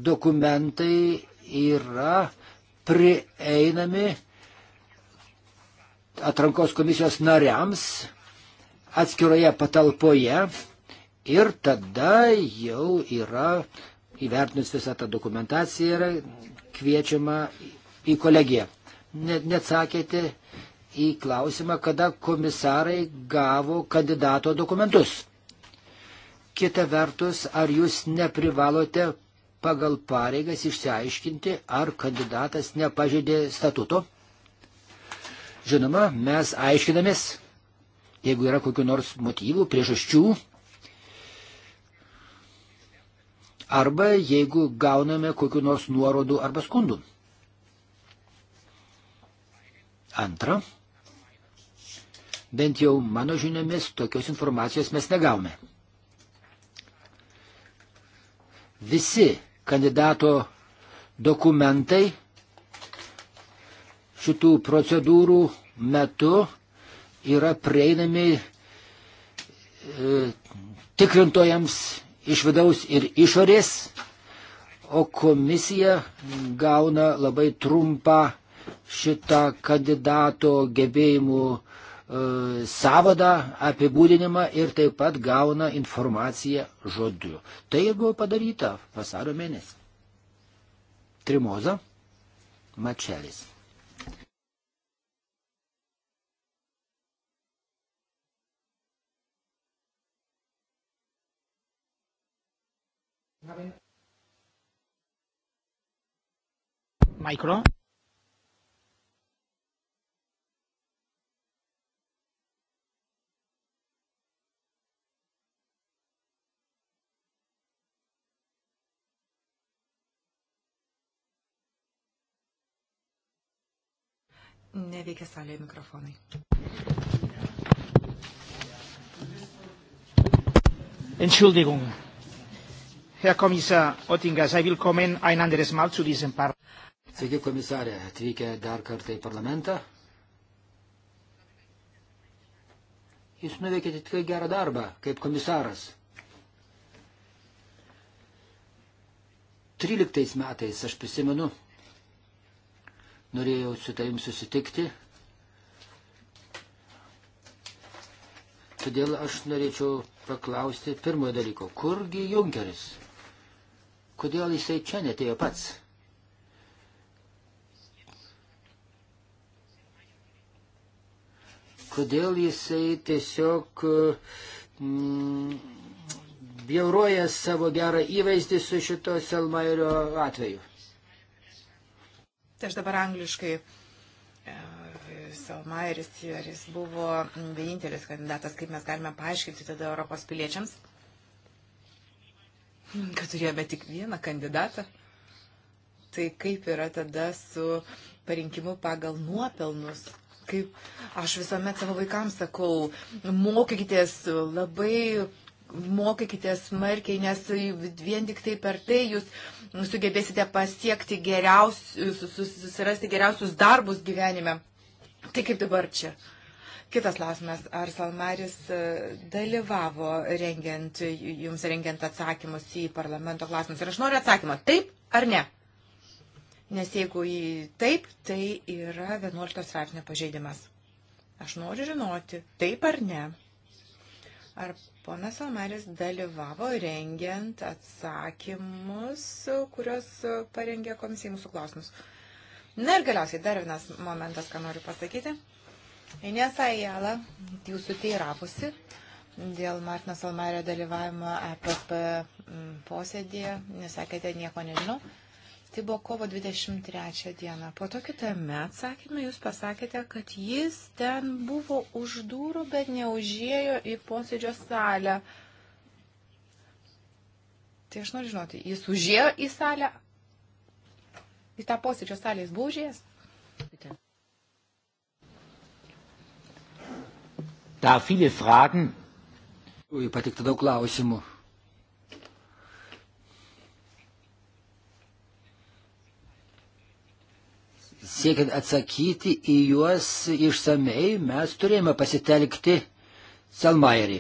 dokumentai yra prieinami atrankos komisijos nariams atskiroje patalpoje ir tada jau yra įvertinus visą tą dokumentaciją yra kviečiama į kolegiją. Net neatsakėte į klausimą, kada komisarai gavo kandidato dokumentus. Kita vertus, ar jūs neprivalote pagal pareigas išsiaiškinti, ar kandidatas nepažeidė statuto? Žinoma, mes aiškinamės, jeigu yra kokiu nors motyvų, priežasčių, arba jeigu gauname kokiu nors nuorodų arba skundų. Antra, bent jau mano žiniomis tokios informacijos mes negavome. Visi kandidato dokumentai šitų procedūrų metu yra prieinami e, tikrintojams iš vidaus ir išorės, o komisija gauna labai trumpą šitą kandidato gebėjimų e, savadą, apibūdinimą ir taip pat gauna informaciją žodžiu. Tai ir buvo padaryta vasario mėnesį. Trimoza Mačelis. Micro. neveikia salėje mikrofonai. Entschuldigung. Herr Kommissar Oettinger, Sie willkommen ein anderes Mal zu diesem Parlament. Sveiki, komisarė, atvykę dar kartą į parlamentą. Jūs nuveikėte tikrai gerą darbą kaip komisaras. 13 metais aš prisimenu norėjau su tavim susitikti. Todėl aš norėčiau paklausti pirmojo dalyko. Kurgi Junkeris? Kodėl jisai čia netėjo pats? Kodėl jisai tiesiog mm, bjauroja savo gerą įvaizdį su šito Selmairio atveju? Tai aš dabar angliškai. E, Salmairis, ar jis buvo vienintelis kandidatas, kaip mes galime paaiškinti tada Europos piliečiams, kad turėjome tik vieną kandidatą. Tai kaip yra tada su parinkimu pagal nuopelnus? Kaip aš visuomet savo vaikams sakau, mokykitės labai mokykite smarkiai, nes vien tik tai per tai jūs sugebėsite pasiekti geriausius, susirasti geriausius darbus gyvenime. Tai kaip dabar čia? Kitas klausimas, ar Salmaris e, dalyvavo rengiant, jums rengiant atsakymus į parlamento klausimus? Ir aš noriu atsakymą, taip ar ne? Nes jeigu jį taip, tai yra 11 straipsnio pažeidimas. Aš noriu žinoti, taip ar ne. Ar Ponas Omaris dalyvavo rengiant atsakymus, kuriuos parengė komisija mūsų klausimus. Na ir galiausiai dar vienas momentas, ką noriu pasakyti. Inesa Jala, jūsų teiravusi dėl Martino Salmario dalyvavimo EPP posėdėje, nesakėte nieko nežinau. Tai buvo kovo 23 diena. Po to kitame atsakymė jūs pasakėte, kad jis ten buvo už durų, bet neužėjo į posėdžio salę. Tai aš noriu žinoti, jis užėjo į salę, į tą posėdžio salę jis buvo užėjęs? Da viele Fragen. Patikta daug klausimų. siekiant atsakyti į juos išsamei, mes turėjome pasitelkti Selmairį.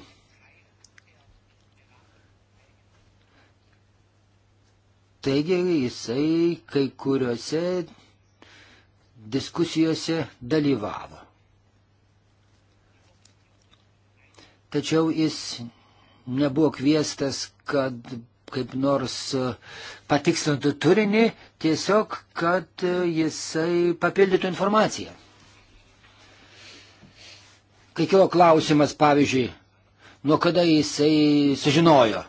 Taigi jisai kai kuriuose diskusijose dalyvavo. Tačiau jis nebuvo kviestas, kad kaip nors e, patikslintų turinį, tiesiog, kad e, jisai papildytų informaciją. Kai kilo klausimas, pavyzdžiui, nuo kada jisai sužinojo.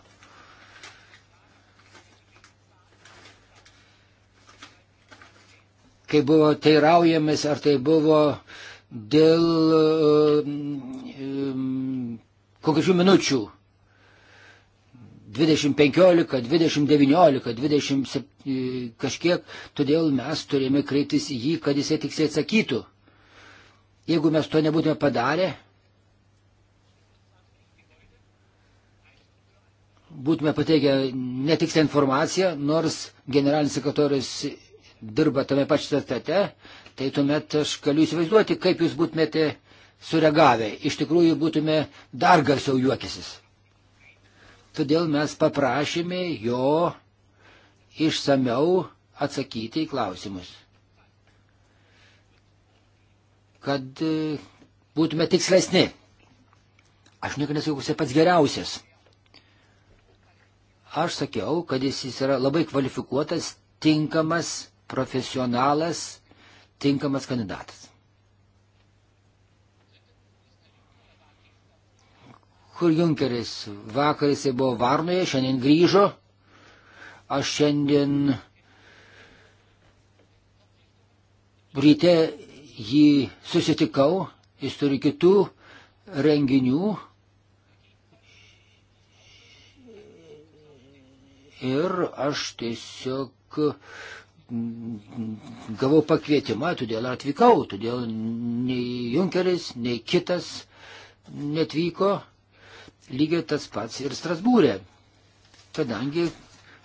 Kai buvo teiraujamis, ar tai buvo dėl um, um, kokių minučių 2015, 2019, 20 kažkiek, todėl mes turime kreiptis į jį, kad jisai tiksliai atsakytų. Jeigu mes to nebūtume padarę, būtume pateikę netikslę informaciją, nors generalinis sekretorius dirba tame pačiame state, tai tuomet aš galiu įsivaizduoti, kaip jūs būtumėte sureagavę. Iš tikrųjų būtume dar garsiau juokiasis. Todėl mes paprašėme jo išsameu atsakyti į klausimus. Kad e, būtume tikslesni. Aš nieko nesakiau, kad jis pats geriausias. Aš sakiau, kad jis, jis yra labai kvalifikuotas, tinkamas profesionalas, tinkamas kandidatas. Kur Junkeris? Vakar jisai buvo Varnoje, šiandien grįžo. Aš šiandien ryte jį susitikau, jis turi kitų renginių. Ir aš tiesiog gavau pakvietimą, todėl atvykau, todėl nei Junkeris, nei kitas netvyko. Lygiai tas pats ir Strasbūrė, kadangi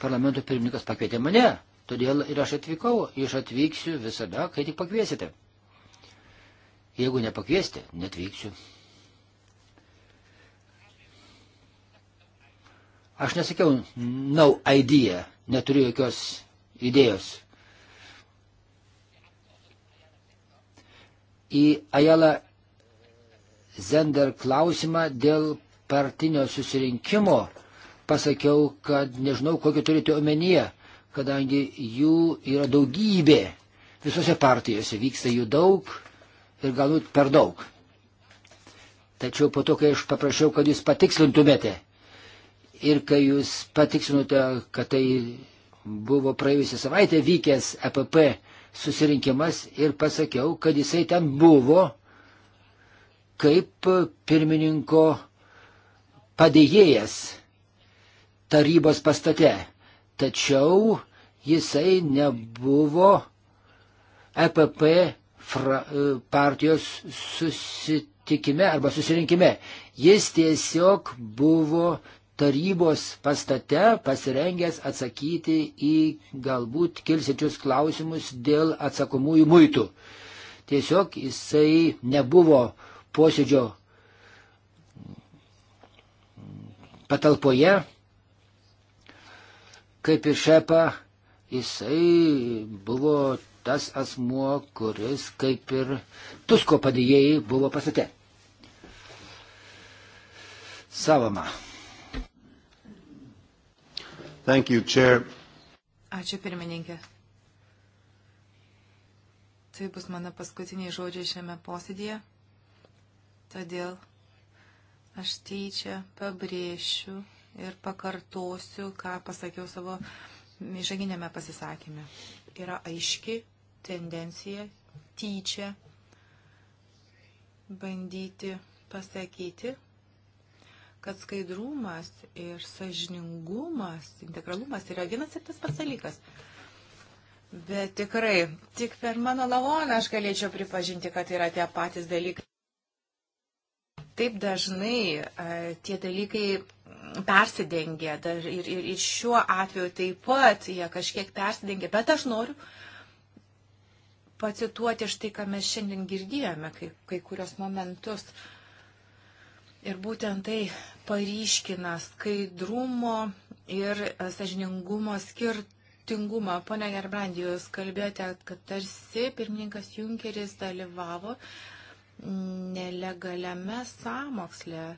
parlamento pirmininkas pakvietė mane, todėl ir aš atvykau, iš atvyksiu visada, kai tik pakviesite. Jeigu nepakviesite, netvyksiu. Aš nesakiau, no idea, neturiu jokios idėjos. Į Ajalą Zender klausimą dėl partinio susirinkimo pasakiau, kad nežinau, kokį turite omenyje, kadangi jų yra daugybė. Visose partijose vyksta jų daug ir galbūt per daug. Tačiau po to, kai aš paprašiau, kad jūs patikslintumėte ir kai jūs patikslinote, kad tai buvo praėjusią savaitę vykęs EPP susirinkimas ir pasakiau, kad jisai ten buvo kaip pirmininko padėjėjas tarybos pastate, tačiau jisai nebuvo EPP fra, e, partijos susitikime arba susirinkime. Jis tiesiog buvo tarybos pastate pasirengęs atsakyti į galbūt kilsičius klausimus dėl atsakomųjų muitų. Tiesiog jisai nebuvo posėdžio patalpoje, kaip ir šepa, jisai buvo tas asmuo, kuris kaip ir Tusko padėjėjai buvo pasate. Savama. Thank you, Chair. Ačiū pirmininkė. Tai bus mano paskutiniai žodžiai šiame posėdėje. Todėl Aš tyčia pabrėšiu ir pakartosiu, ką pasakiau savo išaginėme pasisakymė. Yra aiški tendencija tyčia bandyti pasakyti, kad skaidrumas ir sažiningumas, integralumas yra vienas ir tas pats dalykas. Bet tikrai, tik per mano lavoną aš galėčiau pripažinti, kad yra tie patys dalykai taip dažnai tie dalykai persidengia ir, ir, ir šiuo atveju taip pat jie kažkiek persidengia, bet aš noriu pacituoti štai, ką mes šiandien girdėjome, kai, kai kurios momentus. Ir būtent tai paryškina skaidrumo ir sažiningumo skirtumą skirtingumą. Pone Gerbrandijus, kalbėjote, kad tarsi pirmininkas Junkeris dalyvavo nelegaliame sąmoksle.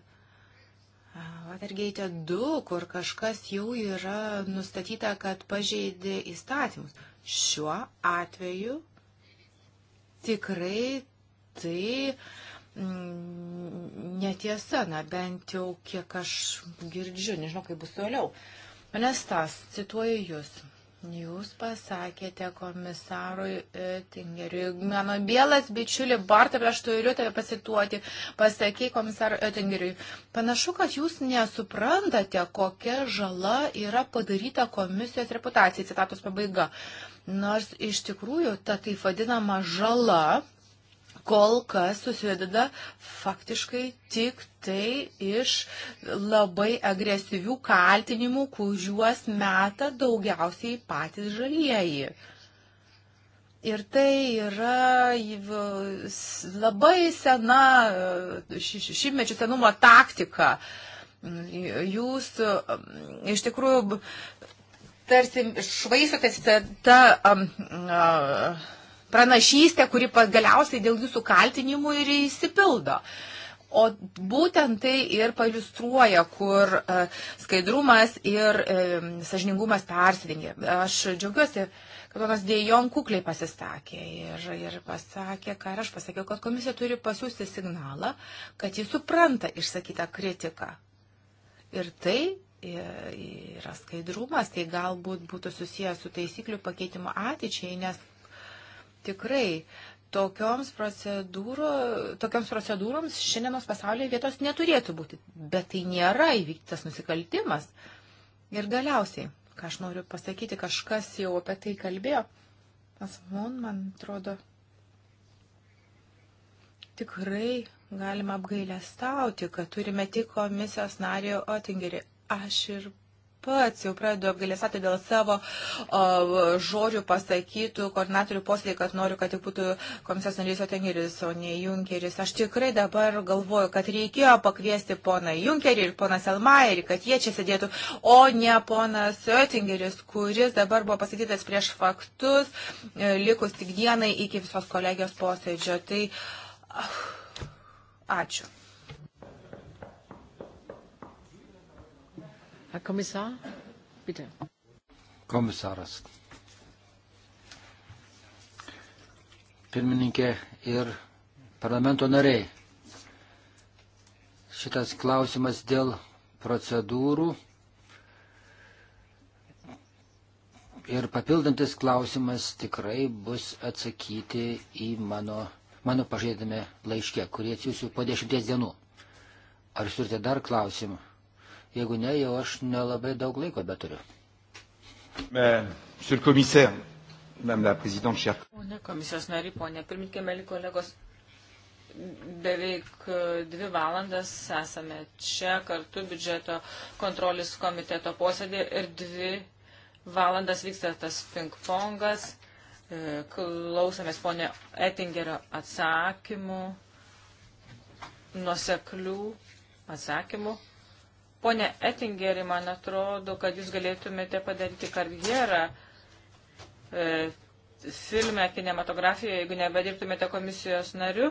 Watergate 2, kur kažkas jau yra nustatyta, kad pažeidė įstatymus. Šiuo atveju tikrai tai mm, netiesa, na bent jau kiek aš girdžiu, nežinau kaip bus toliau. Manęs tas, cituoju jūs, Jūs pasakėte komisarui e, Tingeriui, mano bielas bičiuli Bartą, aš turiu tave pasituoti, pasakė komisarui Tingeriui. Panašu, kad jūs nesuprantate, kokia žala yra padaryta komisijos reputacijai, citatos pabaiga. Nors iš tikrųjų ta taip vadinama žala kol kas susideda faktiškai tik tai iš labai agresyvių kaltinimų, kuriuos meta daugiausiai patys žalieji. Ir tai yra labai sena, e, šimtmečių senumo taktika. Jūs e, iš tikrųjų tarsi švaistotės tą. tą, tą pranašystė, kuri galiausiai dėl jūsų kaltinimų ir įsipildo. O būtent tai ir palistruoja, kur e, skaidrumas ir e, sažiningumas persidengia. Aš džiaugiuosi, kad ponas Dėjon kukliai pasistakė ir, ir pasakė, ką ir aš pasakiau, kad komisija turi pasiūsti signalą, kad jis supranta išsakytą kritiką. Ir tai e, yra skaidrumas, tai galbūt būtų susijęs su taisyklių pakeitimo ateičiai, nes Tikrai, tokioms, procedūro, tokioms procedūroms šiandienos pasaulyje vietos neturėtų būti, bet tai nėra įvyktas nusikaltimas. Ir galiausiai, ką aš noriu pasakyti, kažkas jau apie tai kalbėjo, asmon, man atrodo, tikrai galima apgailę stauti, kad turime tik komisijos nario Otingerį. Aš ir pats jau pradedu apgalėsati dėl savo o, žodžių pasakytų koordinatorių posėdį, kad noriu, kad tik būtų komisijos narys Otengeris, o ne Junkeris. Aš tikrai dabar galvoju, kad reikėjo pakviesti poną Junkerį ir poną Selmairį, kad jie čia sėdėtų, o ne ponas Otengeris, kuris dabar buvo pasakytas prieš faktus, e, likus tik dienai iki visos kolegijos posėdžio. Tai, ačiū. Herr Kommissar, bitte. Komisaras. Pirmininkė ir parlamento nariai. Šitas klausimas dėl procedūrų ir papildantis klausimas tikrai bus atsakyti į mano, mano pažeidame laiške, kurį atsiųsiu po dešimties dienų. Ar turite dar klausimą? Jeigu ne, jau aš nelabai daug laiko beturiu. Monsieur le commissaire, madame la présidente, chers. Pone komisijos nari, ponė pirmininkė, mėly kolegos, beveik e, dvi valandas esame čia kartu biudžeto kontrolės komiteto posėdė ir dvi valandas vyksta tas ping-pongas. E, klausomės ponė Ettingerio atsakymų, nuoseklių atsakymų Pone Ettingeri, man atrodo, kad jūs galėtumėte padaryti karjerą e, filme, kinematografijoje, jeigu nebedirbtumėte komisijos nariu,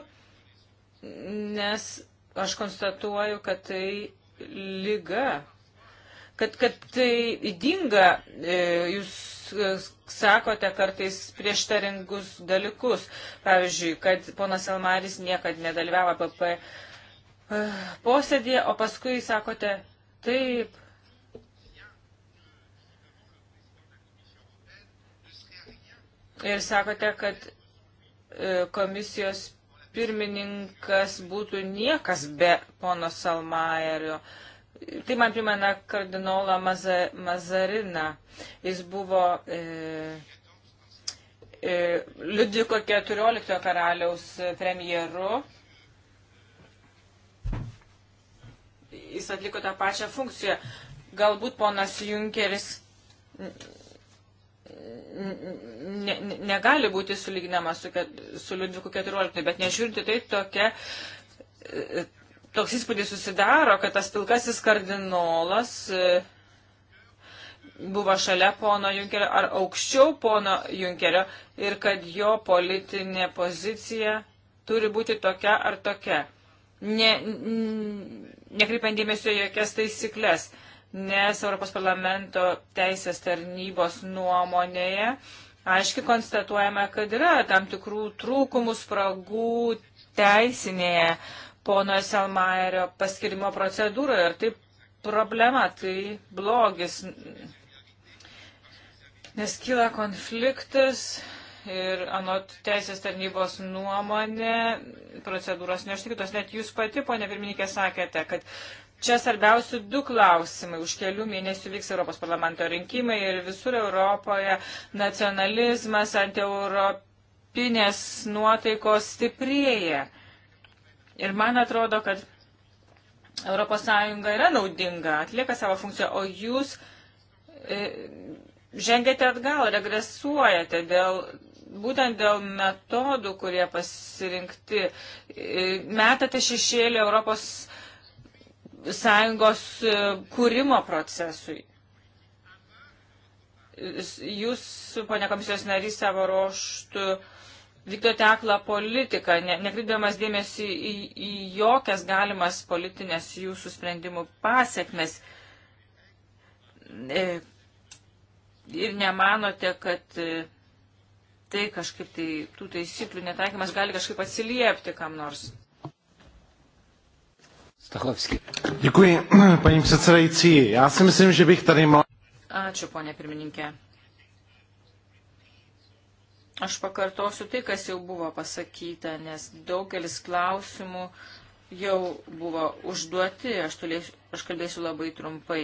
nes aš konstatuoju, kad tai lyga, kad, kad tai įdinga, e, jūs e, sakote kartais prieštaringus dalykus. Pavyzdžiui, kad ponas Elmaris niekad nedalyvavo PP e, posėdėje, o paskui sakote, taip. Ir sakote, kad e, komisijos pirmininkas būtų niekas be pono Salmaerio. Tai man primena kardinolą Mazariną. Jis buvo e, e, Liudviko XIV karaliaus premjeru jis atliko tą pačią funkciją. Galbūt ponas Junkeris ne, ne, negali būti sulyginamas su, su Liudviku XIV, bet nežiūrinti tai tokia, toks įspūdis susidaro, kad tas pilkasis kardinolas buvo šalia pono Junkerio ar aukščiau pono Junkerio ir kad jo politinė pozicija turi būti tokia ar tokia. Ne, nekreipiant dėmesio jokias taisyklės, nes Europos parlamento teisės tarnybos nuomonėje aiškiai konstatuojame, kad yra tam tikrų trūkumų, spragų teisinėje pono Selmairio paskirimo procedūroje. Ir tai problema, tai blogis, nes kyla konfliktas ir anot teisės tarnybos nuomonė procedūros neužtikrintos. Net jūs pati, ponė pirmininkė, sakėte, kad čia svarbiausi du klausimai. Už kelių mėnesių vyks Europos parlamento rinkimai ir visur Europoje nacionalizmas ant europinės nuotaikos stiprėja. Ir man atrodo, kad ES yra naudinga, atlieka savo funkciją, o jūs. E, žengiate atgal, regresuojate dėl būtent dėl metodų, kurie pasirinkti, e, metate šešėlį Europos Sąjungos e, kūrimo procesui. Jūs, ponia komisijos narys, savo ruoštų vykdote aklą politiką, ne, nekreipdamas dėmesį į, į jokias galimas politinės jūsų sprendimų pasiekmes. E, ir nemanote, kad. E, tai kažkaip tai tų taisyklių netaikymas gali kažkaip atsiliepti kam nors. Stachovský. Děkuji, paní předsedající. Já si myslím, že bych tady mal... Ačiū, ponė pirmininkė. Aš pakartosiu tai, kas jau buvo pasakyta, nes daugelis klausimų jau buvo užduoti, aš, tulėsiu, aš kalbėsiu labai trumpai.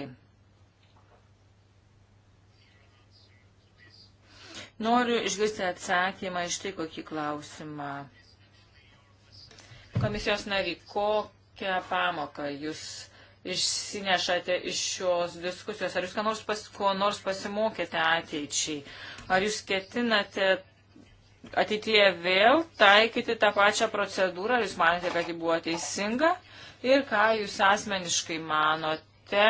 Noriu išgirsti atsakymą iš tai kokį klausimą. Komisijos nariai, kokią pamoką jūs išsinešate iš šios diskusijos? Ar jūs ko nors, pas, ko nors pasimokėte ateičiai? Ar jūs ketinate ateityje vėl taikyti tą pačią procedūrą? Ar jūs manėte, kad ji buvo teisinga? Ir ką jūs asmeniškai manote,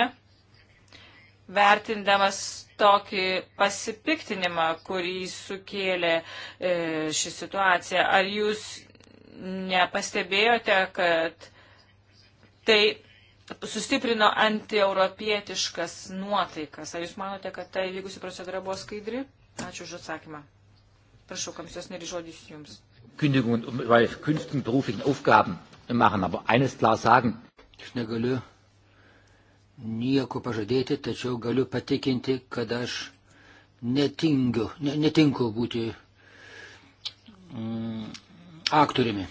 vertindamas tokį pasipiktinimą, kurį sukėlė e, ši situacija. Ar jūs nepastebėjote, kad tai sustiprino antieuropietiškas nuotaikas? Ar jūs manote, kad ta įvykusi procedūra buvo skaidri? Ačiū už atsakymą. Prašau, komisijos nariai žodis jums. Kündigung bei künftigen beruflichen Aufgaben machen, aber eines klar sagen. Ich negaliu nieko pažadėti, tačiau galiu patikinti, kad aš netingiu, ne, netinku būti mm, aktoriumi.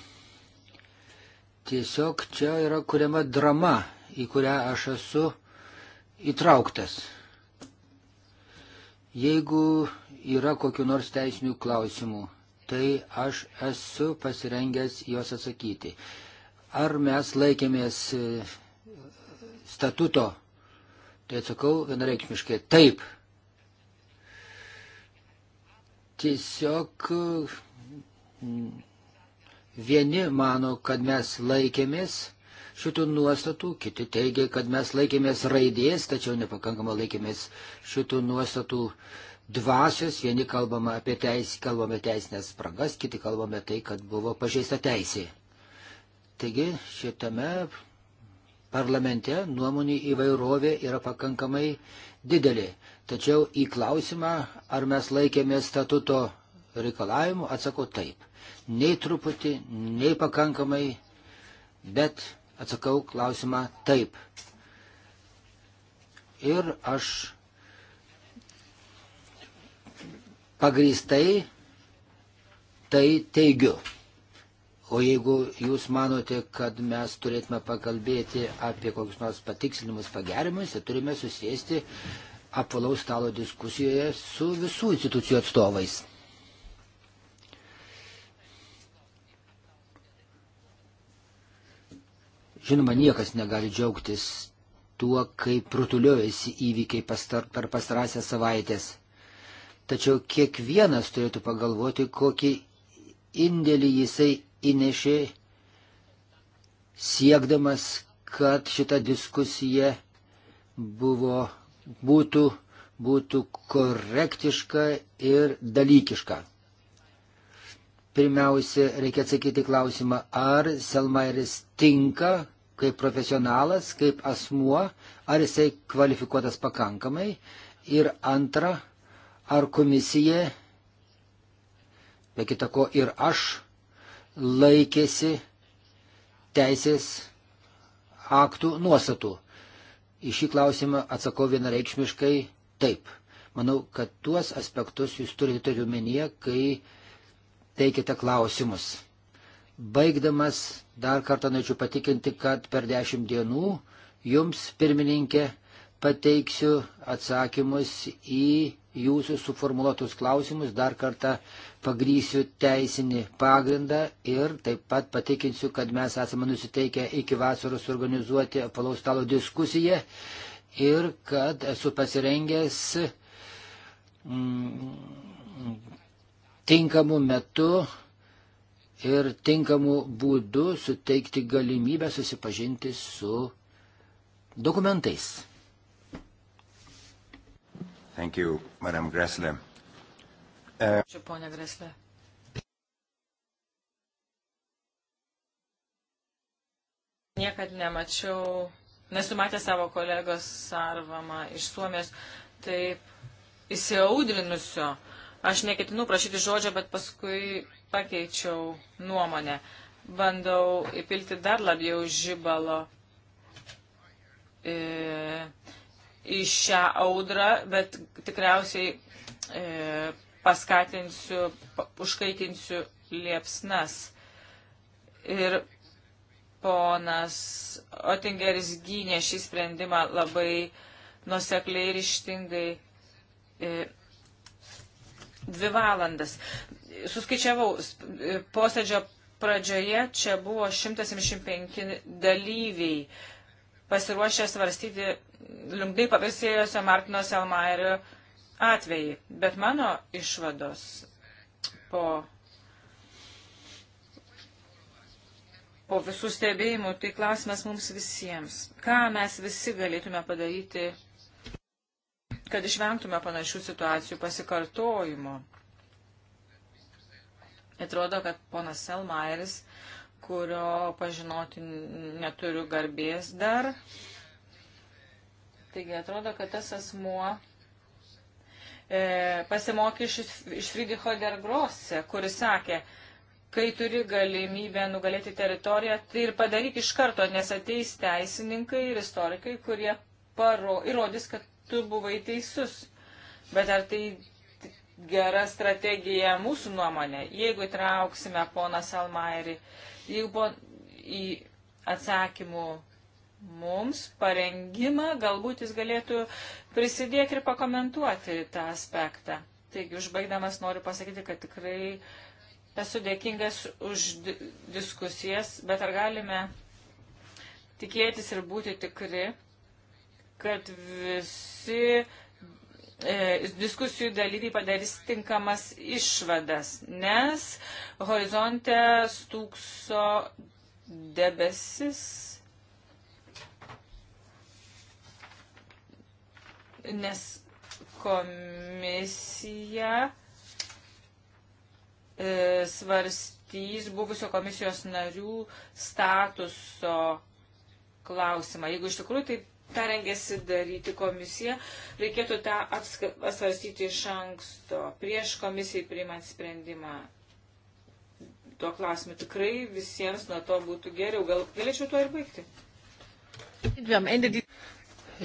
Tiesiog čia yra kuriama drama, į kurią aš esu įtrauktas. Jeigu yra kokiu nors teisinių klausimų, tai aš esu pasirengęs juos atsakyti. Ar mes laikėmės statuto. Tai atsakau vienareikšmiškai taip. Tiesiog mm, vieni mano, kad mes laikėmės šitų nuostatų, kiti teigia, kad mes laikėmės raidės, tačiau nepakankamai laikėmės šitų nuostatų dvasios, vieni kalbama apie teis, kalbame teisinės spragas, kiti kalbame tai, kad buvo pažeista teisė. Taigi šitame parlamente nuomonė įvairovė yra pakankamai didelė. Tačiau į klausimą, ar mes laikėmės statuto reikalavimų, atsakau taip. Nei truputį, nei pakankamai, bet atsakau klausimą taip. Ir aš pagrįstai tai teigiu. O jeigu jūs manote, kad mes turėtume pakalbėti apie kokius nors patikslinimus, pagerimus, tai turime susėsti apvalaus stalo diskusijoje su visų institucijų atstovais. Žinoma, niekas negali džiaugtis tuo, kaip rutuliuojasi įvykiai pastar, per pastarąsias savaitės. Tačiau kiekvienas turėtų pagalvoti, kokį indėlį jisai įnešė siekdamas, kad šita diskusija buvo, būtų, būtų korektiška ir dalykiška. Pirmiausia, reikia atsakyti klausimą, ar Selmairis tinka kaip profesionalas, kaip asmuo, ar jisai kvalifikuotas pakankamai. Ir antra, ar komisija, be kita ko ir aš, laikėsi teisės aktų nuostatų. Į šį klausimą atsako vienareikšmiškai taip. Manau, kad tuos aspektus jūs turite turėti omenyje, kai teikite klausimus. Baigdamas dar kartą norėčiau patikinti, kad per dešimt dienų jums, pirmininkė, pateiksiu atsakymus į jūsų suformuoluotus klausimus, dar kartą pagrysiu teisinį pagrindą ir taip pat patikinsiu, kad mes esame nusiteikę iki vasaros organizuoti apalaus stalo diskusiją ir kad esu pasirengęs mm, tinkamu metu ir tinkamu būdu suteikti galimybę susipažinti su dokumentais. Thank you, Madam Greslė. Uh... Ačiū, ponia Greslė. Niekad nemačiau, nesumatė savo kolegos Sarvama iš Suomijos taip įsiaudrinusio. Aš neketinu prašyti žodžio, bet paskui pakeičiau nuomonę. Bandau įpilti dar labiau žibalo. E, į šią audrą, bet tikriausiai e, paskatinsiu, užkaitinsiu liepsnas. Ir ponas Otingeris gynė šį sprendimą labai nusekliai ir ištingai. E, dvi valandas. Suskaičiavau, e, posėdžio pradžioje čia buvo 175 dalyviai pasiruošę svarstyti liumdai pavėsėjose Martino Selmairio atvejai. Bet mano išvados po, po visų stebėjimų, tai klausimas mums visiems. Ką mes visi galėtume padaryti, kad išvengtume panašių situacijų pasikartojimo? Atrodo, kad ponas Selmairis, kurio pažinoti neturiu garbės dar, Taigi atrodo, kad tas asmuo e, pasimokė iš, iš Friedricho Dergrose, kuris sakė, kai turi galimybę nugalėti teritoriją, tai ir padaryk iš karto, nes ateis teisininkai ir istorikai, kurie paro, įrodys, kad tu buvai teisus. Bet ar tai gera strategija mūsų nuomonė, jeigu įtrauksime poną Salmairį, jeigu pon, į atsakymų mums parengimą, galbūt jis galėtų prisidėti ir pakomentuoti tą aspektą. Taigi, užbaigdamas noriu pasakyti, kad tikrai esu dėkingas už di diskusijas, bet ar galime tikėtis ir būti tikri, kad visi e, diskusijų dalyviai padarys tinkamas išvadas, nes horizonte stūkso debesis nes komisija e, svarstys buvusio komisijos narių statuso klausimą. Jeigu iš tikrųjų taip tą rengėsi daryti komisija, reikėtų tą apsvarstyti iš anksto, prieš komisijai priimant sprendimą. Tuo klausimu tikrai visiems nuo to būtų geriau. Gal galėčiau tuo ir baigti?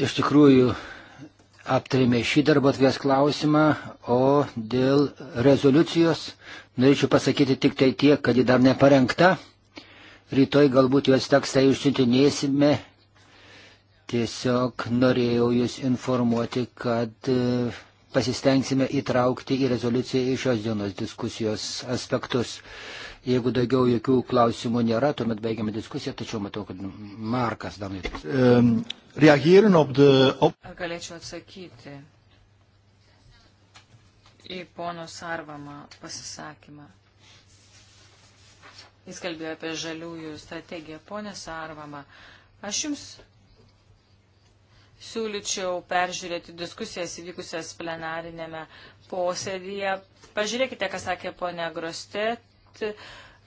Iš tikrųjų, aptarėme šį darbo atvės klausimą, o dėl rezoliucijos norėčiau pasakyti tik tai tiek, kad ji dar neparengta. Rytoj galbūt jos tekstą išsiuntinėsime. Tiesiog norėjau jūs informuoti, kad e, pasistengsime įtraukti į rezoliuciją iš šios dienos diskusijos aspektus. Jeigu daugiau jokių klausimų nėra, tuomet baigiame diskusiją, tačiau matau, kad Markas dar norėtų. Ehm, Ar galėčiau atsakyti į pono Sarvamą pasisakymą? Jis kalbėjo apie žaliųjų strategiją. Pone Sarvama, aš jums siūlyčiau peržiūrėti diskusijas įvykusias plenarinėme posėdyje. Pažiūrėkite, ką sakė ponė Grostet, dalyvauti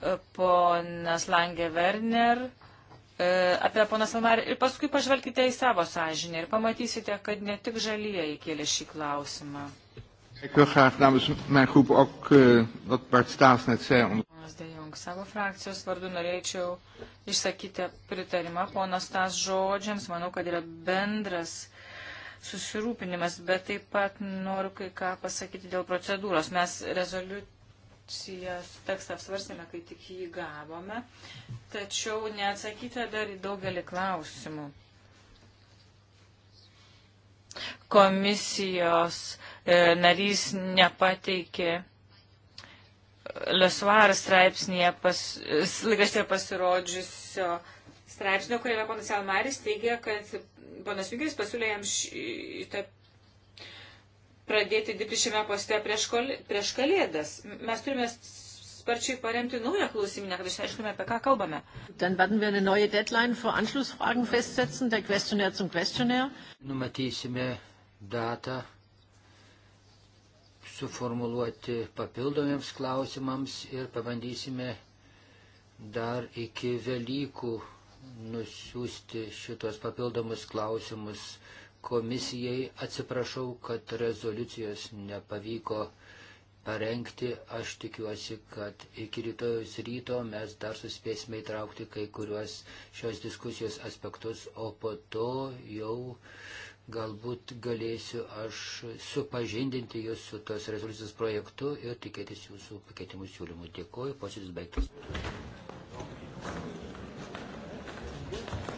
e, ponas Langė Werner, e, apie ponas Almarį ir paskui pažvelkite į savo sąžinę ir pamatysite, kad ne tik žalieji kėlė šį klausimą. Ik wil graag namens mijn groep ook uh, wat Bart Staes net zei. Ponas De Jong, savo frakcijos vardu norėčiau išsakyti pritarimą ponas Staes žodžiams. Manau, kad yra bendras susirūpinimas, bet taip pat noriu kai ką pasakyti dėl procedūros. Mes rezoliut rezoliucijos tekstą apsvarsėme, kai tik jį gavome, tačiau neatsakyta dar į daugelį klausimų. Komisijos e, narys nepateikė e, Lesvar straipsnėje pas, laikraštėje pasirodžiusio straipsnio, kuriame ponas Almaris teigia, kad ponas Vygeris pasiūlė jam š, ta, pradėti dirbti šiame poste prieš, kol, prieš kalėdas. Mes turime sparčiai paremti naują klausimynę, kad išaiškintume, apie ką kalbame. Numatysime datą suformuluoti papildomiems klausimams ir pabandysime dar iki Velykų nusiųsti šitos papildomus klausimus komisijai. Atsiprašau, kad rezoliucijos nepavyko parengti. Aš tikiuosi, kad iki rytojus ryto mes dar suspėsime įtraukti kai kuriuos šios diskusijos aspektus, o po to jau galbūt galėsiu aš supažindinti jūs su tos rezoliucijos projektu ir tikėtis jūsų pakeitimų siūlymų. Dėkuoju, posėdis baigtas.